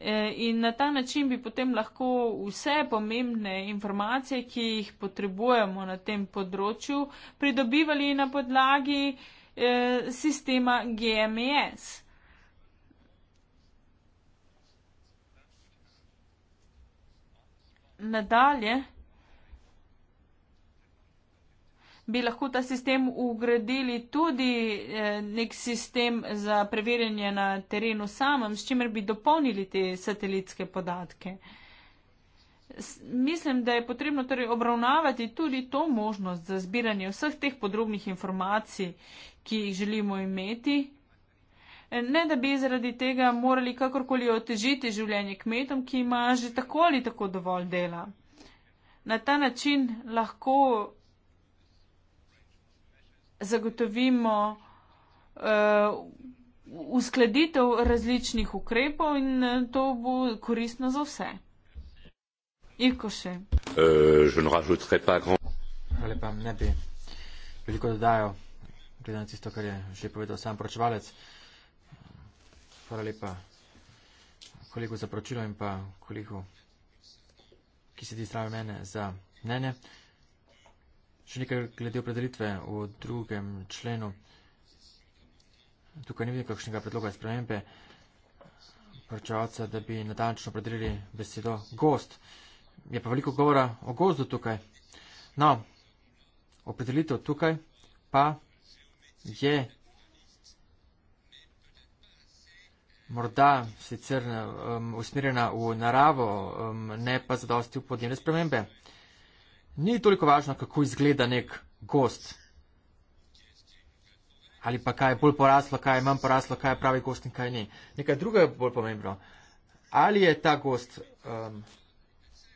e, in na ta način bi potem lahko vse pomembne informacije, ki jih potrebujemo na tem področju, pridobivali na podlagi eh, Eh, sistema GMES. Nadalje bi lahko ta sistem ugradili tudi eh, nek sistem za preverjanje na terenu samem, s čimer bi dopolnili te satelitske podatke. Mislim, da je potrebno torej obravnavati tudi to možnost za zbiranje vseh teh podrobnih informacij, ki jih želimo imeti. Ne, da bi zaradi tega morali kakorkoli otežiti življenje kmetom, ki ima že tako ali tako dovolj dela. Na ta način lahko zagotovimo uh, uskladitev različnih ukrepov in eh, to bo koristno za vse. Ilkoše. Uh, je ne rajouterai pas grand. Hvala lepa, ne bi veliko dodajal, glede na tisto, kar je že povedal sam pročevalec. Hvala lepa kolegu za pročilo in pa kolegu, ki sedi zdravi mene, za mnenje. Še nekaj glede opredelitve v drugem členu. Tukaj ni vidim kakšnega predloga spremembe pročevalca, da bi natančno opredelili besedo gost. Uh, je pa veliko govora o gozdu tukaj. No, opredelitev tukaj pa je morda sicer um, usmerjena v naravo, um, ne pa za dosti v podnebne spremembe. Ni toliko važno, kako izgleda nek gost. Ali pa kaj je bolj poraslo, kaj je manj poraslo, kaj je pravi gost in kaj ni. Nekaj drugega je bolj pomembno. Ali je ta gost. Um,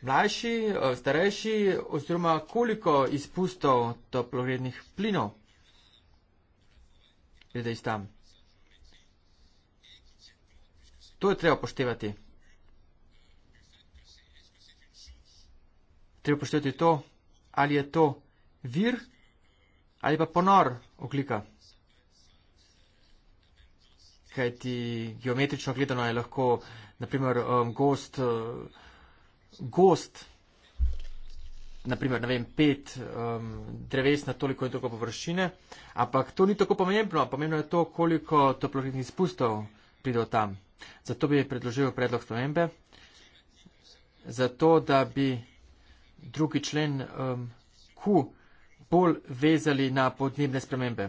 mlajši, eh, starejši oziroma koliko izpustov toplogrednih plinov glede iz tam. To je treba poštevati. Treba poštevati to, ali je to vir ali pa ponor oglika. Kajti geometrično gledano je lahko, naprimer, eh, gost. Um, eh, gost, naprimer, ne vem, pet um, dreves na toliko in toliko površine, ampak to ni tako pomembno, pomembno je to, koliko toplogrednih izpustov pride od tam. Zato bi predložil predlog spremembe, zato da bi drugi člen um, Q bolj vezali na podnebne spremembe.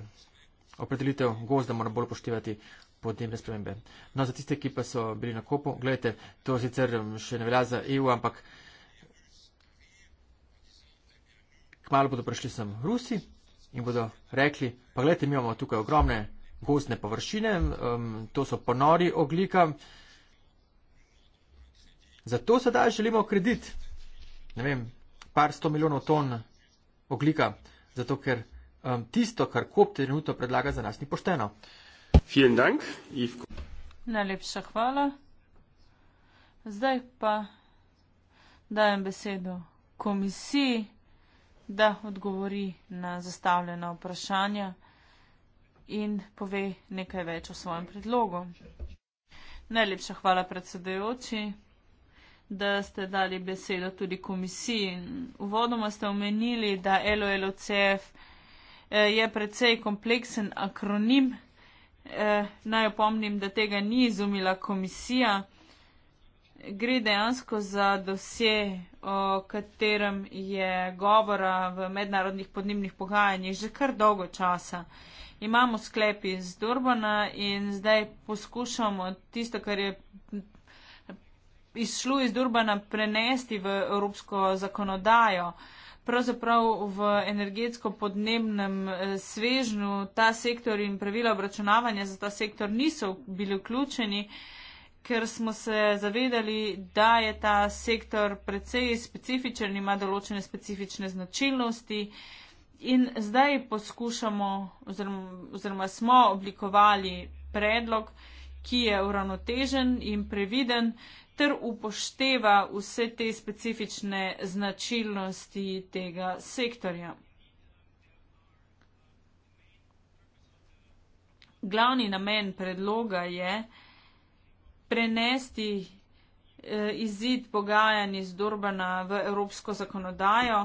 Opredelitev gozda mora bolj poštivati podnebne spremembe. No, za tiste, ki pa so bili na kopu, gledajte, to sicer um, še ne velja za EU, ampak kmalo bodo prišli sem Rusi in bodo rekli, pa gledajte, mi imamo tukaj ogromne gozdne površine, um, to so ponori oglika. Zato sedaj želimo kredit, ne vem, par sto milijonov ton oglika, zato ker um, tisto, kar kop trenutno predlaga za nas, ni pošteno. Vielen Dank. Najlepša hvala. Zdaj pa dajem besedo komisiji, da odgovori na zastavljena vprašanja in pove nekaj več o svojem predlogu. Najlepša hvala predsedajoči, da ste dali besedo tudi komisiji. Uvodoma ste omenili, da LOLOCF eh, je precej kompleksen akronim, eh, naj opomnim, da tega ni izumila komisija. Gre dejansko za dosje, o katerem je govora v mednarodnih podnebnih pogajanjih že kar dolgo časa. Imamo sklep iz Durbana in zdaj poskušamo tisto, kar je izšlo iz Durbana, prenesti v evropsko zakonodajo. Uh, pravzaprav v energetsko-podnebnem eh, svežnju ta sektor in pravila obračunavanja za ta sektor niso bili vključeni, ker smo se zavedali, da je ta sektor precej specifičen, ima določene specifične značilnosti. In zdaj poskušamo, oziroma, oziroma smo oblikovali predlog, ki je uravnotežen in previden, ter upošteva vse te specifične značilnosti tega sektorja. Glavni namen predloga je prenesti eh, izid pogajanj iz Durbana v evropsko zakonodajo.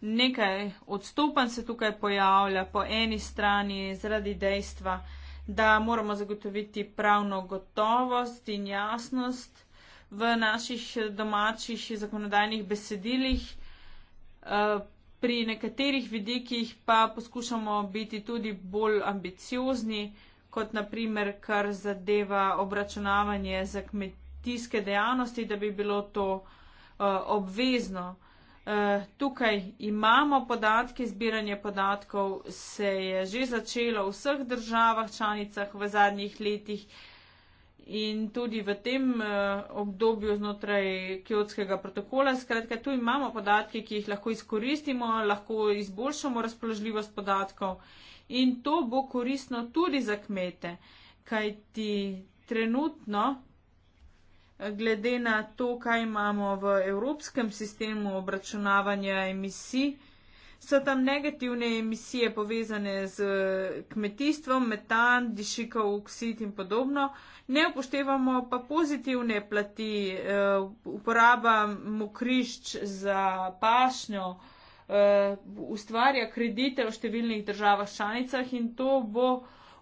Nekaj odstopanj se tukaj pojavlja po eni strani zaradi dejstva, da moramo zagotoviti pravno gotovost in jasnost v naših eh, domačih zakonodajnih besedilih, eh, pri nekaterih vidikih pa poskušamo biti tudi bolj ambiciozni, kot naprimer, kar zadeva obračunavanje za kmetijske dejavnosti, da bi bilo to eh, obvezno. Tukaj imamo podatke, zbiranje podatkov se je že začelo v vseh državah članicah v zadnjih letih, in tudi v tem eh, obdobju znotraj Kjotskega protokola. Skratka, tu imamo podatke, ki jih lahko izkoristimo, lahko izboljšamo razpoložljivost podatkov in to bo koristno tudi za kmete, kajti trenutno, eh, glede na to, kaj imamo v evropskem sistemu obračunavanja emisij, so tam negativne emisije povezane z eh, kmetijstvom, metan, dišikov, oksid in podobno, ne upoštevamo pa pozitivne plati, eh, uporaba mokrišč za pašnjo, eh, ustvarja kredite v številnih državah članicah in to bo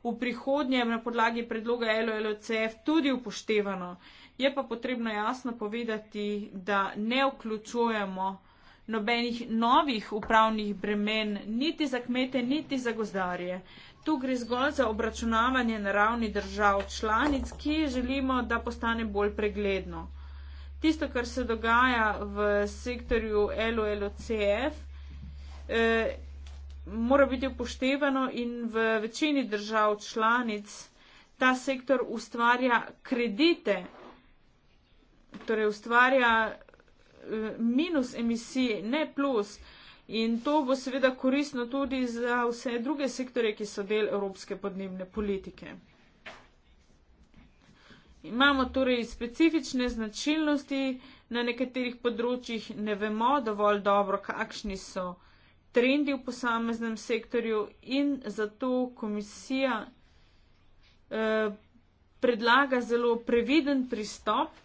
v prihodnjem na podlagi predloga LOLCF tudi upoštevano. Je pa potrebno jasno povedati, da ne vključujemo nobenih novih upravnih bremen, niti za kmete, niti za gozdarje. Tu gre zgolj za obračunavanje na ravni držav članic, ki želimo, da postane bolj pregledno. Tisto, kar se dogaja v sektorju LOLOCF, eh, mora biti upoštevano in v večini držav članic ta sektor ustvarja kredite, torej ustvarja minus emisije, ne plus. In to bo seveda koristno tudi za vse druge sektore, ki so del evropske podnebne politike. Imamo torej specifične značilnosti na nekaterih področjih, ne vemo dovolj dobro, kakšni so trendi v posameznem sektorju in zato komisija eh, predlaga zelo previden pristop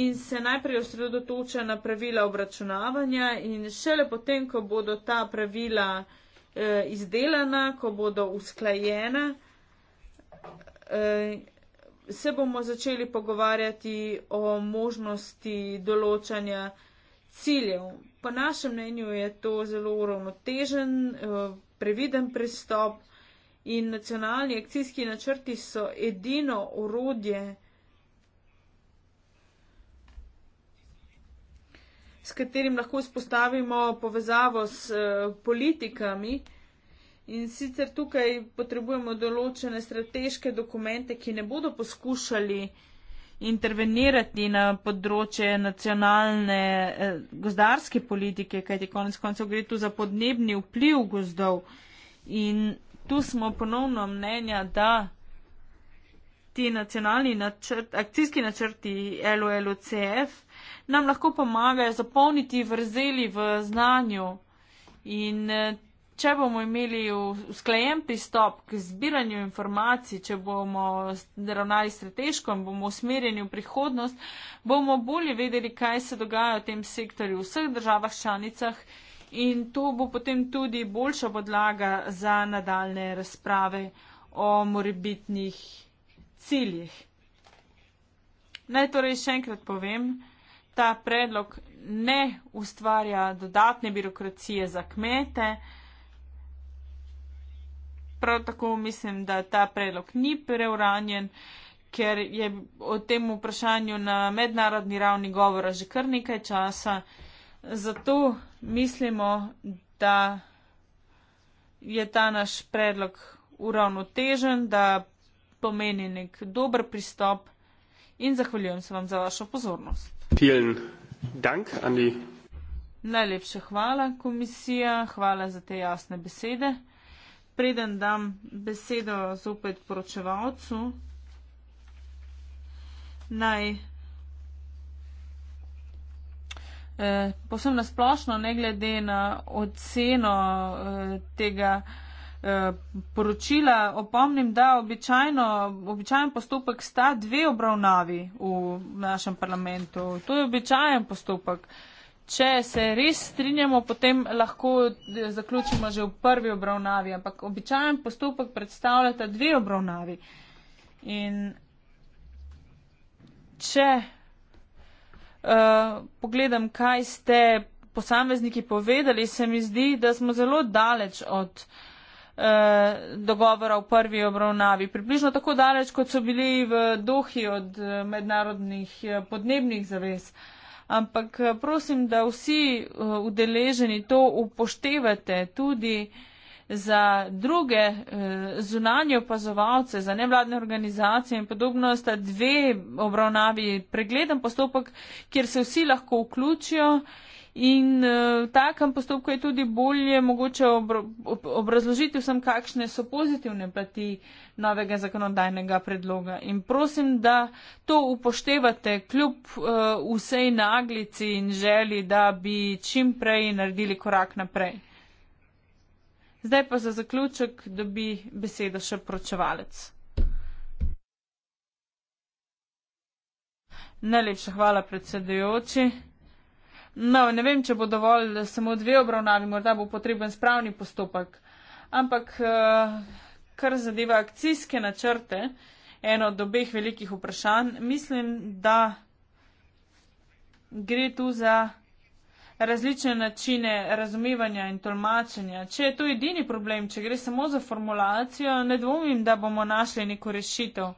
in se najprej osredotoča na pravila obračunavanja in šele potem, ko bodo ta pravila eh, izdelana, ko bodo usklajena, eh, se bomo začeli pogovarjati o možnosti določanja ciljev. Po našem mnenju je to zelo uravnotežen, eh, previden pristop in nacionalni akcijski načrti so edino urodje, s katerim lahko vzpostavimo povezavo s eh, politikami. In sicer tukaj potrebujemo določene strateške dokumente, ki ne bodo poskušali intervenirati na področje nacionalne eh, gozdarske politike, kajti konec koncev gre tu za podnebni vpliv gozdov. In tu smo ponovno mnenja, da ti nacionalni načrt, akcijski načrti LOLOCF nam lahko pomagajo zapolniti vrzeli v znanju. In eh, če bomo imeli usklajen pristop k zbiranju informacij, če bomo ravnali strateško in bomo usmerjeni v prihodnost, bomo bolje vedeli, kaj se dogaja v tem sektorju v vseh državah članicah. In to bo potem tudi boljša podlaga za nadaljne razprave o morebitnih ciljih. Naj torej še enkrat povem, ta predlog ne ustvarja dodatne birokracije za kmete. Prav tako mislim, da ta predlog ni preuranjen, ker je o tem vprašanju na mednarodni ravni govora že kar nekaj časa. Zato mislimo, da je ta naš predlog uravnotežen, da pomeni nek dober pristop in zahvaljujem se vam za vašo pozornost. Vielen Dank an die Najlepša hvala, komisija, hvala za te jasne besede. Preden dam besedo zopet poročevalcu, naj eh, posebno splošno, ne glede na oceno eh, tega eh, Eh, poročila opomnim, da običajno, običajen postopek sta dve obravnavi v našem parlamentu. To je običajen postopek. Če se res strinjamo, potem lahko eh, zaključimo že v prvi obravnavi, ampak običajen postopek predstavljata dve obravnavi. In če uh, pogledam, kaj ste posamezniki povedali, se mi zdi, da smo zelo daleč od uh, Eh, dogovora v prvi obravnavi. Približno tako daleč, kot so bili v dohi od eh, mednarodnih eh, podnebnih zavez. Ampak prosim, da vsi udeleženi to upoštevate tudi za druge zunanje opazovalce, za nevladne organizacije in podobno sta dve obravnavi pregleden postopek, kjer se vsi lahko vključijo. In eh, v takem postopku je tudi bolje mogoče obrazložiti vsem, kakšne so pozitivne plati novega zakonodajnega predloga. In prosim, da to upoštevate kljub uh, vsej naglici in želi, da bi čim prej naredili korak naprej. Zdaj pa za zaključek dobi besedo še pročevalec. Najlepša hvala predsedujoči. No, ne vem, če bo dovolj samo dve obravnavi, morda bo potreben spravni postopek. Ampak, eh, kar zadeva akcijske načrte, eno od obeh velikih vprašanj, mislim, da gre tu za različne načine razumevanja in tolmačenja. Če je to edini problem, če gre samo za formulacijo, ne dvomim, da bomo našli neko rešitev.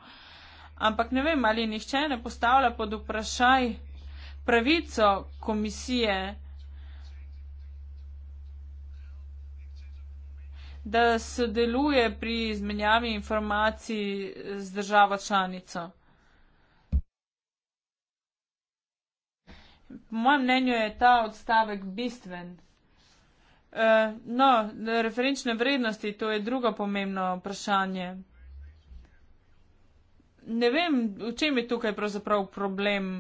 Ampak ne vem, ali nihče ne postavlja pod vprašaj pravico komisije, da sodeluje pri izmenjavi informacij z državo članico. Po mojem mnenju je ta odstavek bistven. E, no, referenčne vrednosti, to je drugo pomembno vprašanje. Ne vem, v čem je tukaj pravzaprav problem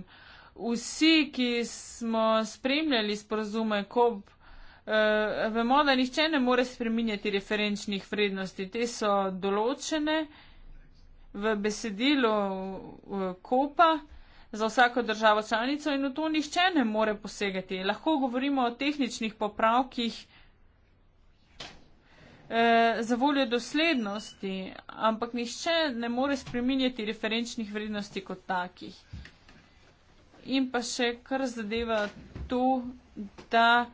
vsi, ki smo spremljali sporozume KOB, uh, eh, vemo, da nihče ne more spreminjati referenčnih vrednosti. Te so določene v besedilu KOPA eh, za vsako državo članico in v to nihče ne more posegati. Lahko govorimo o tehničnih popravkih. Eh, za voljo doslednosti, ampak nihče ne more spreminjati referenčnih vrednosti kot takih in pa še kar zadeva to, da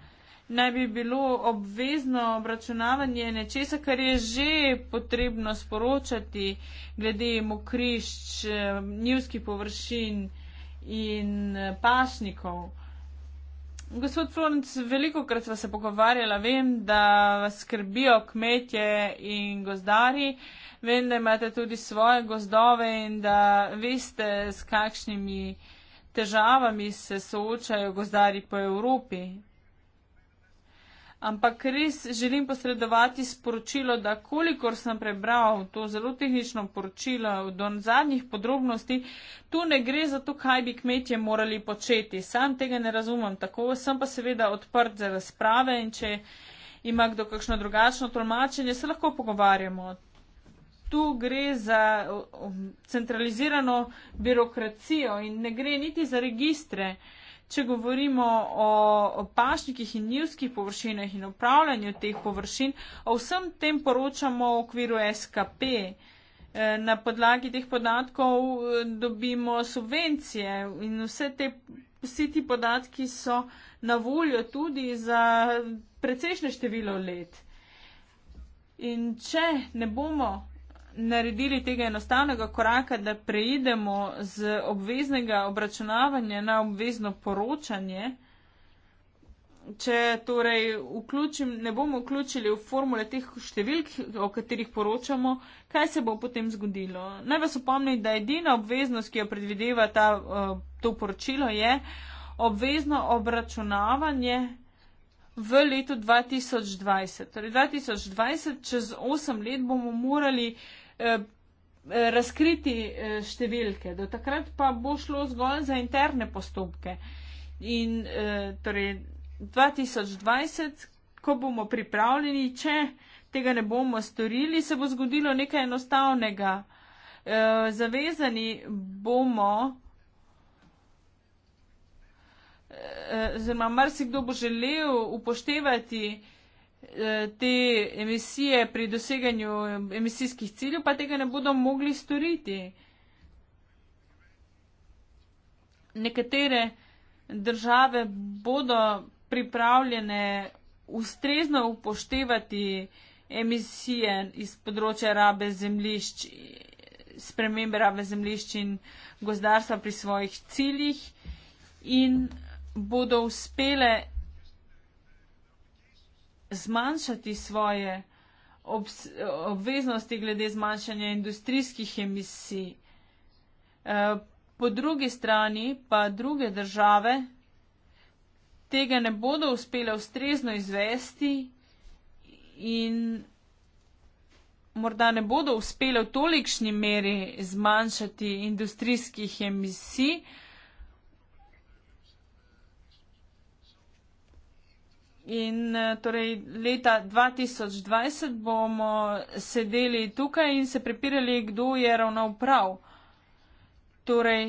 naj bi bilo obvezno obračunavanje nečesa, kar je že potrebno sporočati glede mokrišč, eh, njivskih površin in eh, pašnikov. Gospod Florenc, veliko krat sva se pogovarjala, vem, da vas skrbijo kmetje in gozdari, vem, da imate tudi svoje gozdove in da veste, s kakšnimi eh, težavami se soočajo gozdari po Evropi. Ampak res želim posredovati sporočilo, da kolikor sem prebral to zelo tehnično poročilo do zadnjih podrobnosti, tu ne gre za to, kaj bi kmetje morali početi. Sam tega ne razumem tako, sem pa seveda odprt za razprave in če ima kdo kakšno drugačno tolmačenje, se lahko pogovarjamo tu gre za centralizirano birokracijo in ne gre niti za registre. Če govorimo o pašnikih in njivskih površinah in upravljanju teh površin, o vsem tem poročamo v okviru SKP. E, na podlagi teh podatkov e, dobimo subvencije in vse te, vsi ti podatki so na voljo tudi za precejšnje število let. In če ne bomo naredili tega enostavnega koraka, da preidemo z obveznega obračunavanja na obvezno poročanje. Če torej vključim, ne bomo vključili v formule teh številk, o katerih poročamo, kaj se bo potem zgodilo? Naj vas opomnim, da edina obveznost, ki jo predvideva ta, eh, to poročilo, je obvezno obračunavanje v letu 2020. Torej 2020, čez 8 let bomo morali uh, Eh, razkriti eh, številke. Do takrat pa bo šlo zgolj za interne postopke. In eh, torej 2020, ko bomo pripravljeni, če tega ne bomo storili, se bo zgodilo nekaj enostavnega. Zavezani bomo, oziroma marsikdo bo želel upoštevati te emisije pri doseganju emisijskih ciljev, pa tega ne bodo mogli storiti. Nekatere države bodo pripravljene ustrezno upoštevati emisije iz področja rabe zemlišč, spremembe rabe zemlišč in gozdarstva pri svojih ciljih in bodo uspele zmanjšati svoje ob, obveznosti glede zmanjšanja industrijskih emisij. E, po drugi strani pa druge države tega ne bodo uspele ustrezno izvesti in morda ne bodo uspele v tolikšni meri zmanjšati industrijskih emisij, In eh, torej leta 2020 bomo sedeli tukaj in se prepirali, kdo je ravnal prav. Torej,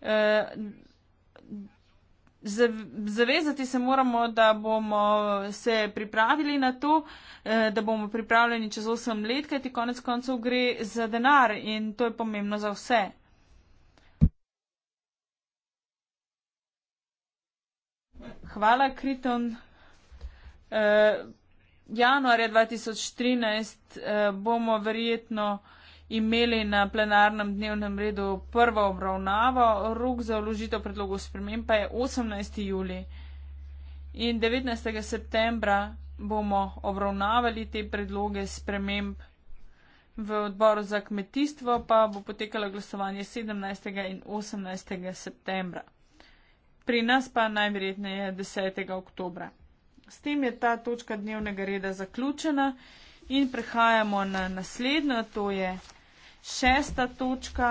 eh, zavezati se moramo, da bomo se pripravili na to, eh, da bomo pripravljeni čez 8 let, kajti konec koncev gre za denar in to je pomembno za vse. Hvala, Kriton. Eh, januarja 2013 eh, bomo verjetno imeli na plenarnem dnevnem redu prvo obravnavo, rok za vložitev predlogov sprememb pa je 18. juli. In 19. septembra bomo obravnavali te predloge sprememb. V odboru za kmetijstvo pa bo potekalo glasovanje 17. in 18. septembra. Pri nas pa najverjetneje 10. oktobra. S tem je ta točka dnevnega reda zaključena in prehajamo na naslednjo, to je šesta točka.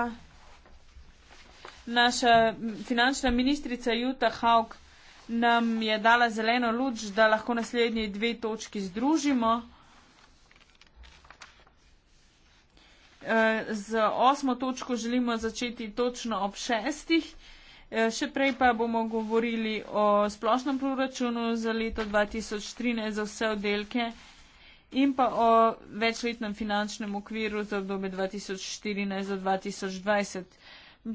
Naša finančna ministrica Juta Hauk nam je dala zeleno luč, da lahko naslednji dve točki združimo. Eh, z osmo točko želimo začeti točno ob šestih. Eh, še prej pa bomo govorili o splošnem proračunu za leto 2013 za vse oddelke in pa o večletnem finančnem okviru za obdobje 2014 do 2020.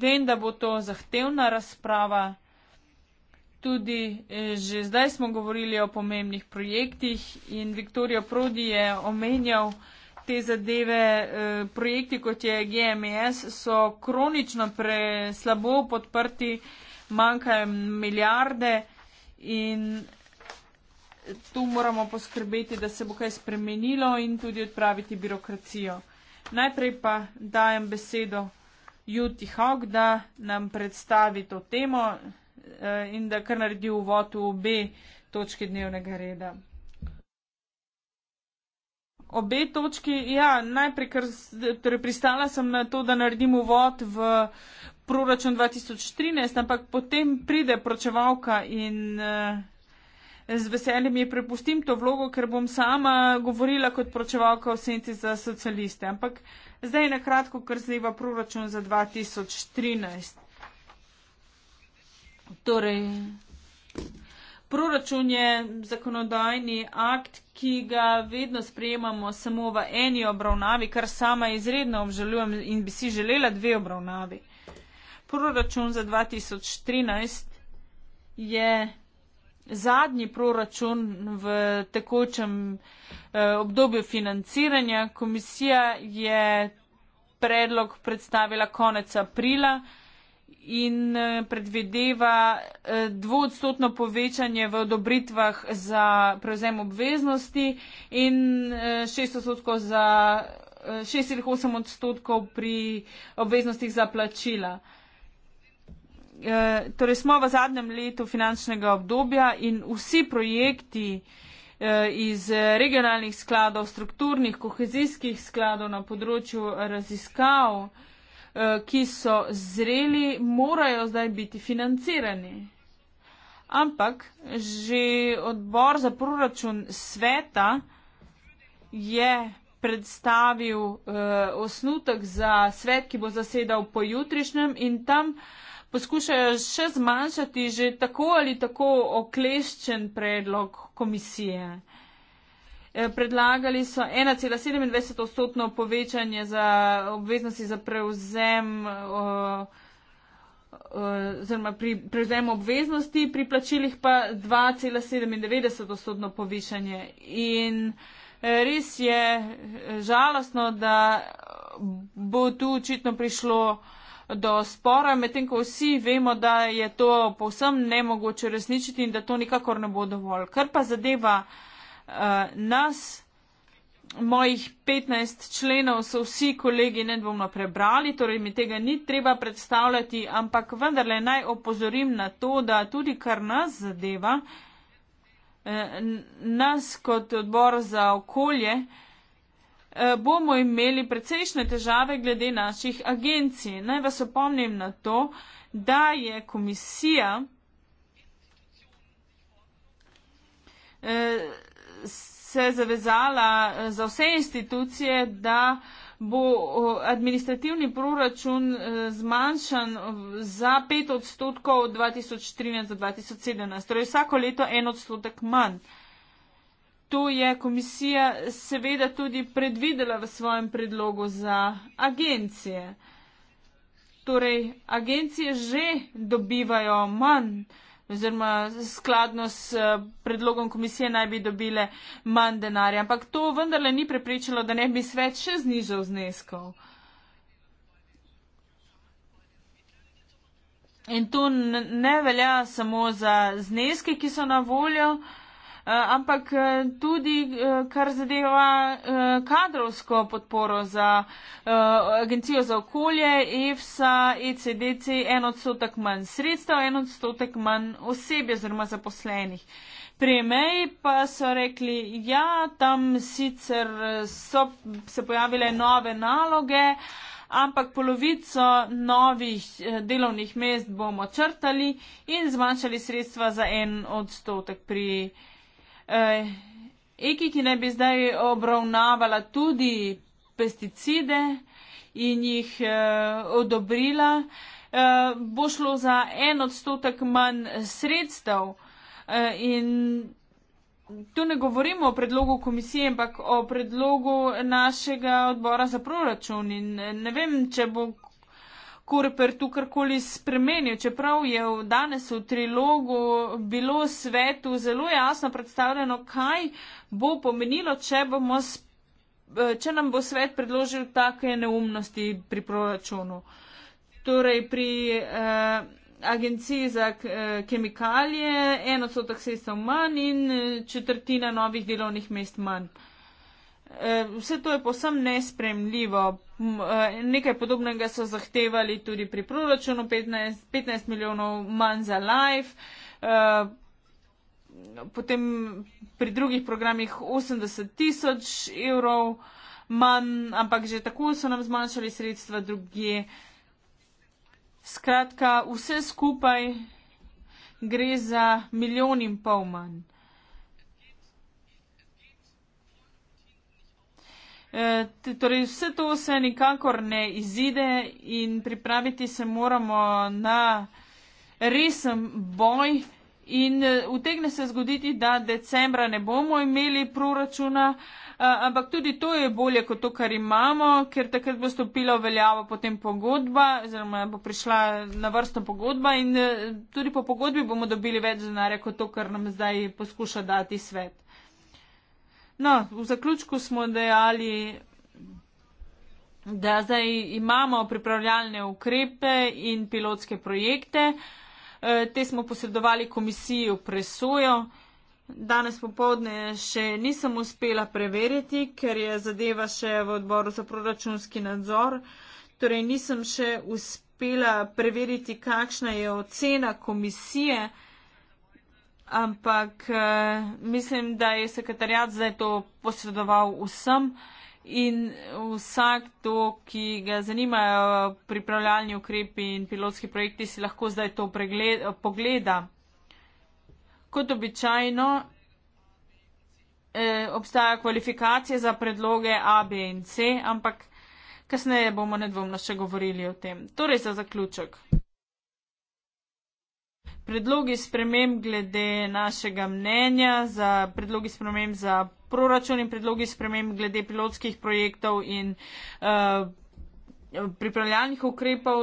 Vem, da bo to zahtevna razprava. Tudi eh, že zdaj smo govorili o pomembnih projektih in Viktorijo Prodi je omenjal, te zadeve, eh, projekti kot je GMS, so kronično preslabo podprti, manjkajo milijarde in tu moramo poskrbeti, da se bo kaj spremenilo in tudi odpraviti birokracijo. Najprej pa dajem besedo Juti Hawk, da nam predstavi to temo eh, in da kar naredi uvod v obe točke dnevnega reda obe točki. Ja, najprej, ker torej pristala sem na to, da naredim uvod v proračun 2013, ampak potem pride pročevalka in eh, z veseljem ji prepustim to vlogo, ker bom sama govorila kot pročevalka v senci za socialiste. Ampak zdaj na kratko, ker zdaj v proračun za 2013. Torej. Proračun je zakonodajni akt, ki ga vedno sprejemamo samo v eni obravnavi, kar sama izredno obžalujem in bi si želela dve obravnavi. Proračun za 2013 je zadnji proračun v tekočem eh, obdobju financiranja. Komisija je predlog predstavila konec aprila in eh, predvideva eh, dvodstotno povečanje v odobritvah za prevzem obveznosti in 6 eh, odstotkov za 6,8 odstotkov pri obveznostih za plačila. Torej smo v zadnjem letu finančnega obdobja in vsi projekti iz regionalnih skladov, strukturnih, kohezijskih skladov na področju raziskav, Eh, ki so zreli, morajo zdaj biti financirani. Ampak že odbor za proračun sveta je predstavil uh, osnutek za svet, ki bo zasedal pojutrišnjem in tam poskušajo še zmanjšati že tako ali tako okleščen predlog komisije. Uh, Eh, predlagali so 1,27 odstotno povečanje za obveznosti za prevzem. Eh, eh, oziroma, pri prevzemu obveznosti, pri plačilih pa 2,97 odstotno povišanje. In res je žalostno, da bo tu očitno prišlo do spora, medtem ko vsi vemo, da je to povsem nemogoče resničiti in da to nikakor ne bo dovolj. Kar pa zadeva uh, Eh, nas, mojih 15 členov, so vsi kolegi nedvomno prebrali, torej mi tega ni treba predstavljati, ampak vendarle naj opozorim na to, da tudi kar nas zadeva, eh, nas kot odbor za okolje, eh, bomo imeli precejšnje težave glede naših agencij. Naj vas opomnim na to, da je komisija se zavezala eh, za vse institucije, da bo eh, administrativni proračun eh, zmanjšan za 5 odstotkov 2013 do 2017, torej vsako leto en odstotek manj. To je komisija seveda tudi predvidela v svojem predlogu za agencije. Torej, agencije že dobivajo manj oziroma skladno s eh, predlogom komisije naj bi dobile manj denarja. Ampak to vendarle ni prepričalo, da ne bi svet še znižal zneskov. In to ne velja samo za zneske, ki so na voljo. Eh, ampak eh, tudi eh, kar zadeva kadrovsko podporo za Agencijo za okolje, EFSA, ECDC, en odstotek manj sredstev, en odstotek manj osebe oziroma zaposlenih. Pri meji pa so rekli, ja, tam sicer so se pojavile nove naloge, ampak polovico novih delovnih mest bomo črtali in zmanjšali sredstva za en odstotek pri. Eh, Eki, ki naj bi zdaj obravnavala tudi pesticide in jih eh, odobrila, eh, bo šlo za en odstotek manj sredstev. In tu ne govorimo o predlogu komisije, ampak o predlogu našega odbora za proračun. In ne vem, če bo Korper tu karkoli spremenil, čeprav je v danes v trilogu bilo svetu zelo jasno predstavljeno, kaj bo pomenilo, če, bomo, eh, če nam bo svet predložil take neumnosti pri proračunu. Torej pri eh, agenciji za eh, kemikalije eno sotak sredstev manj in eh, četrtina novih delovnih mest manj. Eh, Eh, vse to je posem nespremljivo. Eh, nekaj podobnega so zahtevali tudi pri proračunu 15, 15 milijonov manj za live, eh, potem pri drugih programih 80 tisoč evrov manj, ampak že tako so nam zmanjšali sredstva druge. Skratka, vse skupaj gre za milijon in pol manj. E, torej, vse to se nikakor ne izide in pripraviti se moramo na resen boj. In e, utegne se zgoditi, da decembra ne bomo imeli proračuna, e, ampak tudi to je bolje kot to, kar imamo, ker takrat bo stopila v veljavo potem pogodba, oziroma bo prišla na vrsto pogodba in tudi po pogodbi bomo dobili več denarja kot to, kar nam zdaj poskuša dati svet. No, v zaključku smo dejali, da zdaj imamo pripravljalne ukrepe in pilotske projekte. E, te smo posredovali komisiji v presojo. Danes popovdne še nisem uspela preveriti, ker je zadeva še v odboru za proračunski nadzor. Torej nisem še uspela preveriti, kakšna je ocena komisije ampak eh, mislim, da je sekretarjat zdaj to posredoval vsem in vsak to, ki ga zanimajo pripravljalni ukrepi in pilotski projekti, si lahko zdaj to pregled, pogleda. Kot običajno, eh, obstaja kvalifikacije za predloge A, B in C, ampak kasneje bomo nedvomno še govorili o tem. Torej za zaključek predlogi sprememb glede našega mnenja, za predlogi sprememb za proračun in predlogi sprememb glede pilotskih projektov in uh, pripravljalnih ukrepov.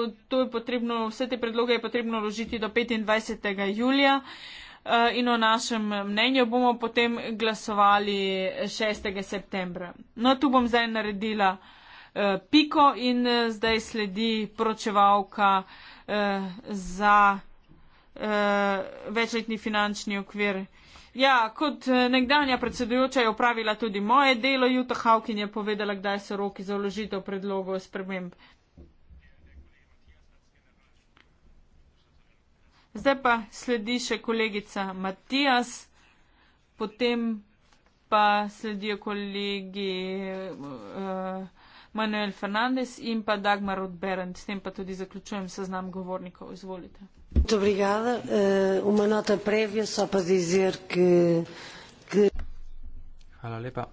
Potrebno, vse te predloge je potrebno vložiti do 25. julija uh, in o našem mnenju bomo potem glasovali 6. septembra. No, tu bom zdaj naredila uh, piko in uh, zdaj sledi poročevalka uh, za. Eh, večletni finančni okvir. Ja, kot eh, nekdanja predsedujoča je upravila tudi moje delo, Juta Hawking je povedala, kdaj so roki za vložitev predlogov sprememb. Zdaj pa sledi še kolegica Matijas, potem pa sledijo kolegi uh, Manuel Fernandez in pa Dagmar Odberend. S tem pa tudi zaključujem seznam govornikov. Izvolite. Muito obrigada. Uh, uma nota prévia só para dizer que. que... Hvala lepa.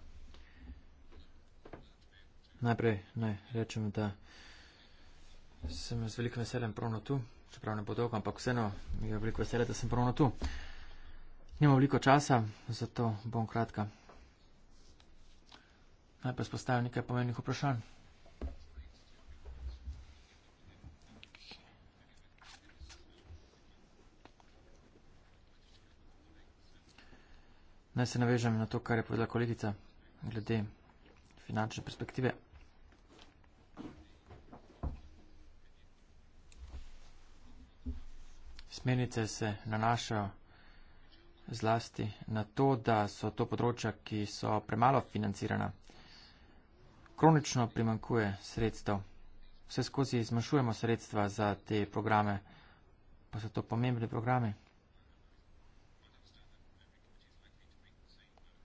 Najprej naj rečem, da sem z velikim veseljem pravno tu, čeprav ne bo dolgo, ampak vseeno mi je veliko veselje, da sem pravno tu. Nimam veliko časa, zato bom kratka. Najprej spostavim nekaj pomembnih vprašanj. Naj se navežem na to, kar je povedala kolegica glede finančne perspektive. Smernice se nanašajo zlasti na to, da so to področja, ki so premalo financirana. Kronično primankuje sredstev. Vse skozi zmanjšujemo sredstva za te programe, pa so to pomembni programe.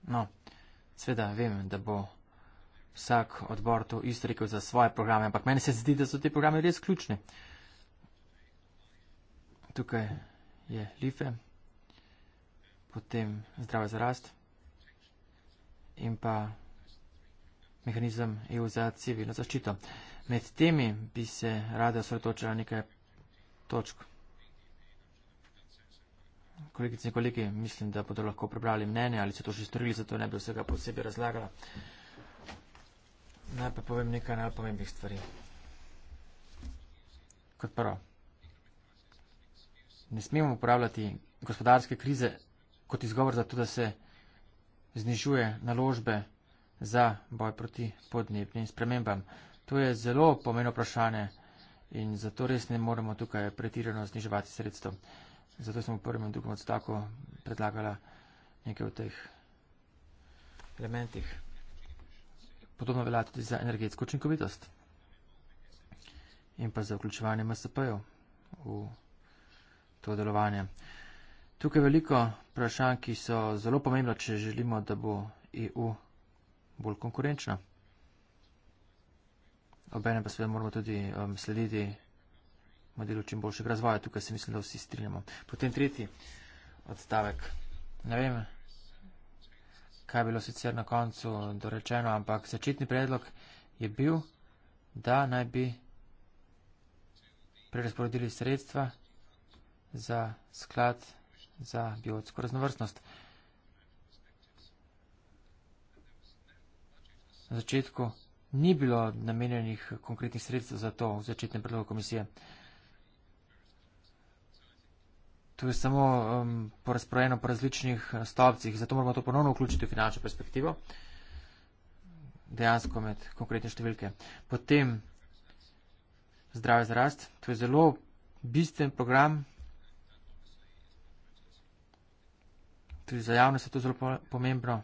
No, sveda vem, da bo vsak odbor to istrikal za svoje programe, ampak meni se zdi, da so te programe res ključni. Tukaj je Life, potem Zdrava za rast in pa mehanizem EU za civilno zaščito. Med temi bi se rada osredotočila nekaj točk. Kolegice in kolegi, mislim, da bodo lahko prebrali mnenje ali so to že storili, zato ne bi vsega posebej razlagala. Najprej povem nekaj najpomembnih stvari. Kot prvo, ne smemo uporabljati gospodarske krize kot izgovor za to, da se znižuje naložbe za boj proti podnebnim spremembam. To je zelo pomeno vprašanje in zato res ne moremo tukaj pretirano zniževati sredstvo. Zato sem v prvem in drugem odstavku predlagala nekaj v teh elementih. Podobno velja tudi za energetsko učinkovitost in pa za vključevanje MSP-jev v to delovanje. Tukaj je veliko vprašanj, ki so zelo pomembno, če želimo, da bo EU bolj konkurenčna. Obene pa seveda moramo tudi um, slediti bomo delali čim boljšega razvoja. Tukaj se mislim, da vsi strinjamo. Potem tretji odstavek. Ne vem, kaj je bilo sicer na koncu dorečeno, ampak začetni predlog je bil, da naj bi prerasporedili sredstva za sklad za biotsko raznovrstnost. Na začetku ni bilo namenjenih konkretnih sredstev za to v začetnem predlogu komisije. Uh, To je samo um, porazporejeno po različnih uh, stopcih, zato moramo to ponovno vključiti v finančno perspektivo, dejansko med konkretne številke. Potem zdrave za rast, to je zelo bistven program, tudi za javnost je to zelo pomembno.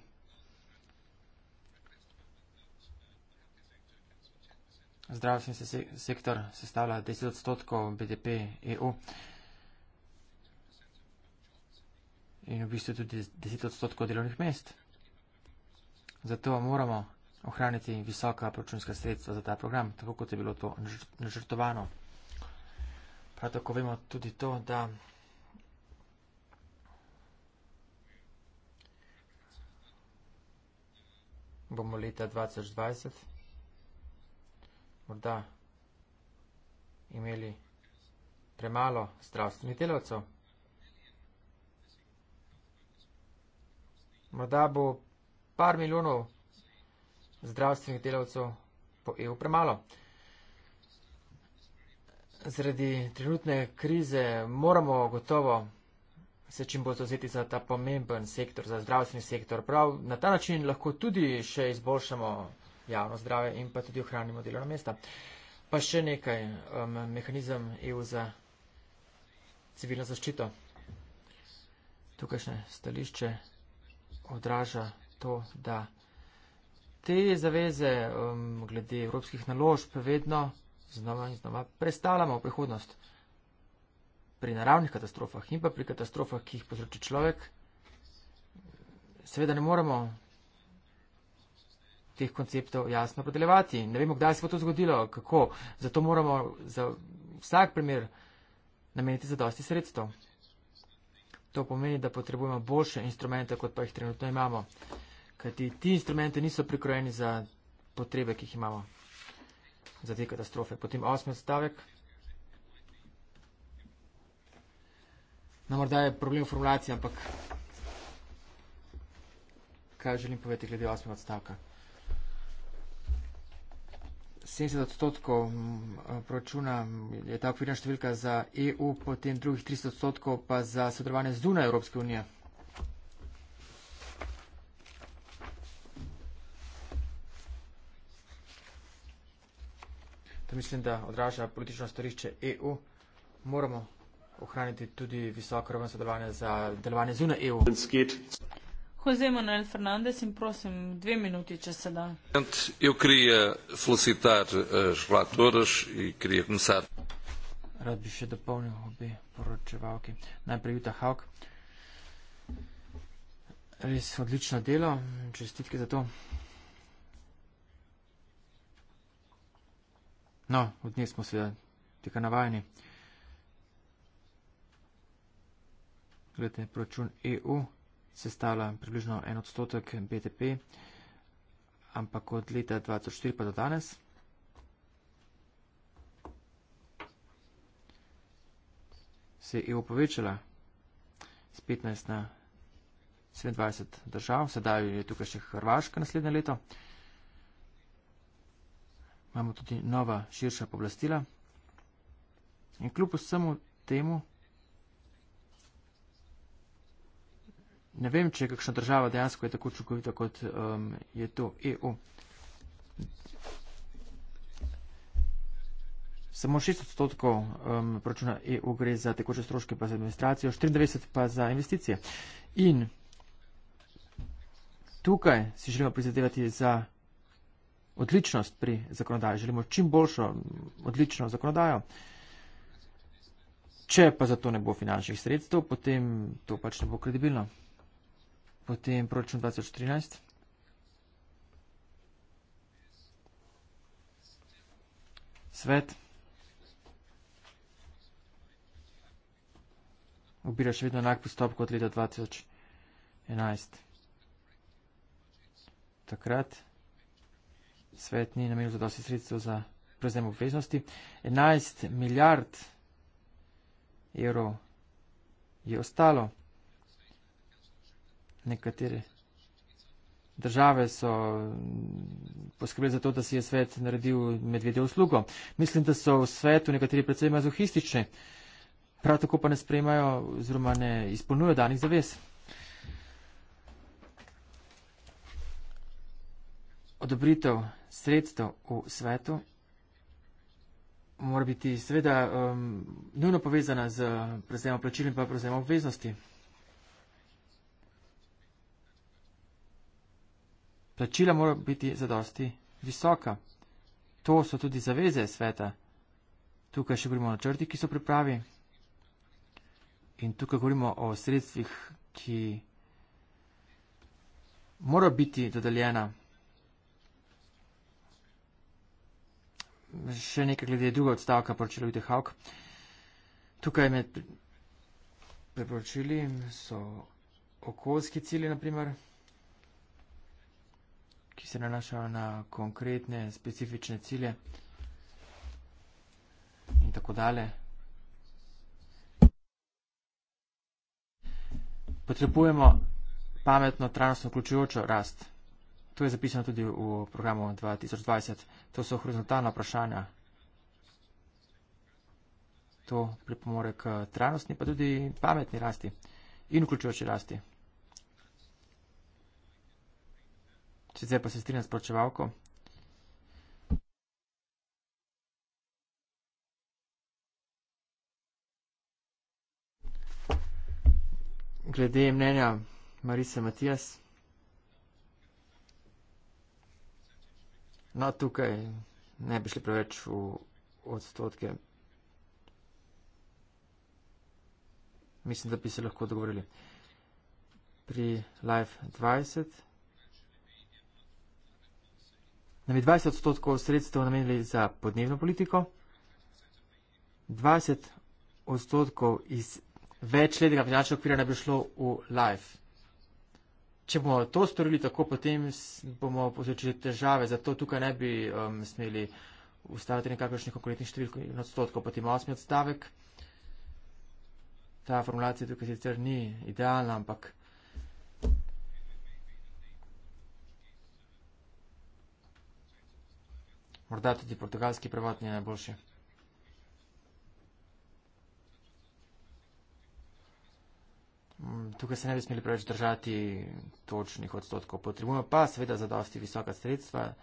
Zdravstveni se sektor sestavlja 10 odstotkov BDP EU. in v bistvu tudi 10 odstotkov delovnih mest. Zato moramo ohraniti visoka proračunska sredstva za ta program, tako kot je bilo to načrtovano. Prav tako vemo tudi to, da bomo leta 2020 morda imeli premalo zdravstvenih delavcev. morda bo par milijonov zdravstvenih delavcev po EU premalo. Zredi trenutne krize moramo gotovo se čim bolj zauzeti za ta pomemben sektor, za zdravstveni sektor. Prav na ta način lahko tudi še izboljšamo javno zdrave in pa tudi ohranimo delovna mesta. Pa še nekaj, um, mehanizem EU za civilno zaščito. Tukaj še stališče odraža to, da te zaveze um, glede evropskih naložb vedno znova in znova prestalamo v prihodnost. Pri naravnih katastrofah in pa pri katastrofah, ki jih povzroči človek, seveda ne moremo teh konceptov jasno podeljevati. Ne vemo, kdaj se bo to zgodilo, kako. Zato moramo za vsak primer nameniti zadosti sredstev. To pomeni, da potrebujemo boljše instrumente, kot pa jih trenutno imamo. Kajti ti instrumenti niso prikrojeni za potrebe, ki jih imamo za te katastrofe. Potem osmi stavek. No, morda je problem v formulaciji, ampak kaj želim povedati glede osmega stavka. 70 odstotkov proračuna je ta okvirna številka za EU, potem drugih 300 odstotkov pa za sodelovanje zunaj Evropske unije. To mislim, da odraža politično storišče EU. Moramo ohraniti tudi visoko raven sodelovanja za delovanje zunaj EU. José Manuel Fernandes, em próximo dois minutos, já se dá. Eu queria felicitar eh, as relatoras e queria começar. Rad bi še dopolnil obe poročevalki. Najprej Juta Hauk. Res odlično delo. Čestitke za to. No, od nje smo seveda tega navajeni. Gledajte, proračun EU 2021-2022 sestavlja približno en odstotek BTP, ampak od leta 2004 pa do danes se je EU povečala z 15 na 27 držav, sedaj je tukaj še Hrvaška naslednje leto. Imamo tudi nova širša poblastila. In kljub vsemu temu Ne vem, če je kakšna država dejansko je tako učinkovita, kot um, je to EU. Samo 6 odstotkov um, proračuna EU gre za tekoče stroške, pa za administracijo, 94 pa za investicije. In tukaj si želimo prizadevati za odličnost pri zakonodaji. Želimo čim boljšo, odlično zakonodajo. Če pa za to ne bo finančnih sredstev, potem to pač ne bo kredibilno. Potem proračun 2014. Svet. Ubira še vedno enak postop kot leta 2011. Takrat svet ni namenil za dosti sredstvo za prevzem obveznosti. 11 milijard evrov je ostalo nekatere države so poskrbeli za to, da si je svet naredil medvedje uslugo. Mislim, da so v svetu nekateri predvsej mazohistični, prav tako pa ne sprejmajo oziroma ne izpolnjujejo danih zavez. Odobritev sredstev v svetu mora biti seveda um, nujno povezana z prevzemom plačil in pa prevzemom obveznosti. Plačila mora biti zadosti visoka. To so tudi zaveze sveta. Tukaj še govorimo o črti, ki so pripravi. In tukaj govorimo o sredstvih, ki mora biti dodeljena. Še nekaj glede druga odstavka poročila Vite Hauk. Tukaj med priporočili so okoljski cilji, naprimer ki se nanašajo na konkretne, specifične cilje in tako dalje. Potrebujemo pametno, trajnostno, vključujočo rast. To je zapisano tudi v programu 2020. To so horizontalna vprašanja. To pripomore k trajnostni, pa tudi pametni rasti in vključujoči rasti. Če zdaj pa se strinja s plačevalko. Glede mnenja Marise Matijas. No, tukaj ne bi šli preveč v odstotke. Mislim, da bi se lahko dogovorili. Pri Live 20 nam je 20 odstotkov sredstev namenili za podnebno politiko, 20 odstotkov iz večletnega finančnega okvira naj bi šlo v live. Če bomo to storili tako, potem bomo povzročili težave, zato tukaj ne bi um, smeli ustaviti nekakšnih konkretnih številk in odstotkov, potem osmi odstavek. Ta formulacija tukaj sicer ni idealna, ampak Morda tudi portugalski prevod ni najboljši. Mm, tukaj se ne bi smeli preveč držati točnih odstotkov. Potrebujemo pa seveda za dosti visoka sredstva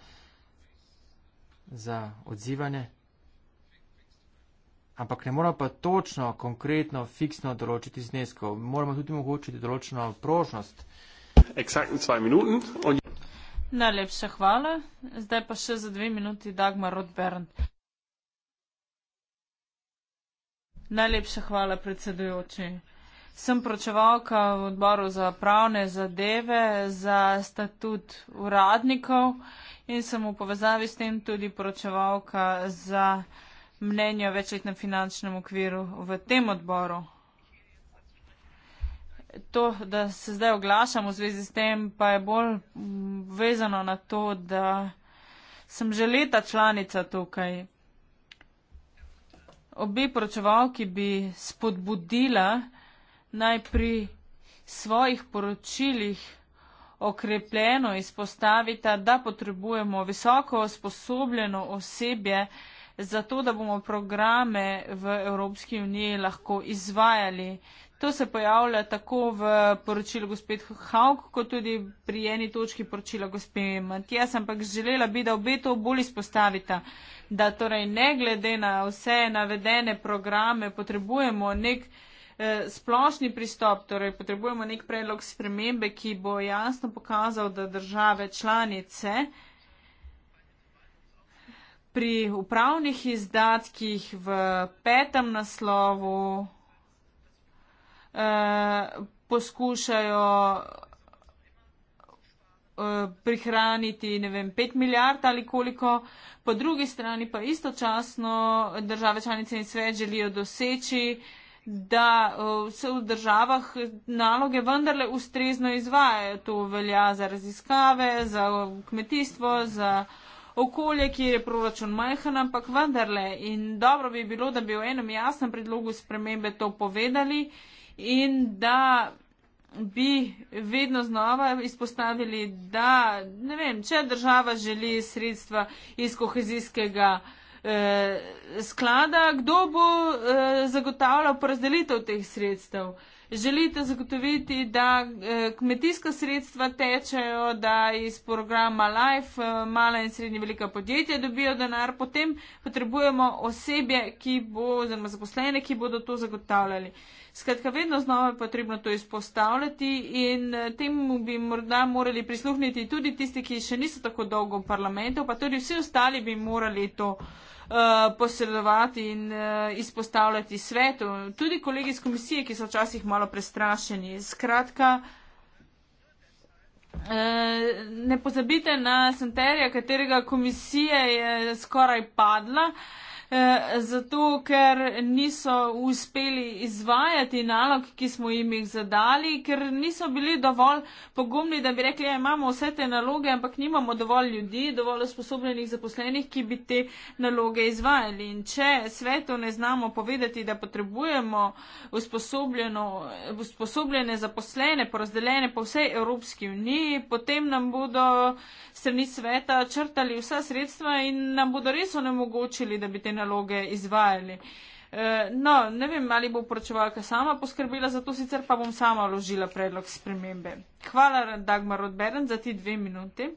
za odzivanje. Ampak ne moramo pa točno, konkretno, fiksno določiti zneskov. Moramo tudi mogočiti določeno prožnost. Exactly Najlepša hvala. Zdaj pa še za dve minuti Dagmar Rotbernd. Najlepša hvala, predsedujoči. Sem pročevalka v odboru za pravne zadeve, za statut uradnikov in sem v povezavi s tem tudi pročevalka za mnenje o večletnem finančnem okviru v tem odboru. To, da se zdaj oglašam v zvezi s tem, pa je bolj mm, vezano na to, da sem že leta članica tukaj. Obe poročevalki bi spodbudila naj pri svojih poročilih okrepljeno izpostavita, da potrebujemo visoko sposobljeno osebje za to, da bomo programe v Evropski uniji lahko izvajali. To se pojavlja tako v poročilu gospe Hauk, kot tudi pri eni točki poročila gospe Matijas, ampak želela bi, da obe to bolj izpostavita, da torej ne glede na vse navedene programe potrebujemo nek eh, splošni pristop, torej potrebujemo nek predlog spremembe, ki bo jasno pokazal, da države članice pri upravnih izdatkih v petem naslovu Eh, poskušajo eh, prihraniti, ne vem, 5 milijard ali koliko, po drugi strani pa istočasno države članice in svet želijo doseči, da eh, se v državah naloge vendarle ustrezno izvajajo. To velja za raziskave, za kmetijstvo, za okolje, kjer je proračun majhen, ampak vendarle. In dobro bi bilo, da bi v enem jasnem predlogu spremembe to povedali in da bi vedno znova izpostavili, da ne vem, če država želi sredstva iz kohezijskega eh, sklada, kdo bo eh, zagotavljal porazdelitev teh sredstev. Želite zagotoviti, da eh, kmetijska sredstva tečejo, da iz programa Life eh, mala in srednja velika podjetja dobijo denar, potem potrebujemo osebje, ki bo, oziroma zaposlene, ki bodo to zagotavljali. Eh, Skratka, vedno znova je potrebno to izpostavljati in eh, temu bi morda morali prisluhniti tudi tisti, ki še niso tako dolgo v parlamentu, pa tudi vsi ostali bi morali to eh, posredovati in eh, izpostavljati svetu. Tudi kolegi iz komisije, ki so včasih malo prestrašeni. Skratka, ne pozabite na Santerija, katerega komisija je skoraj padla. Eh, zato ker niso uspeli izvajati nalog, ki smo jim jih zadali, ker niso bili dovolj pogumni, da bi rekli, da ja, imamo vse te naloge, ampak nimamo dovolj ljudi, dovolj usposobljenih zaposlenih, ki bi te naloge izvajali. In če svetu ne znamo povedati, da potrebujemo usposobljene zaposlene, porazdeljene po vsej Evropski uniji, potem nam bodo strani sveta črtali vsa sredstva in nam bodo res onemogočili, da bi te naloge naloge izvajali. E, no, ne vem, ali bo poročevalka sama poskrbila za to, sicer pa bom sama vložila predlog spremembe. Hvala, Dagmar Odberen, za ti dve minuti.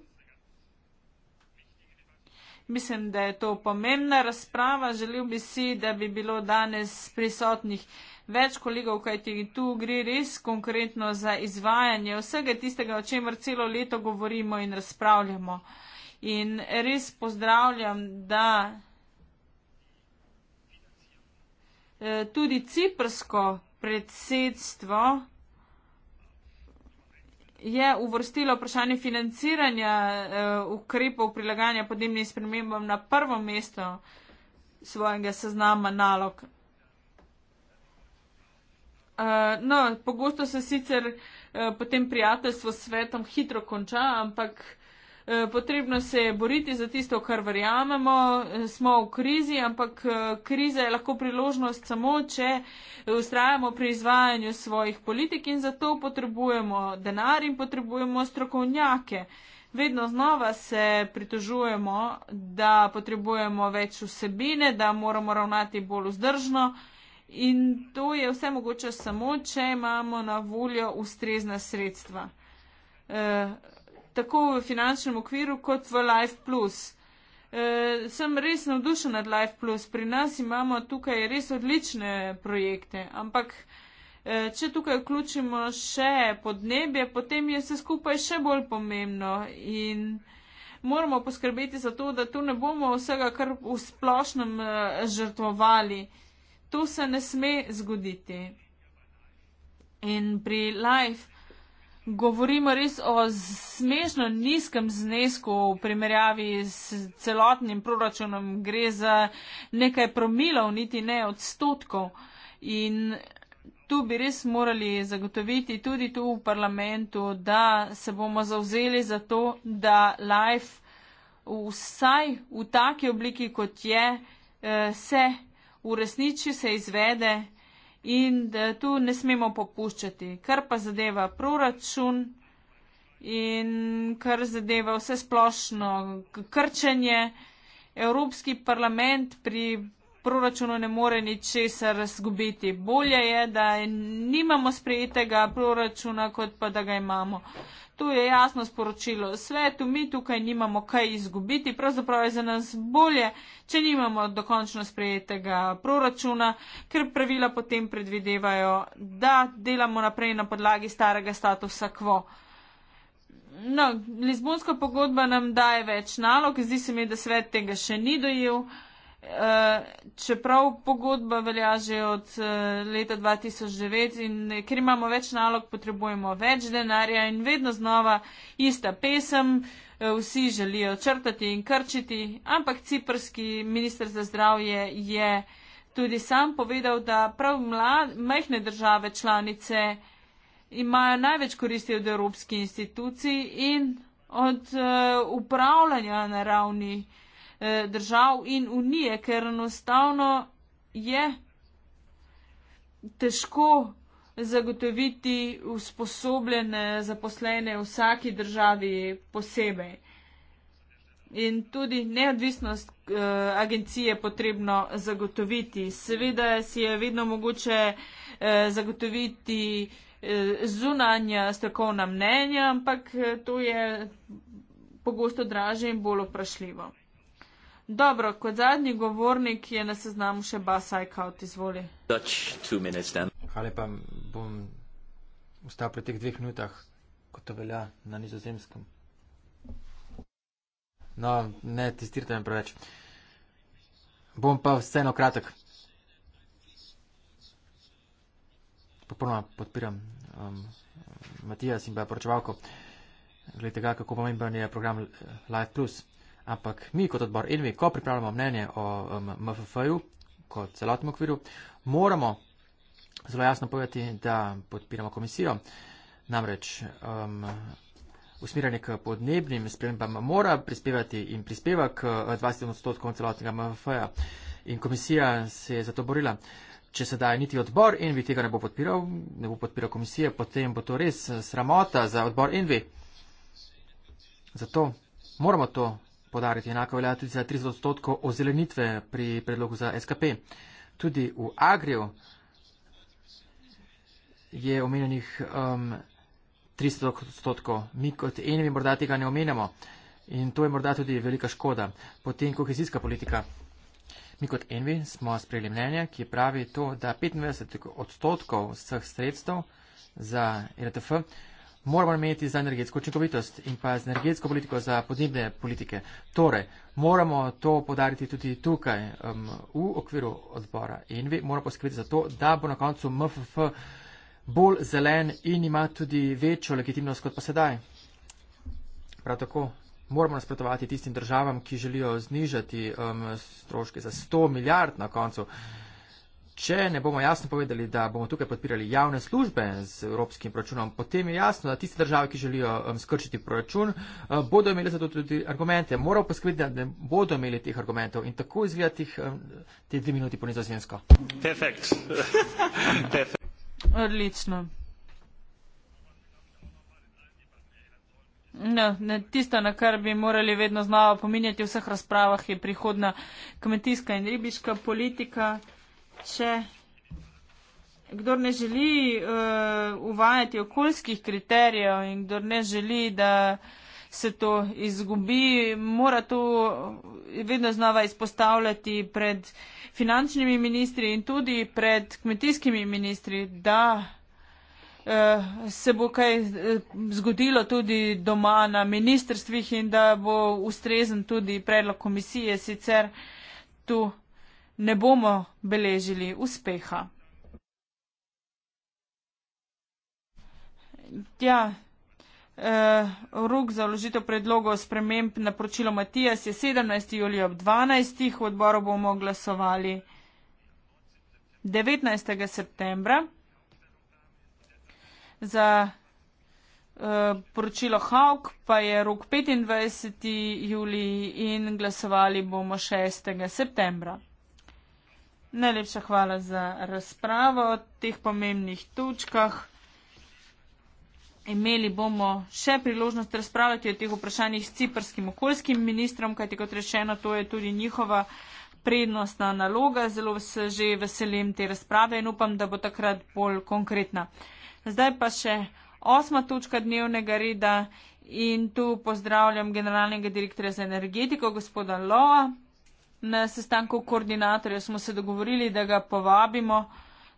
Mislim, da je to pomembna razprava. Želel bi si, da bi bilo danes prisotnih več kolegov, kajti tu gre res konkretno za izvajanje vsega tistega, o čemer celo leto govorimo in razpravljamo. In res pozdravljam, da. Eh, tudi ciprsko predsedstvo je uvrstilo vprašanje financiranja eh, ukrepov prilagajanja podnebnim spremembam na prvo mesto svojega seznama nalog. Eh, no, pogosto se sicer potem prijateljstvo s svetom hitro konča, ampak Eh, potrebno se je boriti za tisto, kar verjamemo. Eh, smo v krizi, ampak eh, kriza je lahko priložnost samo, če ustrajamo pri izvajanju svojih politik in zato potrebujemo denar in potrebujemo strokovnjake. Vedno znova se pritožujemo, da potrebujemo več vsebine, da moramo ravnati bolj vzdržno. In to je vse mogoče samo, če imamo na voljo ustrezna sredstva tako v finančnem okviru kot v Life Plus. Uh, sem res navdušen nad Life Plus. Pri nas imamo tukaj res odlične projekte, ampak uh, če tukaj vključimo še podnebje, potem je vse skupaj še bolj pomembno in moramo poskrbeti za to, da tu ne bomo vsega kar v splošnem uh, žrtvovali. To se ne sme zgoditi. In pri Life Govorimo res o smešno nizkem znesku v primerjavi s celotnim proračunom. Gre za nekaj promilov, niti ne odstotkov. In tu bi res morali zagotoviti tudi tu v parlamentu, da se bomo zauzeli za to, da life vsaj v taki obliki, kot je, eh, se uresniči, se izvede in da tu ne smemo popuščati. Kar pa zadeva proračun in kar zadeva vse splošno krčenje, Evropski parlament pri proračunu ne more ničesar razgubiti. Bolje je, da nimamo sprejetega proračuna, kot pa da ga imamo. Uh, Tu je jasno sporočilo svetu, mi tukaj nimamo kaj izgubiti, pravzaprav je za nas bolje, če nimamo dokončno sprejetega proračuna, ker pravila potem predvidevajo, da delamo naprej na podlagi starega statusa quo. No, Lizbonska pogodba nam daje več nalog, zdi se mi, da svet tega še ni dojel čeprav pogodba velja že od eh, leta 2009 in ker imamo več nalog, potrebujemo več denarja in vedno znova ista pesem, eh, vsi želijo črtati in krčiti, ampak ciprski minister za zdravje je tudi sam povedal, da prav mlad, mehne države članice imajo največ koristi od evropskih institucij in od eh, upravljanja na ravni. Eh, držav in unije, ker enostavno je težko zagotoviti usposobljene zaposlene v vsaki državi posebej. In tudi neodvisnost eh, agencije je potrebno zagotoviti. Seveda si je vedno mogoče eh, zagotoviti eh, zunanja strokovna mnenja, ampak eh, to je pogosto draže in bolj vprašljivo. Dobro, kot zadnji govornik je na seznamu še Basaj Kaut, izvoli. Hvala lepa, bom ostal pri teh dveh minutah, kot to velja na nizozemskem. No, ne testirate me preveč. Bom pa vseeno kratek. Popolnoma podpiram um, Matijas in pa poročevalko. Glede tega, kako pomemben je program Life Plus ampak mi kot odbor Envi, ko pripravljamo mnenje o um, MFF-ju kot celotnem okviru, moramo zelo jasno povedati, da podpiramo komisijo. Namreč um, usmirjanje k podnebnim spremembam mora prispevati in prispeva k 20 eh, odstotkom celotnega MFF-ja. In komisija se je zato borila. Če se daje niti odbor Envi tega ne bo podpiral, ne bo podpiral komisije, potem bo to res eh, sramota za odbor Envi. Zato moramo to podariti. Enako velja tudi za 30 odstotkov ozelenitve pri predlogu za SKP. Tudi v Agriju je omenjenih um, 300 odstotkov. Mi kot enimi morda tega ne omenjamo in to je morda tudi velika škoda. Potem kohezijska politika. Mi kot Envi smo sprejeli mnenje, ki pravi to, da 95 odstotkov vseh sredstev za RTF e moramo imeti za energetsko učinkovitost in pa za energetsko politiko, za podnebne politike. Torej, moramo to podariti tudi tukaj um, v okviru odbora in vi moramo poskrbeti za to, da bo na koncu MFF bolj zelen in ima tudi večjo legitimnost kot pa sedaj. Prav tako moramo nasprotovati tistim državam, ki želijo znižati um, stroške za 100 milijard na koncu če ne bomo jasno povedali, da bomo tukaj podpirali javne službe z evropskim proračunom, potem je jasno, da tiste države, ki želijo um, skrčiti proračun, uh, bodo imeli za to tudi argumente. Moramo poskrbeti, da ne bodo imeli teh argumentov in tako izgleda teh um, te dve minuti po nizozemsko. Perfekt. Odlično. No, ne, tisto, na kar bi morali vedno znova pominjati v vseh razpravah, je prihodna kmetijska in ribiška politika. Če kdor ne želi uh, uvajati okoljskih kriterijev in kdor ne želi, da se to izgubi, mora to vedno znova izpostavljati pred finančnimi ministri in tudi pred kmetijskimi ministri, da eh, se bo kaj eh, zgodilo tudi doma na ministrstvih in da bo ustrezen tudi predlog komisije, sicer tu ne bomo beležili uspeha. Ja, eh, rok za vložitev predlogov sprememb na poročilo Matijas je 17. julija ob 12. v odboru bomo glasovali 19. septembra za eh, poročilo Hauk pa je rok 25. julija in glasovali bomo 6. septembra. Najlepša hvala za razpravo o teh pomembnih točkah. Imeli bomo še priložnost razpravljati o teh vprašanjih s ciprskim okoljskim ministrom, kajti kot rečeno, to je tudi njihova prednostna naloga. Zelo se že veselim te razprave in upam, da bo takrat bolj konkretna. Zdaj pa še osma točka dnevnega reda in tu pozdravljam generalnega direktorja za energetiko, gospoda Loa na sestanku koordinatorja smo se dogovorili, da ga povabimo,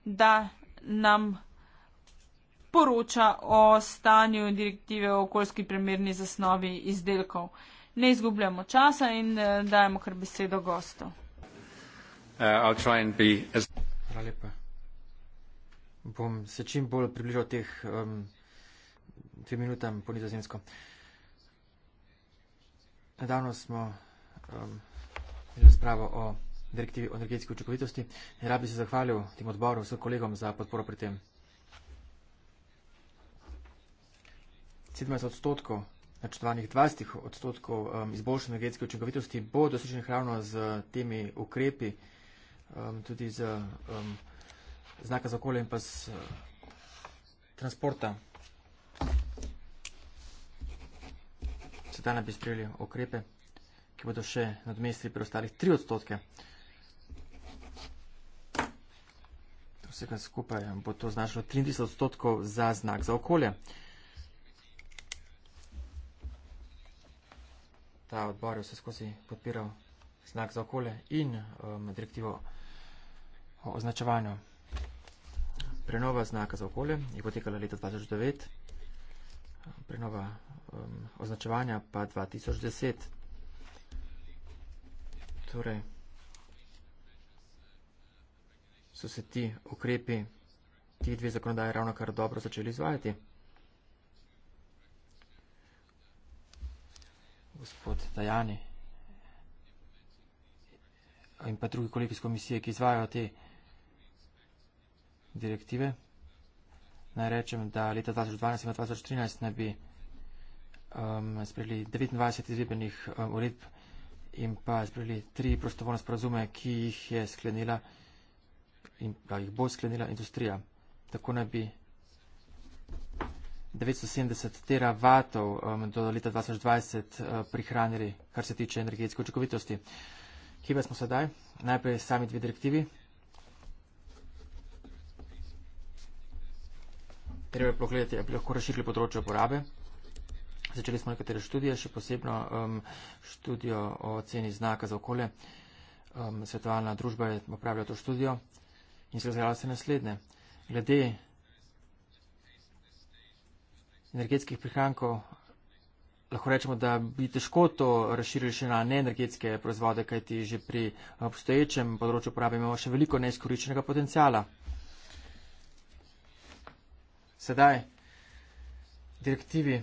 da nam poroča o stanju direktive o okoljski primerni zasnovi izdelkov. Ne izgubljamo časa in eh, dajemo kar besedo gostov. Uh, eh, as... Hvala lepa. Bom se čim bolj približal teh um, dve minutam po nizozemsko. Nedavno smo um, razpravo o direktivi o energetski učinkovitosti. Rad bi se zahvalil tem odboru, vsem kolegom za podporo pri tem. 17 odstotkov načrtovanih 20 odstotkov um, izboljšanja energetske učinkovitosti bo dosečenih ravno z temi ukrepi, um, tudi z um, znaka za okolje in pa z uh, transporta. Sedaj naj bi sprejeli ukrepe ki bodo še nadmestili preostalih 3 odstotke. Vsekaj skupaj eh, bo to znašlo 30 odstotkov za znak za okolje. Ta odbor je vse skozi podpiral znak za okolje in um, direktivo o označevanju. Prenova znaka za okolje je potekala leta 2009, eh, prenova um, označevanja pa 2010 torej so se ti ukrepi, ti dve zakonodaje ravno kar dobro začeli izvajati. Gospod Tajani in pa drugi kolegi iz komisije, ki izvajajo te direktive. Naj rečem, da leta 2012 in 2013 naj bi um, sprejeli 29 izvedbenih um, uredb in pa sprejeli tri prostovoljne sporazume, ki jih je sklenila in pa jih bo sklenila industrija. Tako naj bi 970 teravatov um, do leta 2020 uh, prihranili, kar se tiče energetske očekovitosti. Kje pa smo sedaj? Najprej sami dve direktivi. Treba je pogledati, ali bi lahko razširili področje uporabe. Začeli smo nekatere študije, še posebno um, študijo o ceni znaka za okolje. Um, svetovalna družba je opravila to študijo in se razgledala se naslednje. Glede energetskih prihrankov lahko rečemo, da bi težko to razširili še na neenergetske proizvode, kajti že pri obstoječem področju uporabe imamo še veliko neizkoriščenega potencijala. Sedaj direktivi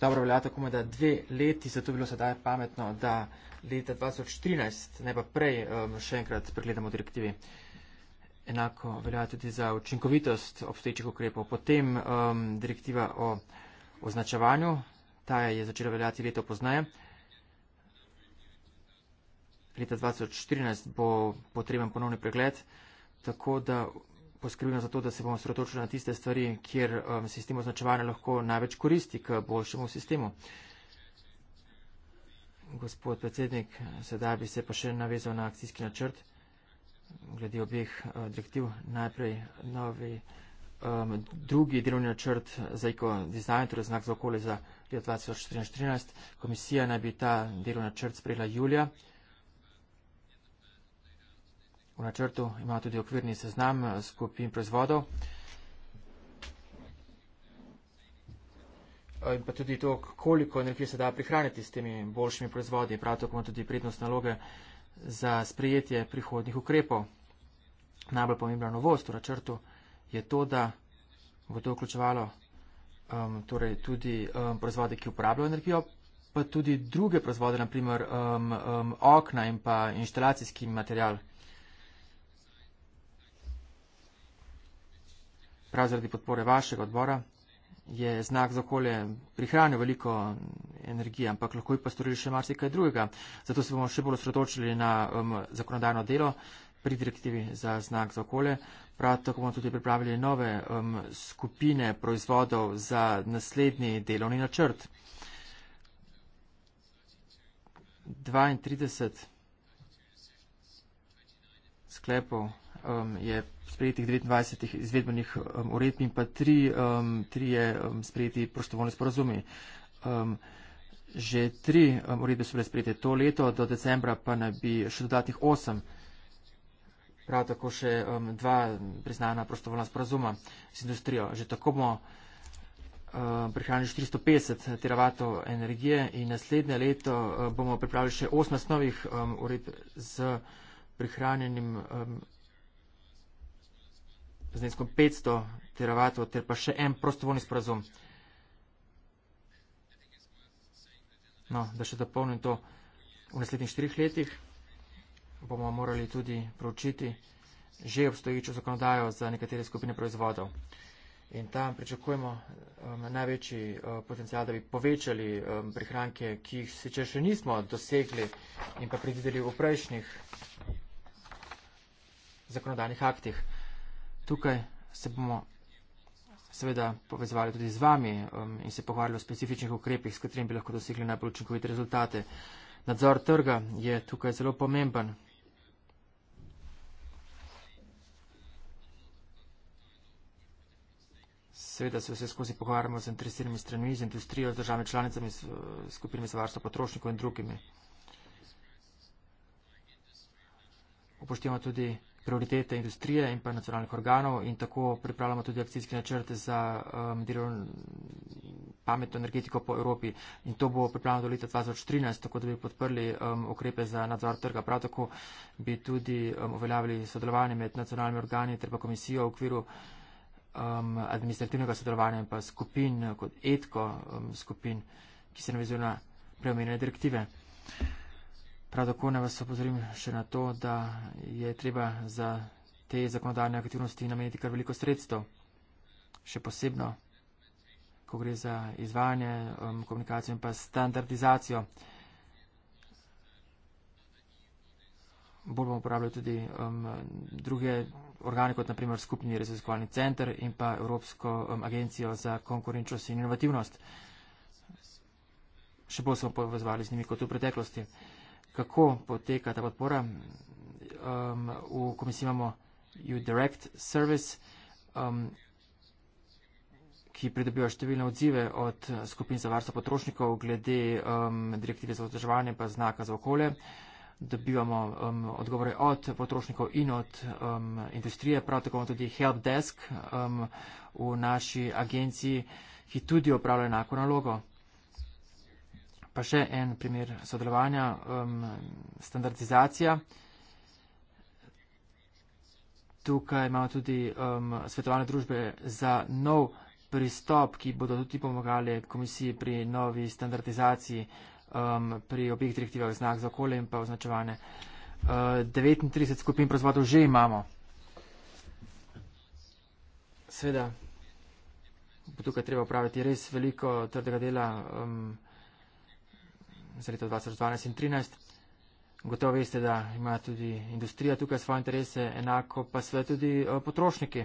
dobro velja tako, da dve leti, zato bilo sedaj pametno, da leta 2014, ne pa prej, um, še enkrat pregledamo direktivi. Enako velja tudi za učinkovitost obstoječih ukrepov. Potem um, direktiva o označevanju, ta je začela veljati leto poznaje. Leta 2014 bo potreben ponovni pregled, tako da poskrbljeno za to, da se bomo sredotočili na tiste stvari, kjer um, sistem označevanja lahko največ koristi k boljšemu sistemu. Gospod predsednik, sedaj bi se pa še navezal na akcijski načrt glede obeh uh, direktiv. Najprej novi um, drugi delovni načrt za ekodizajn, torej znak za okolje za leto 2014. Komisija naj bi ta delovni načrt sprejela julija. V načrtu ima tudi okvirni seznam eh, skupin proizvodov. Eh, in pa tudi to, koliko energije se da prihraniti s temi boljšimi proizvodi. Prav tako ima tudi prednost naloge za sprejetje prihodnih ukrepov. Najbolj pomembna novost v načrtu je to, da bo to vključevalo um, torej tudi um, proizvode, ki uporabljajo energijo, pa tudi druge proizvode, naprimer um, um, okna in pa inštalacijski material, prav zaradi podpore vašega odbora je znak za okolje prihranil veliko energije, ampak lahko bi pa storili še marsikaj drugega. Zato se bomo še bolj osredotočili na um, zakonodajno delo pri direktivi za znak za okolje. Prav tako bomo tudi pripravili nove um, skupine proizvodov za naslednji delovni načrt. 32 sklepov um, je sprejetih 29 izvedbenih um, uredb in pa tri, um, tri je um, sprejeti prostovoljni sporazumi. Um, že tri um, uredbe so bile sprejete to leto, do decembra pa naj bi še dodatnih osem. Prav tako še um, dva priznana prostovoljna sporazuma z industrijo. Že tako bomo um, prihranili 450 teravatov energije in naslednje leto um, bomo pripravili še 18 novih um, ured z prihranjenim um, zneskom 500 teravatov ter pa še en prostovoljni sporazum. No, da še dopolnim to v naslednjih štirih letih, bomo morali tudi proučiti že obstoječo zakonodajo za nekatere skupine proizvodov. In tam pričakujemo um, največji uh, potencial, da bi povečali um, prihranke, ki jih sicer še nismo dosegli in pa predvideli v prejšnjih zakonodajnih aktih. Tukaj se bomo seveda povezovali tudi z vami um, in se pogovarjali o specifičnih ukrepih, s katerimi bi lahko dosegli najbolj učinkovite rezultate. Nadzor trga je tukaj zelo pomemben. Seveda se vse skozi pogovarjamo z interesiranimi stranmi, z industrijo, z državami članicami, s skupinami za varstvo potrošnikov in drugimi. Upoštevamo tudi prioritete industrije in pa nacionalnih organov in tako pripravljamo tudi akcijski načrte za um, delovno pametno energetiko po Evropi in to bo pripravljeno do leta 2013, tako da bi podprli um, ukrepe za nadzor trga. Prav tako bi tudi um, uveljavili sodelovanje med nacionalnimi organi ter pa komisijo v okviru um, administrativnega sodelovanja in pa skupin kot etko um, skupin, ki se navezujo na preomenjene direktive. Prav tako ne vas opozorim še na to, da je treba za te zakonodajne aktivnosti nameniti kar veliko sredstev, še posebno, ko gre za izvajanje um, komunikacije in pa standardizacijo. Bolj bomo uporabljali tudi um, druge organe, kot naprimer Skupni raziskovalni center in pa Evropsko um, agencijo za konkurenčnost in inovativnost. Še bolj smo povezovali z njimi kot v preteklosti kako poteka ta podpora. Um, v komisiji imamo U-Direct Service, um, ki pridobiva številne odzive od skupin za varstvo potrošnikov glede um, direktive za vzdrževanje pa znaka za okolje. Dobivamo um, odgovore od potrošnikov in od um, industrije, prav tako imamo tudi help desk um, v naši agenciji, ki tudi opravlja enako nalogo. Pa še en primer sodelovanja, um, standardizacija. Tukaj imamo tudi um, svetovane družbe za nov pristop, ki bodo tudi pomagali komisiji pri novi standardizaciji um, pri obih direktivah znak za okolje in pa označevanje. Uh, 39 skupin proizvodov že imamo. Sveda, tukaj treba upraviti res veliko trdega dela. Um, z leta 2012 in 2013. Gotovo veste, da ima tudi industrija tukaj svoje interese, enako pa sve tudi eh, potrošniki.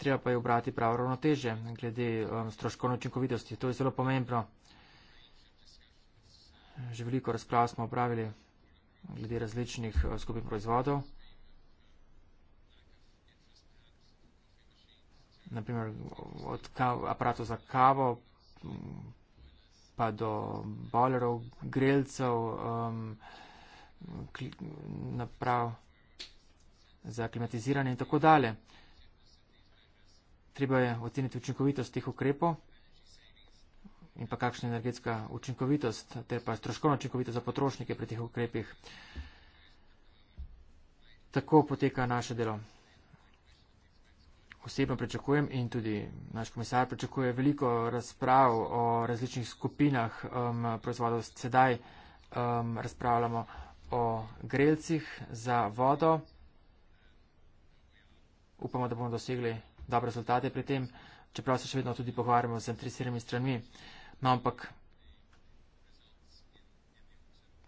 Treba pa je obrati pravo ravnoteže glede eh, stroškovne učinkovitosti. To je zelo pomembno. Že veliko razprav smo opravili glede različnih eh, skupin proizvodov. Naprimer, od aparatov za kavo, pa do bolerov, grelcev, um, naprav za klimatiziranje in tako dalje. Treba je oceniti učinkovitost teh ukrepov in pa kakšna energetska učinkovitost ter pa stroškovna učinkovitost za potrošnike pri teh ukrepih. Tako poteka naše delo osebno pričakujem in tudi naš komisar pričakuje veliko razprav o različnih skupinah um, proizvodov. Sedaj um, razpravljamo o grelcih za vodo. Upamo, da bomo dosegli dobre rezultate pri tem, čeprav se še vedno tudi pogovarjamo z interesiranimi stranmi. No, ampak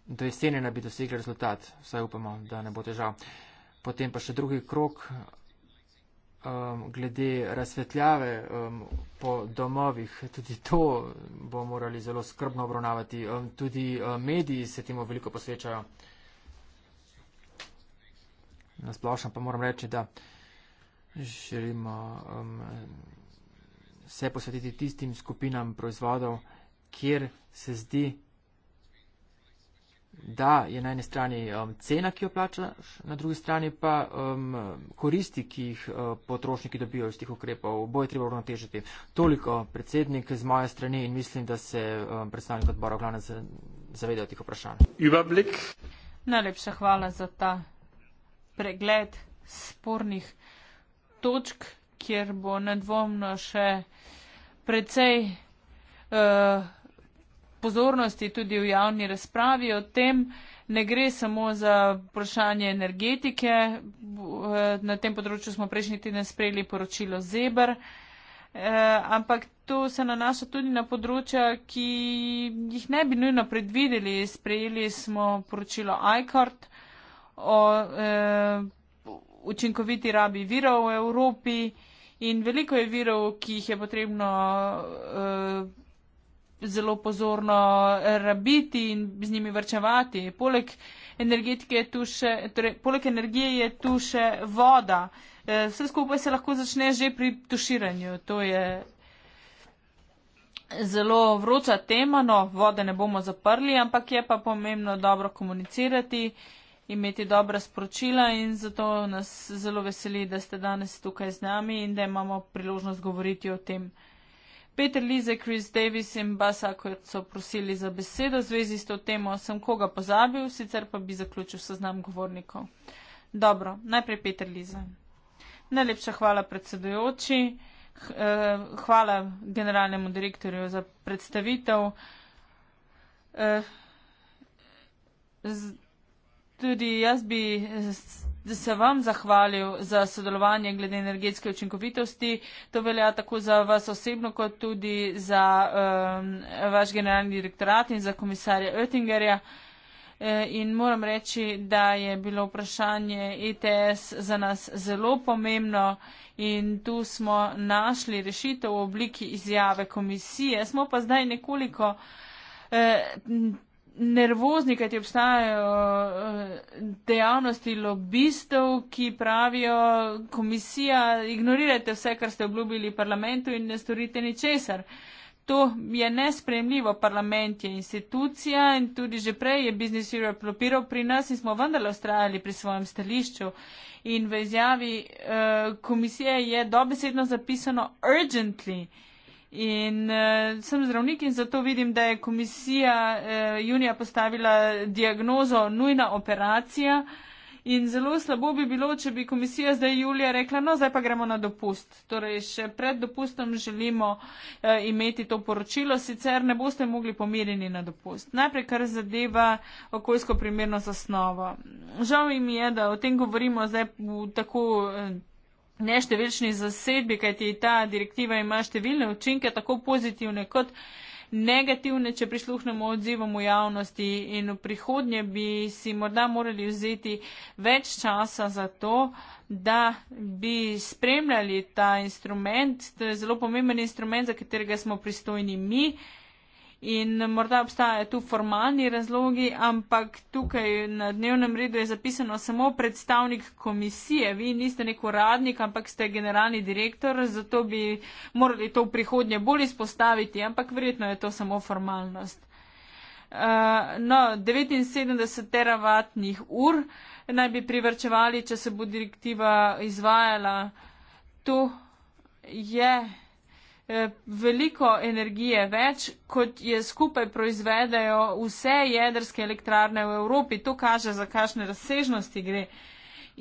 do jesene naj bi dosegli rezultat, vsaj upamo, da ne bo težav. Potem pa še drugi krok um, glede razsvetljave um, po domovih, tudi to bomo morali zelo skrbno obravnavati. Um, tudi um, mediji se temu veliko posvečajo. Nasplošno pa moram reči, da želimo um, se posvetiti tistim skupinam proizvodov, kjer se zdi, da je na eni strani um, cena, ki jo plačaš, na drugi strani pa um, koristi, ki jih uh, potrošniki dobijo iz teh ukrepov, boje treba uravnotežiti. Toliko predsednik z moje strani in mislim, da se um, predstavnik odbora glavne zavedajo teh vprašanj. Najlepša hvala za ta pregled spornih točk, kjer bo nedvomno še precej uh, pozornosti tudi v javni razpravi o tem. Ne gre samo za vprašanje energetike. Na tem področju smo prejšnji teden sprejeli poročilo Zebr. Eh, ampak to se nanaša tudi na področja, ki jih ne bi nujno predvideli. Sprejeli smo poročilo ICART o eh, učinkoviti rabi virov v Evropi in veliko je virov, ki jih je potrebno. Eh, zelo pozorno rabiti in z njimi vrčevati. Poleg energetike je tu še, torej poleg energije je tu še voda. E, vse skupaj se lahko začne že pri tuširanju. To je zelo vroča tema, no vode ne bomo zaprli, ampak je pa pomembno dobro komunicirati, imeti dobra sporočila in zato nas zelo veseli, da ste danes tukaj z nami in da imamo priložnost govoriti o tem. Peter Lize, Chris Davis in Basa, kot so prosili za besedo v zvezi s to temo, sem koga pozabil, sicer pa bi zaključil seznam govornikov. Dobro, najprej Peter Lize. Najlepša hvala predsedujoči, eh, hvala generalnemu direktorju za predstavitev. Eh, tudi jaz bi se vam zahvalil za sodelovanje glede energetske učinkovitosti. To velja tako za vas osebno, kot tudi za um, vaš generalni direktorat in za komisarja Oettingerja. Eh, in moram reči, da je bilo vprašanje ETS za nas zelo pomembno in tu smo našli rešitev v obliki izjave komisije. Smo pa zdaj nekoliko eh, nervozni, kaj ti obstajajo eh, dejavnosti lobistov, ki pravijo, komisija, ignorirajte vse, kar ste obljubili parlamentu in ne storite ničesar. To je nespremljivo, parlament je institucija in tudi že prej je Business Europe lopiral pri nas in smo vendarle ustrajali pri svojem stališču. In v izjavi uh, komisije je dobesedno zapisano urgently. Uh, In uh, sem zdravnik in zato vidim, da je komisija uh, junija postavila diagnozo nujna operacija in zelo slabo bi bilo, če bi komisija zdaj julija rekla, no zdaj pa gremo na dopust. Torej, še pred dopustom želimo uh, imeti to poročilo, sicer ne boste mogli pomirjeni na dopust. Najprej, kar zadeva okoljsko primerno zasnovo. Žal mi je, da o tem govorimo zdaj v tako. Uh, neštevilčni zasedbi, kajti ta direktiva ima številne učinke, tako pozitivne kot negativne, če prisluhnemo odzivom v javnosti in v prihodnje bi si morda morali vzeti več časa za to, da bi spremljali ta instrument, to je zelo pomemben instrument, za katerega smo pristojni mi in morda obstajajo tu formalni razlogi, ampak tukaj na dnevnem redu je zapisano samo predstavnik komisije. Vi niste nek uradnik, ampak ste generalni direktor, zato bi morali to v prihodnje bolj izpostaviti, ampak verjetno je to samo formalnost. Uh, no, 79 teravatnih ur naj bi privrčevali, če se bo direktiva izvajala. To je. Yeah. Eh, veliko energije več, kot je skupaj proizvedejo vse jedrske elektrarne v Evropi. To kaže, za kakšne razsežnosti gre.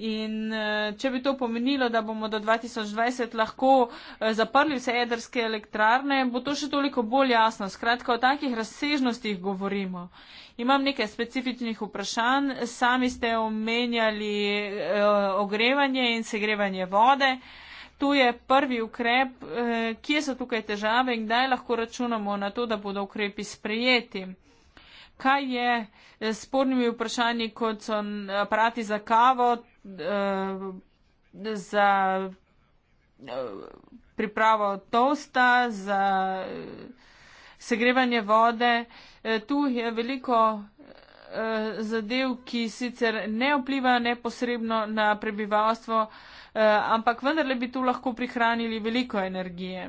In eh, če bi to pomenilo, da bomo do 2020 lahko eh, zaprli vse jedrske elektrarne, bo to še toliko bolj jasno. Skratka, o takih razsežnostih govorimo. Imam nekaj specifičnih vprašanj. Sami ste omenjali ogrevanje in segrevanje vode to je prvi ukrep, eh, kje so tukaj težave in kdaj lahko računamo na to, da bodo ukrepi sprejeti. Kaj je eh, s spornimi vprašanji, kot so aparati za kavo, eh, za pripravo tosta, za segrevanje vode. Tu je veliko zadev, ki sicer ne vplivajo neposredno na prebivalstvo, Eh, ampak vendarle bi tu lahko prihranili veliko energije.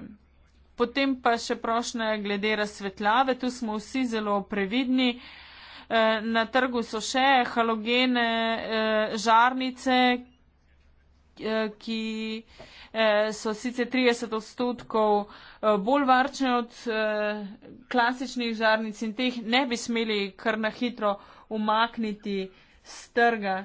Potem pa še prošnja glede razsvetljave, tu smo vsi zelo previdni. Eh, na trgu so še halogene eh, žarnice, ki so sicer 30 odstotkov bolj varčne od klasičnih žarnic in teh ne bi smeli kar na hitro umakniti s trga.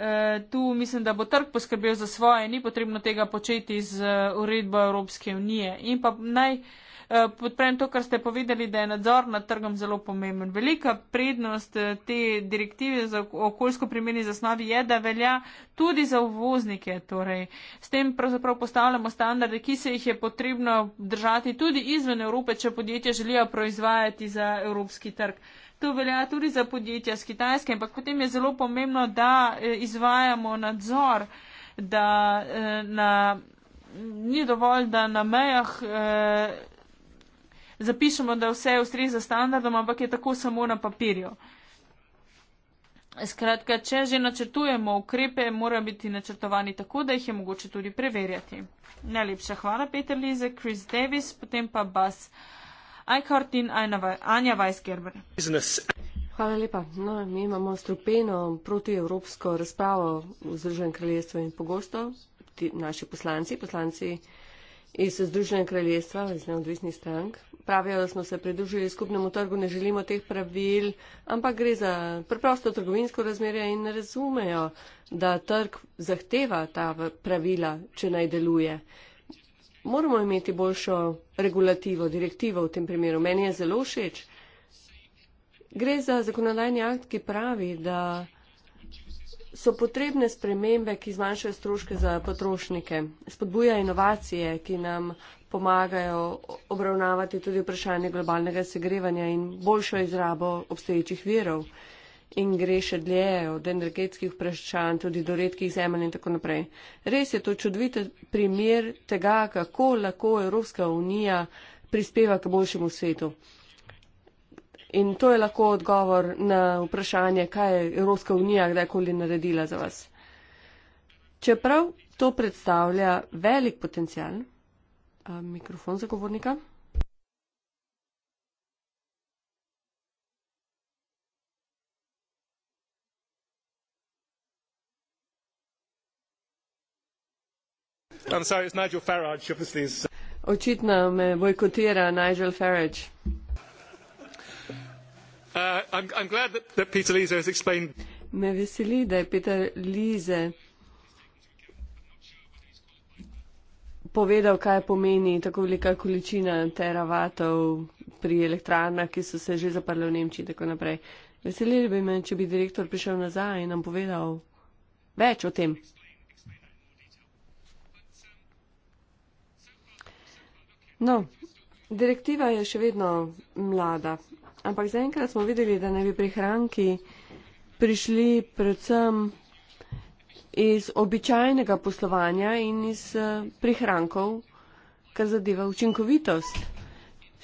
Eh, tu mislim, da bo trg poskrbel za svoje, ni potrebno tega početi z eh, uredbo Evropske unije. In pa naj eh, podprem to, kar ste povedali, da je nadzor nad trgom zelo pomemben. Velika prednost te direktive za okoljsko primerni zasnovi je, da velja tudi za uvoznike. Torej, s tem pravzaprav postavljamo standarde, ki se jih je potrebno držati tudi izven Evrope, če podjetja želijo proizvajati za evropski trg. To velja tudi za podjetja z Kitajske, ampak potem je zelo pomembno, da e, izvajamo nadzor, da e, na, ni dovolj, da na mejah eh, zapišemo, da vse ustreza standardom, ampak je tako samo na papirju. Skratka, če že načrtujemo ukrepe, mora biti načrtovani tako, da jih je mogoče tudi preverjati. Najlepša hvala, Peter Lize, Chris Davis, potem pa Bas. Eichhardt in Anja Weisgerber. Hvala lepa. No, mi imamo strupeno protievropsko razpravo v Združenem kraljestvu in pogosto ti, naši poslanci, poslanci iz Združenega kraljestva, iz neodvisnih strank, pravijo, da smo se pridružili skupnemu trgu, ne želimo teh pravil, ampak gre za preprosto trgovinsko razmerje in ne razumejo, da trg zahteva ta pravila, če naj deluje moramo imeti boljšo regulativo, direktivo v tem primeru. Meni je zelo všeč. Gre za zakonodajni akt, ki pravi, da so potrebne spremembe, ki zmanjšajo stroške za potrošnike, spodbuja inovacije, ki nam pomagajo obravnavati tudi vprašanje globalnega segrevanja in boljšo izrabo obstoječih verov in gre še dlje od energetskih vprašanj, tudi do redkih zemelj in tako naprej. Res je to čudovite primer tega, kako lahko Evropska unija prispeva k boljšemu svetu. In to je lahko odgovor na vprašanje, kaj je Evropska unija kdajkoli naredila za vas. Čeprav to predstavlja velik potencial, mikrofon zagovornika. I'm sorry, it's Nigel Farage, obviously. Is, uh... Očitno me bojkotira Nigel Farage. Uh, I'm, I'm glad that, that Peter Lise has explained. Me veseli, da je Peter Lise povedal, kaj pomeni tako velika količina teravatov pri elektrarnah, ki so se že zaprli v Nemčiji in tako naprej. Veseli bi me, če bi direktor prišel nazaj in nam povedal več o tem. No, direktiva je še vedno mlada, ampak zaenkrat smo videli, da ne bi prihranki prišli predvsem iz običajnega poslovanja in iz eh, prihrankov, kar zadeva učinkovitost.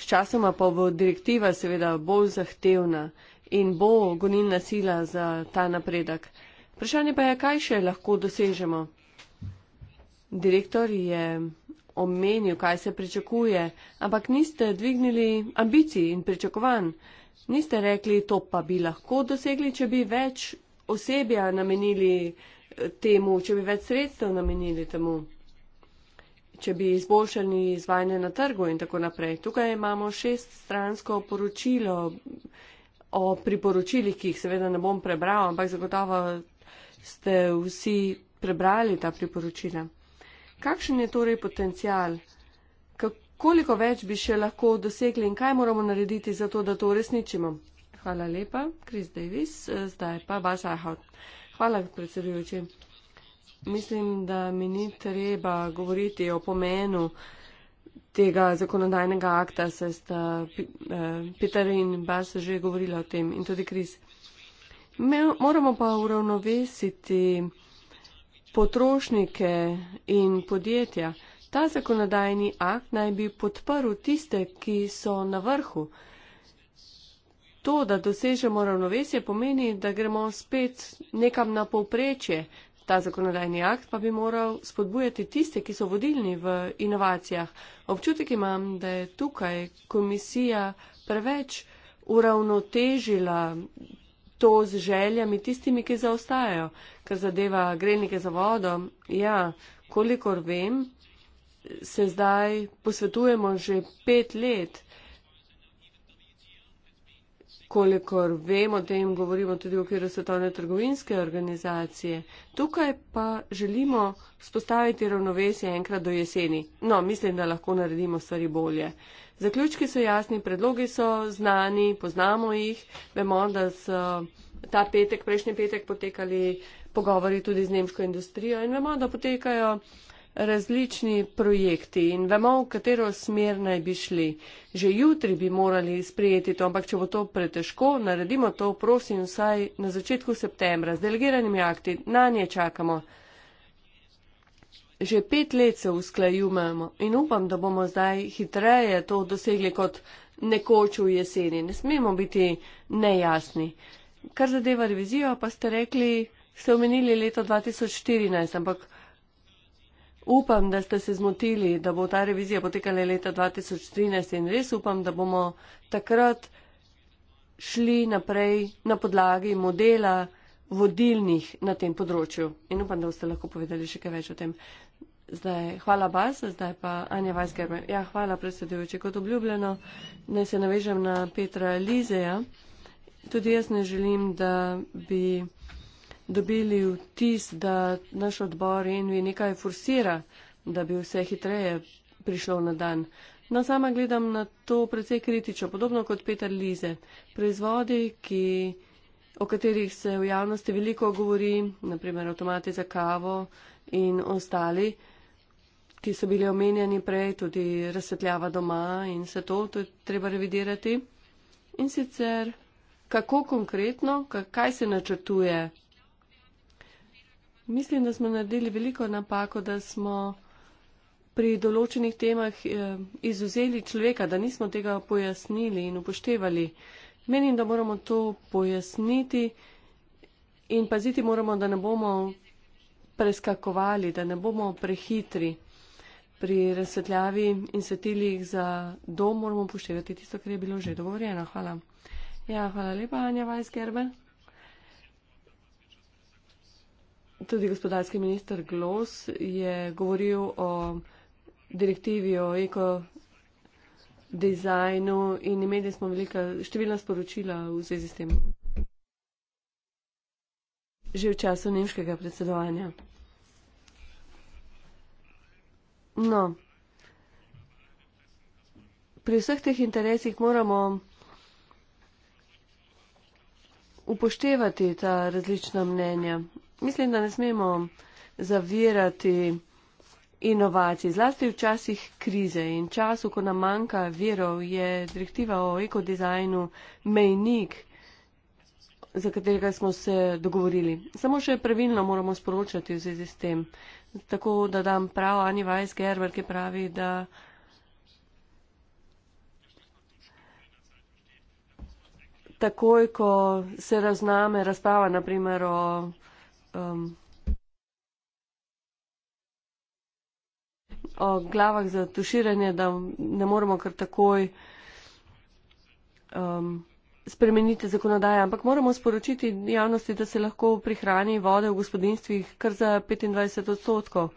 Sčasoma pa bo direktiva seveda bolj zahtevna in bo gonilna sila za ta napredek. Vprašanje pa je, kaj še lahko dosežemo. Direktor je omenil, kaj se pričakuje, ampak niste dvignili ambicij in pričakovanj. Niste rekli, to pa bi lahko dosegli, če bi več osebja namenili eh, temu, če bi več sredstev namenili temu, če bi izboljšali izvajanje na trgu in tako naprej. Tukaj imamo šest stransko poročilo o priporočilih, ki jih seveda ne bom prebral, ampak zagotovo ste vsi prebrali ta priporočila. Kakšen je torej potencial? Koliko več bi še lahko dosegli in kaj moramo narediti za to, da to uresničimo? Hvala lepa, Chris Davis, zdaj pa Bas Ahaut. Hvala, predsedujoči. Mislim, da mi ni treba govoriti o pomenu tega zakonodajnega akta, saj sta eh, Peter in Bas že govorila o tem in tudi Chris. Moramo pa uravnovesiti potrošnike in podjetja. Ta zakonodajni akt naj bi podprl tiste, ki so na vrhu. To, da dosežemo ravnovesje, pomeni, da gremo spet nekam na povprečje. Ta zakonodajni akt pa bi moral spodbujati tiste, ki so vodilni v inovacijah. Občutek imam, da je tukaj komisija preveč uravnotežila to z željami tistimi, ki zaostajajo, kar zadeva grejnike za vodo. Ja, kolikor vem, se zdaj posvetujemo že pet let kolikor vem, o tem govorimo tudi v okviru svetovne trgovinske organizacije. Tukaj pa želimo spostaviti ravnovesje enkrat do jeseni. No, mislim, da lahko naredimo stvari bolje. Zaključki so jasni, predlogi so znani, poznamo jih. Vemo, da so ta petek, prejšnji petek potekali pogovori tudi z nemško industrijo in vemo, da potekajo različni projekti in vemo, v katero smer naj bi šli. Že jutri bi morali sprejeti to, ampak če bo to pretežko, naredimo to, prosim, vsaj na začetku septembra z delegiranimi akti. Na nje čakamo. Že pet let se usklajujemo in upam, da bomo zdaj hitreje to dosegli kot nekoč v jeseni. Ne smemo biti nejasni. Kar zadeva revizijo, pa ste rekli, ste omenili leto 2014, ampak upam, da ste se zmotili, da bo ta revizija potekala leta 2013 in res upam, da bomo takrat šli naprej na podlagi modela vodilnih na tem področju. In upam, da boste lahko povedali še kaj več o tem. Zdaj, hvala Bas, zdaj pa Anja Weisgerber. Ja, hvala predsedujoče. Kot obljubljeno, naj se navežem na Petra Lizeja. Tudi jaz ne želim, da bi dobili vtis, da naš odbor Envi nekaj forsira, da bi vse hitreje prišlo na dan. No, sama gledam na to precej kritično, podobno kot Peter Lize. Proizvodi, ki, o katerih se v javnosti veliko govori, naprimer avtomati za kavo in ostali, ki so bili omenjeni prej, tudi razsvetljava doma in vse to, to je treba revidirati. In sicer, kako konkretno, kaj se načrtuje Mislim, da smo naredili veliko napako, da smo pri določenih temah eh, izuzeli človeka, da nismo tega pojasnili in upoštevali. Menim, da moramo to pojasniti in paziti moramo, da ne bomo preskakovali, da ne bomo prehitri pri razsvetljavi in svetilih za dom, moramo upoštevati tisto, kar je bilo že dogovorjeno. Hvala. Ja, hvala lepa, Anja Vajsgerben. Tudi gospodarski minister Glos je govoril o direktivi o ekodizajnu in imeli smo velika številna sporočila v zvezi s tem. Že v času nemškega predsedovanja. No, pri vseh teh interesih moramo upoštevati ta različna mnenja mislim, da ne smemo zavirati inovacij, zlasti v časih krize in času, ko nam manjka virov, je direktiva o ekodizajnu mejnik, za katerega smo se dogovorili. Samo še pravilno moramo sporočati v zvezi s tem. Tako da dam prav Ani Vajs Gerber, ki pravi, da. Takoj, ko se razname razprava, naprimer o um, o glavah za tuširanje, da ne moremo kar takoj um, spremeniti zakonodaje, ampak moramo sporočiti javnosti, da se lahko prihrani vode v gospodinstvih kar za 25 odstotkov.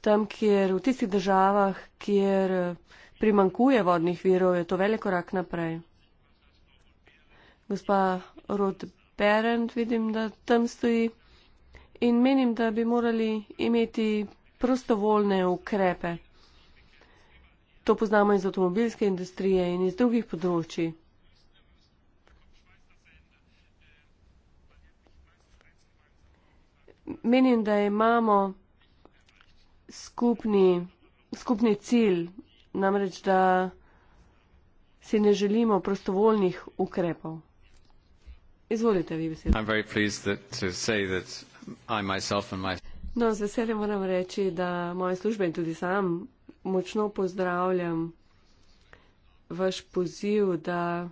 Tam, kjer v tistih državah, kjer primankuje vodnih virov, je to velik korak naprej. Gospa Rod Berend, vidim, da tam stoji in menim, da bi morali imeti prostovoljne ukrepe. To poznamo iz avtomobilske industrije in iz drugih področji. Menim, da imamo skupni, skupni cilj, namreč da si ne želimo prostovoljnih ukrepov. Izvolite, vi besedo. I myself and my No, z veseljem moram reči, da moje službe in tudi sam močno pozdravljam vaš poziv, da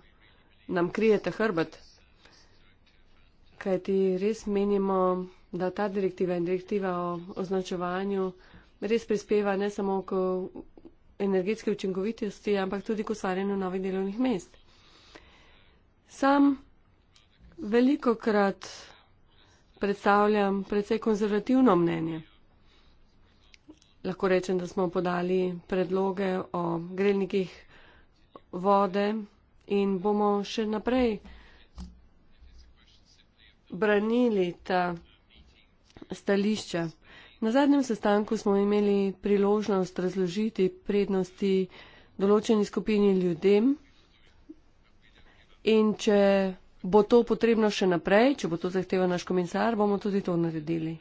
nam krijete hrbet. Kaj ti res menimo, da ta direktiva in direktiva o označevanju res prispeva ne samo k energetske učinkovitosti, ampak tudi k ustvarjanju novih delovnih mest. Sam veliko krat predstavljam precej konzervativno mnenje. Lahko rečem, da smo podali predloge o grelnikih vode in bomo še naprej branili ta stališča. Na zadnjem sestanku smo imeli priložnost razložiti prednosti določeni skupini ljudem in če bo to potrebno še naprej, če bo to zahteval naš komisar, bomo tudi to naredili.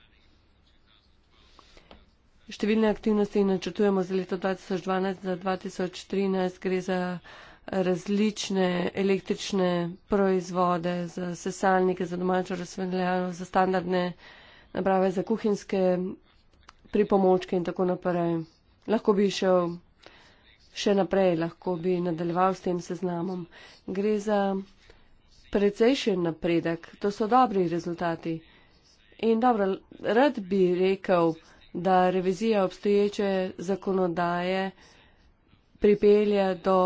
Številne aktivnosti načrtujemo za leto 2012, za 2013 gre za različne električne proizvode, za sesalnike, za domačo razsvetljavo, za standardne naprave, za kuhinske pripomočke in tako naprej. Lahko bi šel še naprej, lahko bi nadaljeval s tem seznamom. Gre za precejšen napredek, to so dobri rezultati. In dobro, rad bi rekel, da revizija obstoječe zakonodaje pripelje do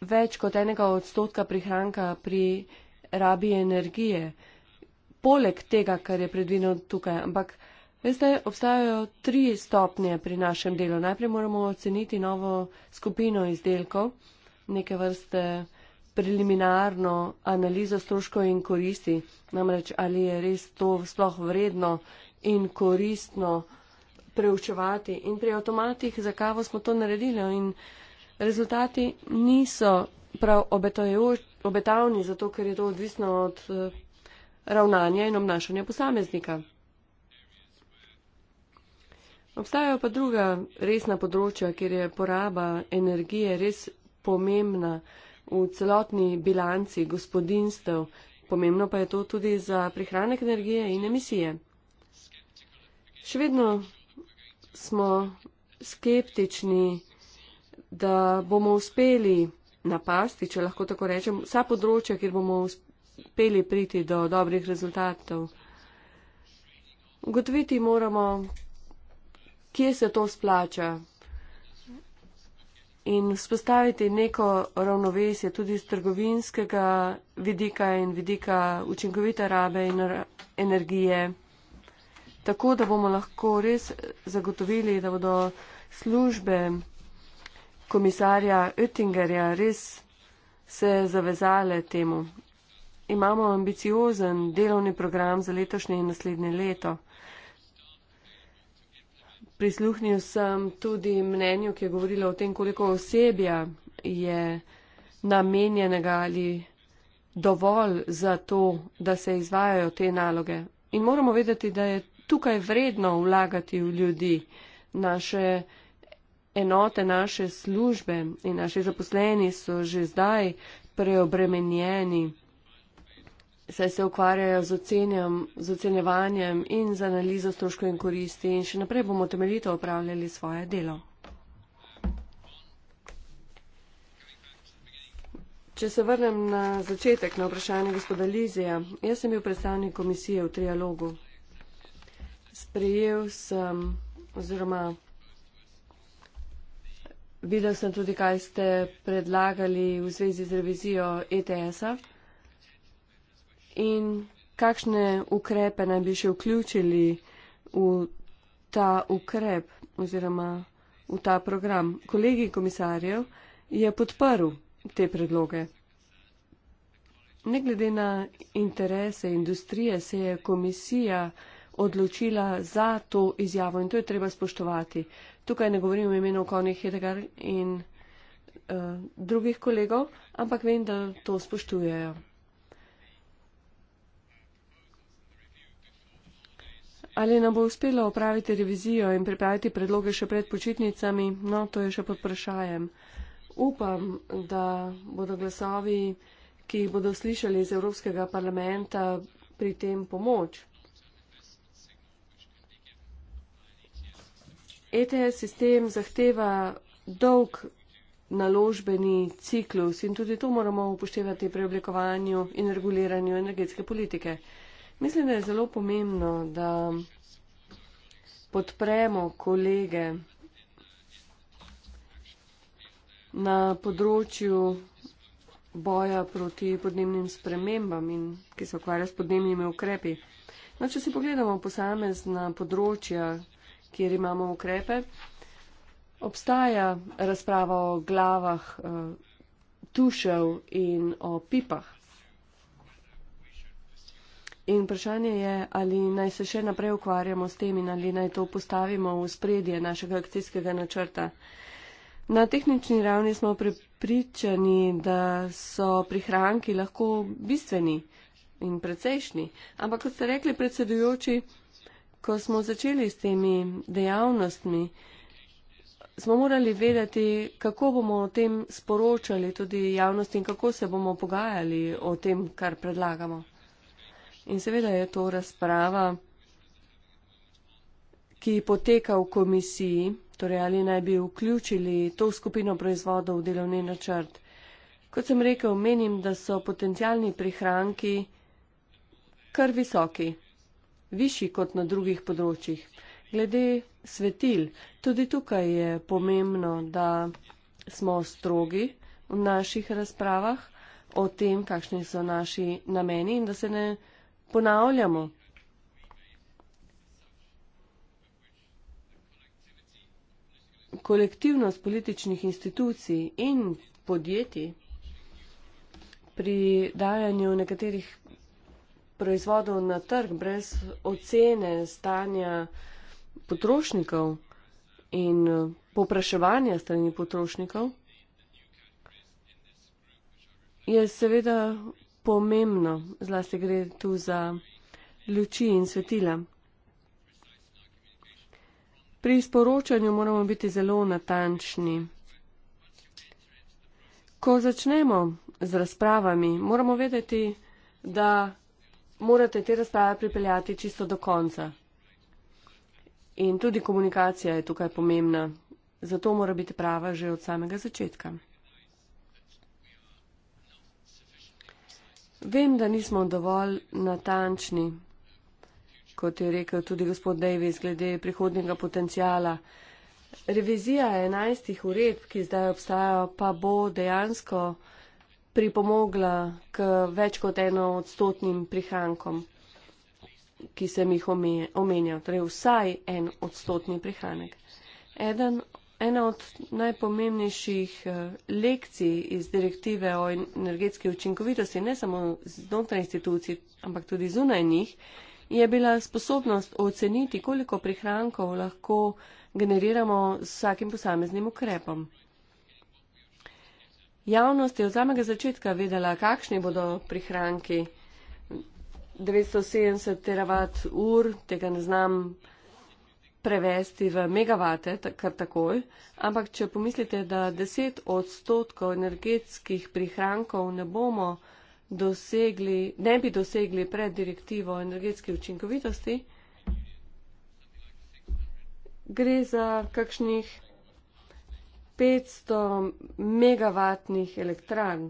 več kot enega odstotka prihranka pri rabi energije, poleg tega, kar je predvideno tukaj. Ampak, veste, obstajajo tri stopnje pri našem delu. Najprej moramo oceniti novo skupino izdelkov, neke vrste preliminarno analizo stroškov in koristi, namreč ali je res to sploh vredno in koristno preučevati. In pri avtomatih za kavo smo to naredili in rezultati niso prav obetavni, zato ker je to odvisno od eh, ravnanja in obnašanja posameznika. Obstajajo pa druga resna področja, kjer je poraba energije res pomembna v celotni bilanci gospodinstev, pomembno pa je to tudi za prihranek energije in emisije. Še vedno smo skeptični, da bomo uspeli napasti, če lahko tako rečem, vsa področja, kjer bomo uspeli priti do dobrih rezultatov. Ugotoviti moramo, kje se to splača in vzpostaviti neko ravnovesje tudi z trgovinskega vidika in vidika učinkovite rabe in energije, tako da bomo lahko res zagotovili, da bodo službe komisarja Oettingerja res se zavezale temu. Imamo ambiciozen delovni program za letošnje in naslednje leto. Prisluhnil sem tudi mnenju, ki je govorilo o tem, koliko osebja je namenjenega ali dovolj za to, da se izvajajo te naloge. In moramo vedeti, da je tukaj vredno vlagati v ljudi, naše enote, naše službe in naši zaposleni so že zdaj preobremenjeni saj se ukvarjajo z, ocenjem, z ocenjevanjem in z analizo stroškov in koristi in še naprej bomo temeljito upravljali svoje delo. Če se vrnem na začetek, na vprašanje gospoda Lizija, jaz sem bil predstavnik komisije v trialogu. Sprejel sem oziroma videl sem tudi, kaj ste predlagali v zvezi z revizijo ETS-a. In kakšne ukrepe naj bi še vključili v ta ukrep oziroma v ta program? Kolegi komisarjev je podprl te predloge. Ne glede na interese industrije se je komisija odločila za to izjavo in to je treba spoštovati. Tukaj ne govorim o imenu Koni Hedegar in uh, drugih kolegov, ampak vem, da to spoštujejo. Ali nam bo uspelo opraviti revizijo in pripraviti predloge še pred počitnicami, no, to je še pod vprašajem. Upam, da bodo glasovi, ki jih bodo slišali iz Evropskega parlamenta, pri tem pomoč. ETS sistem zahteva dolg naložbeni ciklus in tudi to moramo upoštevati pri oblikovanju in reguliranju energetske politike. Mislim, da je zelo pomembno, da podpremo kolege na področju boja proti podnebnim spremembam in ki se ukvarja s podnebnimi ukrepi. No, če si pogledamo posamezna področja, kjer imamo ukrepe, obstaja razprava o glavah eh, tušev in o pipah. In vprašanje je, ali naj se še naprej ukvarjamo s tem in ali naj to postavimo v spredje našega akcijskega načrta. Na tehnični ravni smo prepričani, da so prihranki lahko bistveni in precejšnji. Ampak, kot ste rekli, predsedujoči, ko smo začeli s temi dejavnostmi, smo morali vedeti, kako bomo o tem sporočali tudi javnosti in kako se bomo pogajali o tem, kar predlagamo. In seveda je to razprava, ki poteka v komisiji, torej ali naj bi vključili to skupino proizvodov v delovni načrt. Kot sem rekel, menim, da so potencijalni prihranki kar visoki, višji kot na drugih področjih. Glede svetil, tudi tukaj je pomembno, da smo strogi v naših razpravah o tem, kakšni so naši nameni in da se ne ponavljamo. Kolektivnost političnih institucij in podjetij pri dajanju nekaterih proizvodov na trg brez ocene stanja potrošnikov in eh, popraševanja strani potrošnikov je seveda pomembno, zlasti gre tu za luči in svetila. Pri sporočanju moramo biti zelo natančni. Ko začnemo z razpravami, moramo vedeti, da morate te razprave pripeljati čisto do konca. In tudi komunikacija je tukaj pomembna, zato mora biti prava že od samega začetka. Vem, da nismo dovolj natančni, kot je rekel tudi gospod Davis, glede prihodnjega potencijala. Revizija enajstih uredb, ki zdaj obstajajo, pa bo dejansko pripomogla k več kot eno odstotnim prihankom, ki sem jih omenjal, torej vsaj en odstotni prihanek. Eden Ena od najpomembnejših eh, lekcij iz direktive o energetski učinkovitosti, ne samo znotraj institucij, ampak tudi zunaj njih, je bila sposobnost oceniti, koliko prihrankov lahko generiramo z vsakim posameznim ukrepom. Javnost je od samega začetka vedela, kakšni bodo prihranki 970 teravat ur, tega ne znam prevesti v megavate kar takoj, ampak če pomislite, da 10 odstotkov energetskih prihrankov ne bomo dosegli, ne bi dosegli pred direktivo o energetski učinkovitosti, gre za kakšnih 500 megavatnih elektran.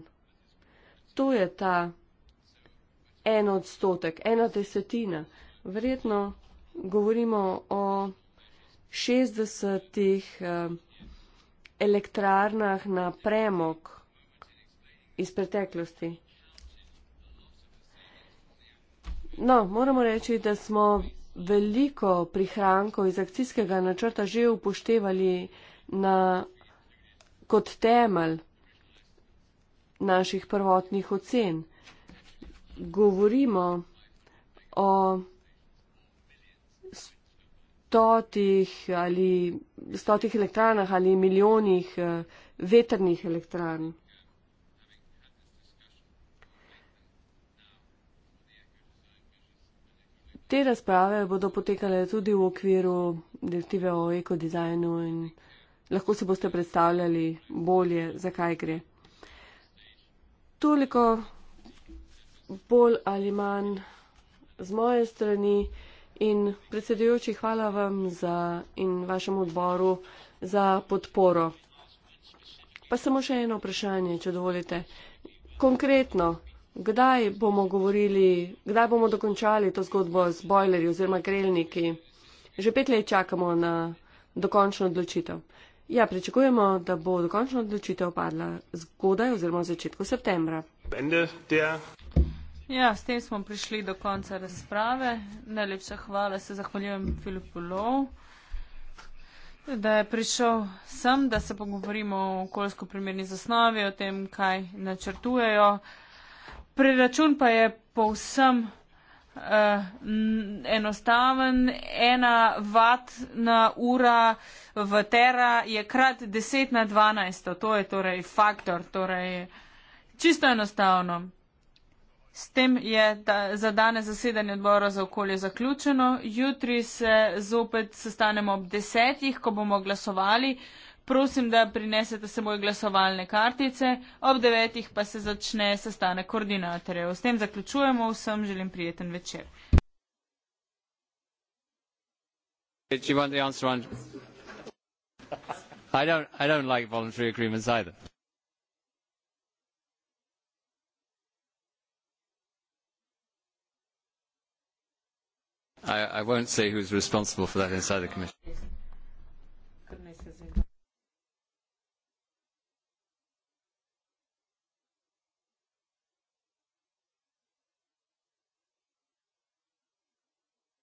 To je ta en odstotek, ena desetina. Verjetno govorimo o 60-ih eh, elektrarnah na premog iz preteklosti. No, moramo reči, da smo veliko prihrankov iz akcijskega načrta že upoštevali na, kot temelj naših prvotnih ocen. Govorimo o stotih ali stotih elektranah ali milijonih eh, veternih elektran. Te razprave bodo potekale tudi v okviru direktive o ekodizajnu in lahko si boste predstavljali bolje, zakaj gre. Toliko bolj ali manj z moje strani. In predsedujoči, hvala vam za, in vašemu odboru za podporo. Pa samo še eno vprašanje, če dovolite. Konkretno, kdaj bomo govorili, kdaj bomo dokončali to zgodbo z bojlerji oziroma grelniki? Že pet let čakamo na dokončno odločitev. Ja, pričakujemo, da bo dokončno odločitev padla zgodaj oziroma v začetku septembra. Ja, s tem smo prišli do konca razprave. Najlepša hvala, se zahvaljujem Filipu Lov, da je prišel sem, da se pogovorimo o okoljsko primerni zasnovi, o tem, kaj načrtujejo. Preračun pa je povsem uh, enostaven. Ena vatna ura v tera je krat 10 na 12, to je torej faktor, torej čisto enostavno. S tem je ta, za danes zasedanje odbora za okolje zaključeno. Jutri se zopet sestanemo ob desetih, ko bomo glasovali. Prosim, da prinesete seboj glasovalne kartice. Ob devetih pa se začne sestanek koordinatorjev. S tem zaključujemo. Vsem želim prijeten večer. I don't, I don't like voluntary agreements either. I won't say who's responsible for that inside the Commission.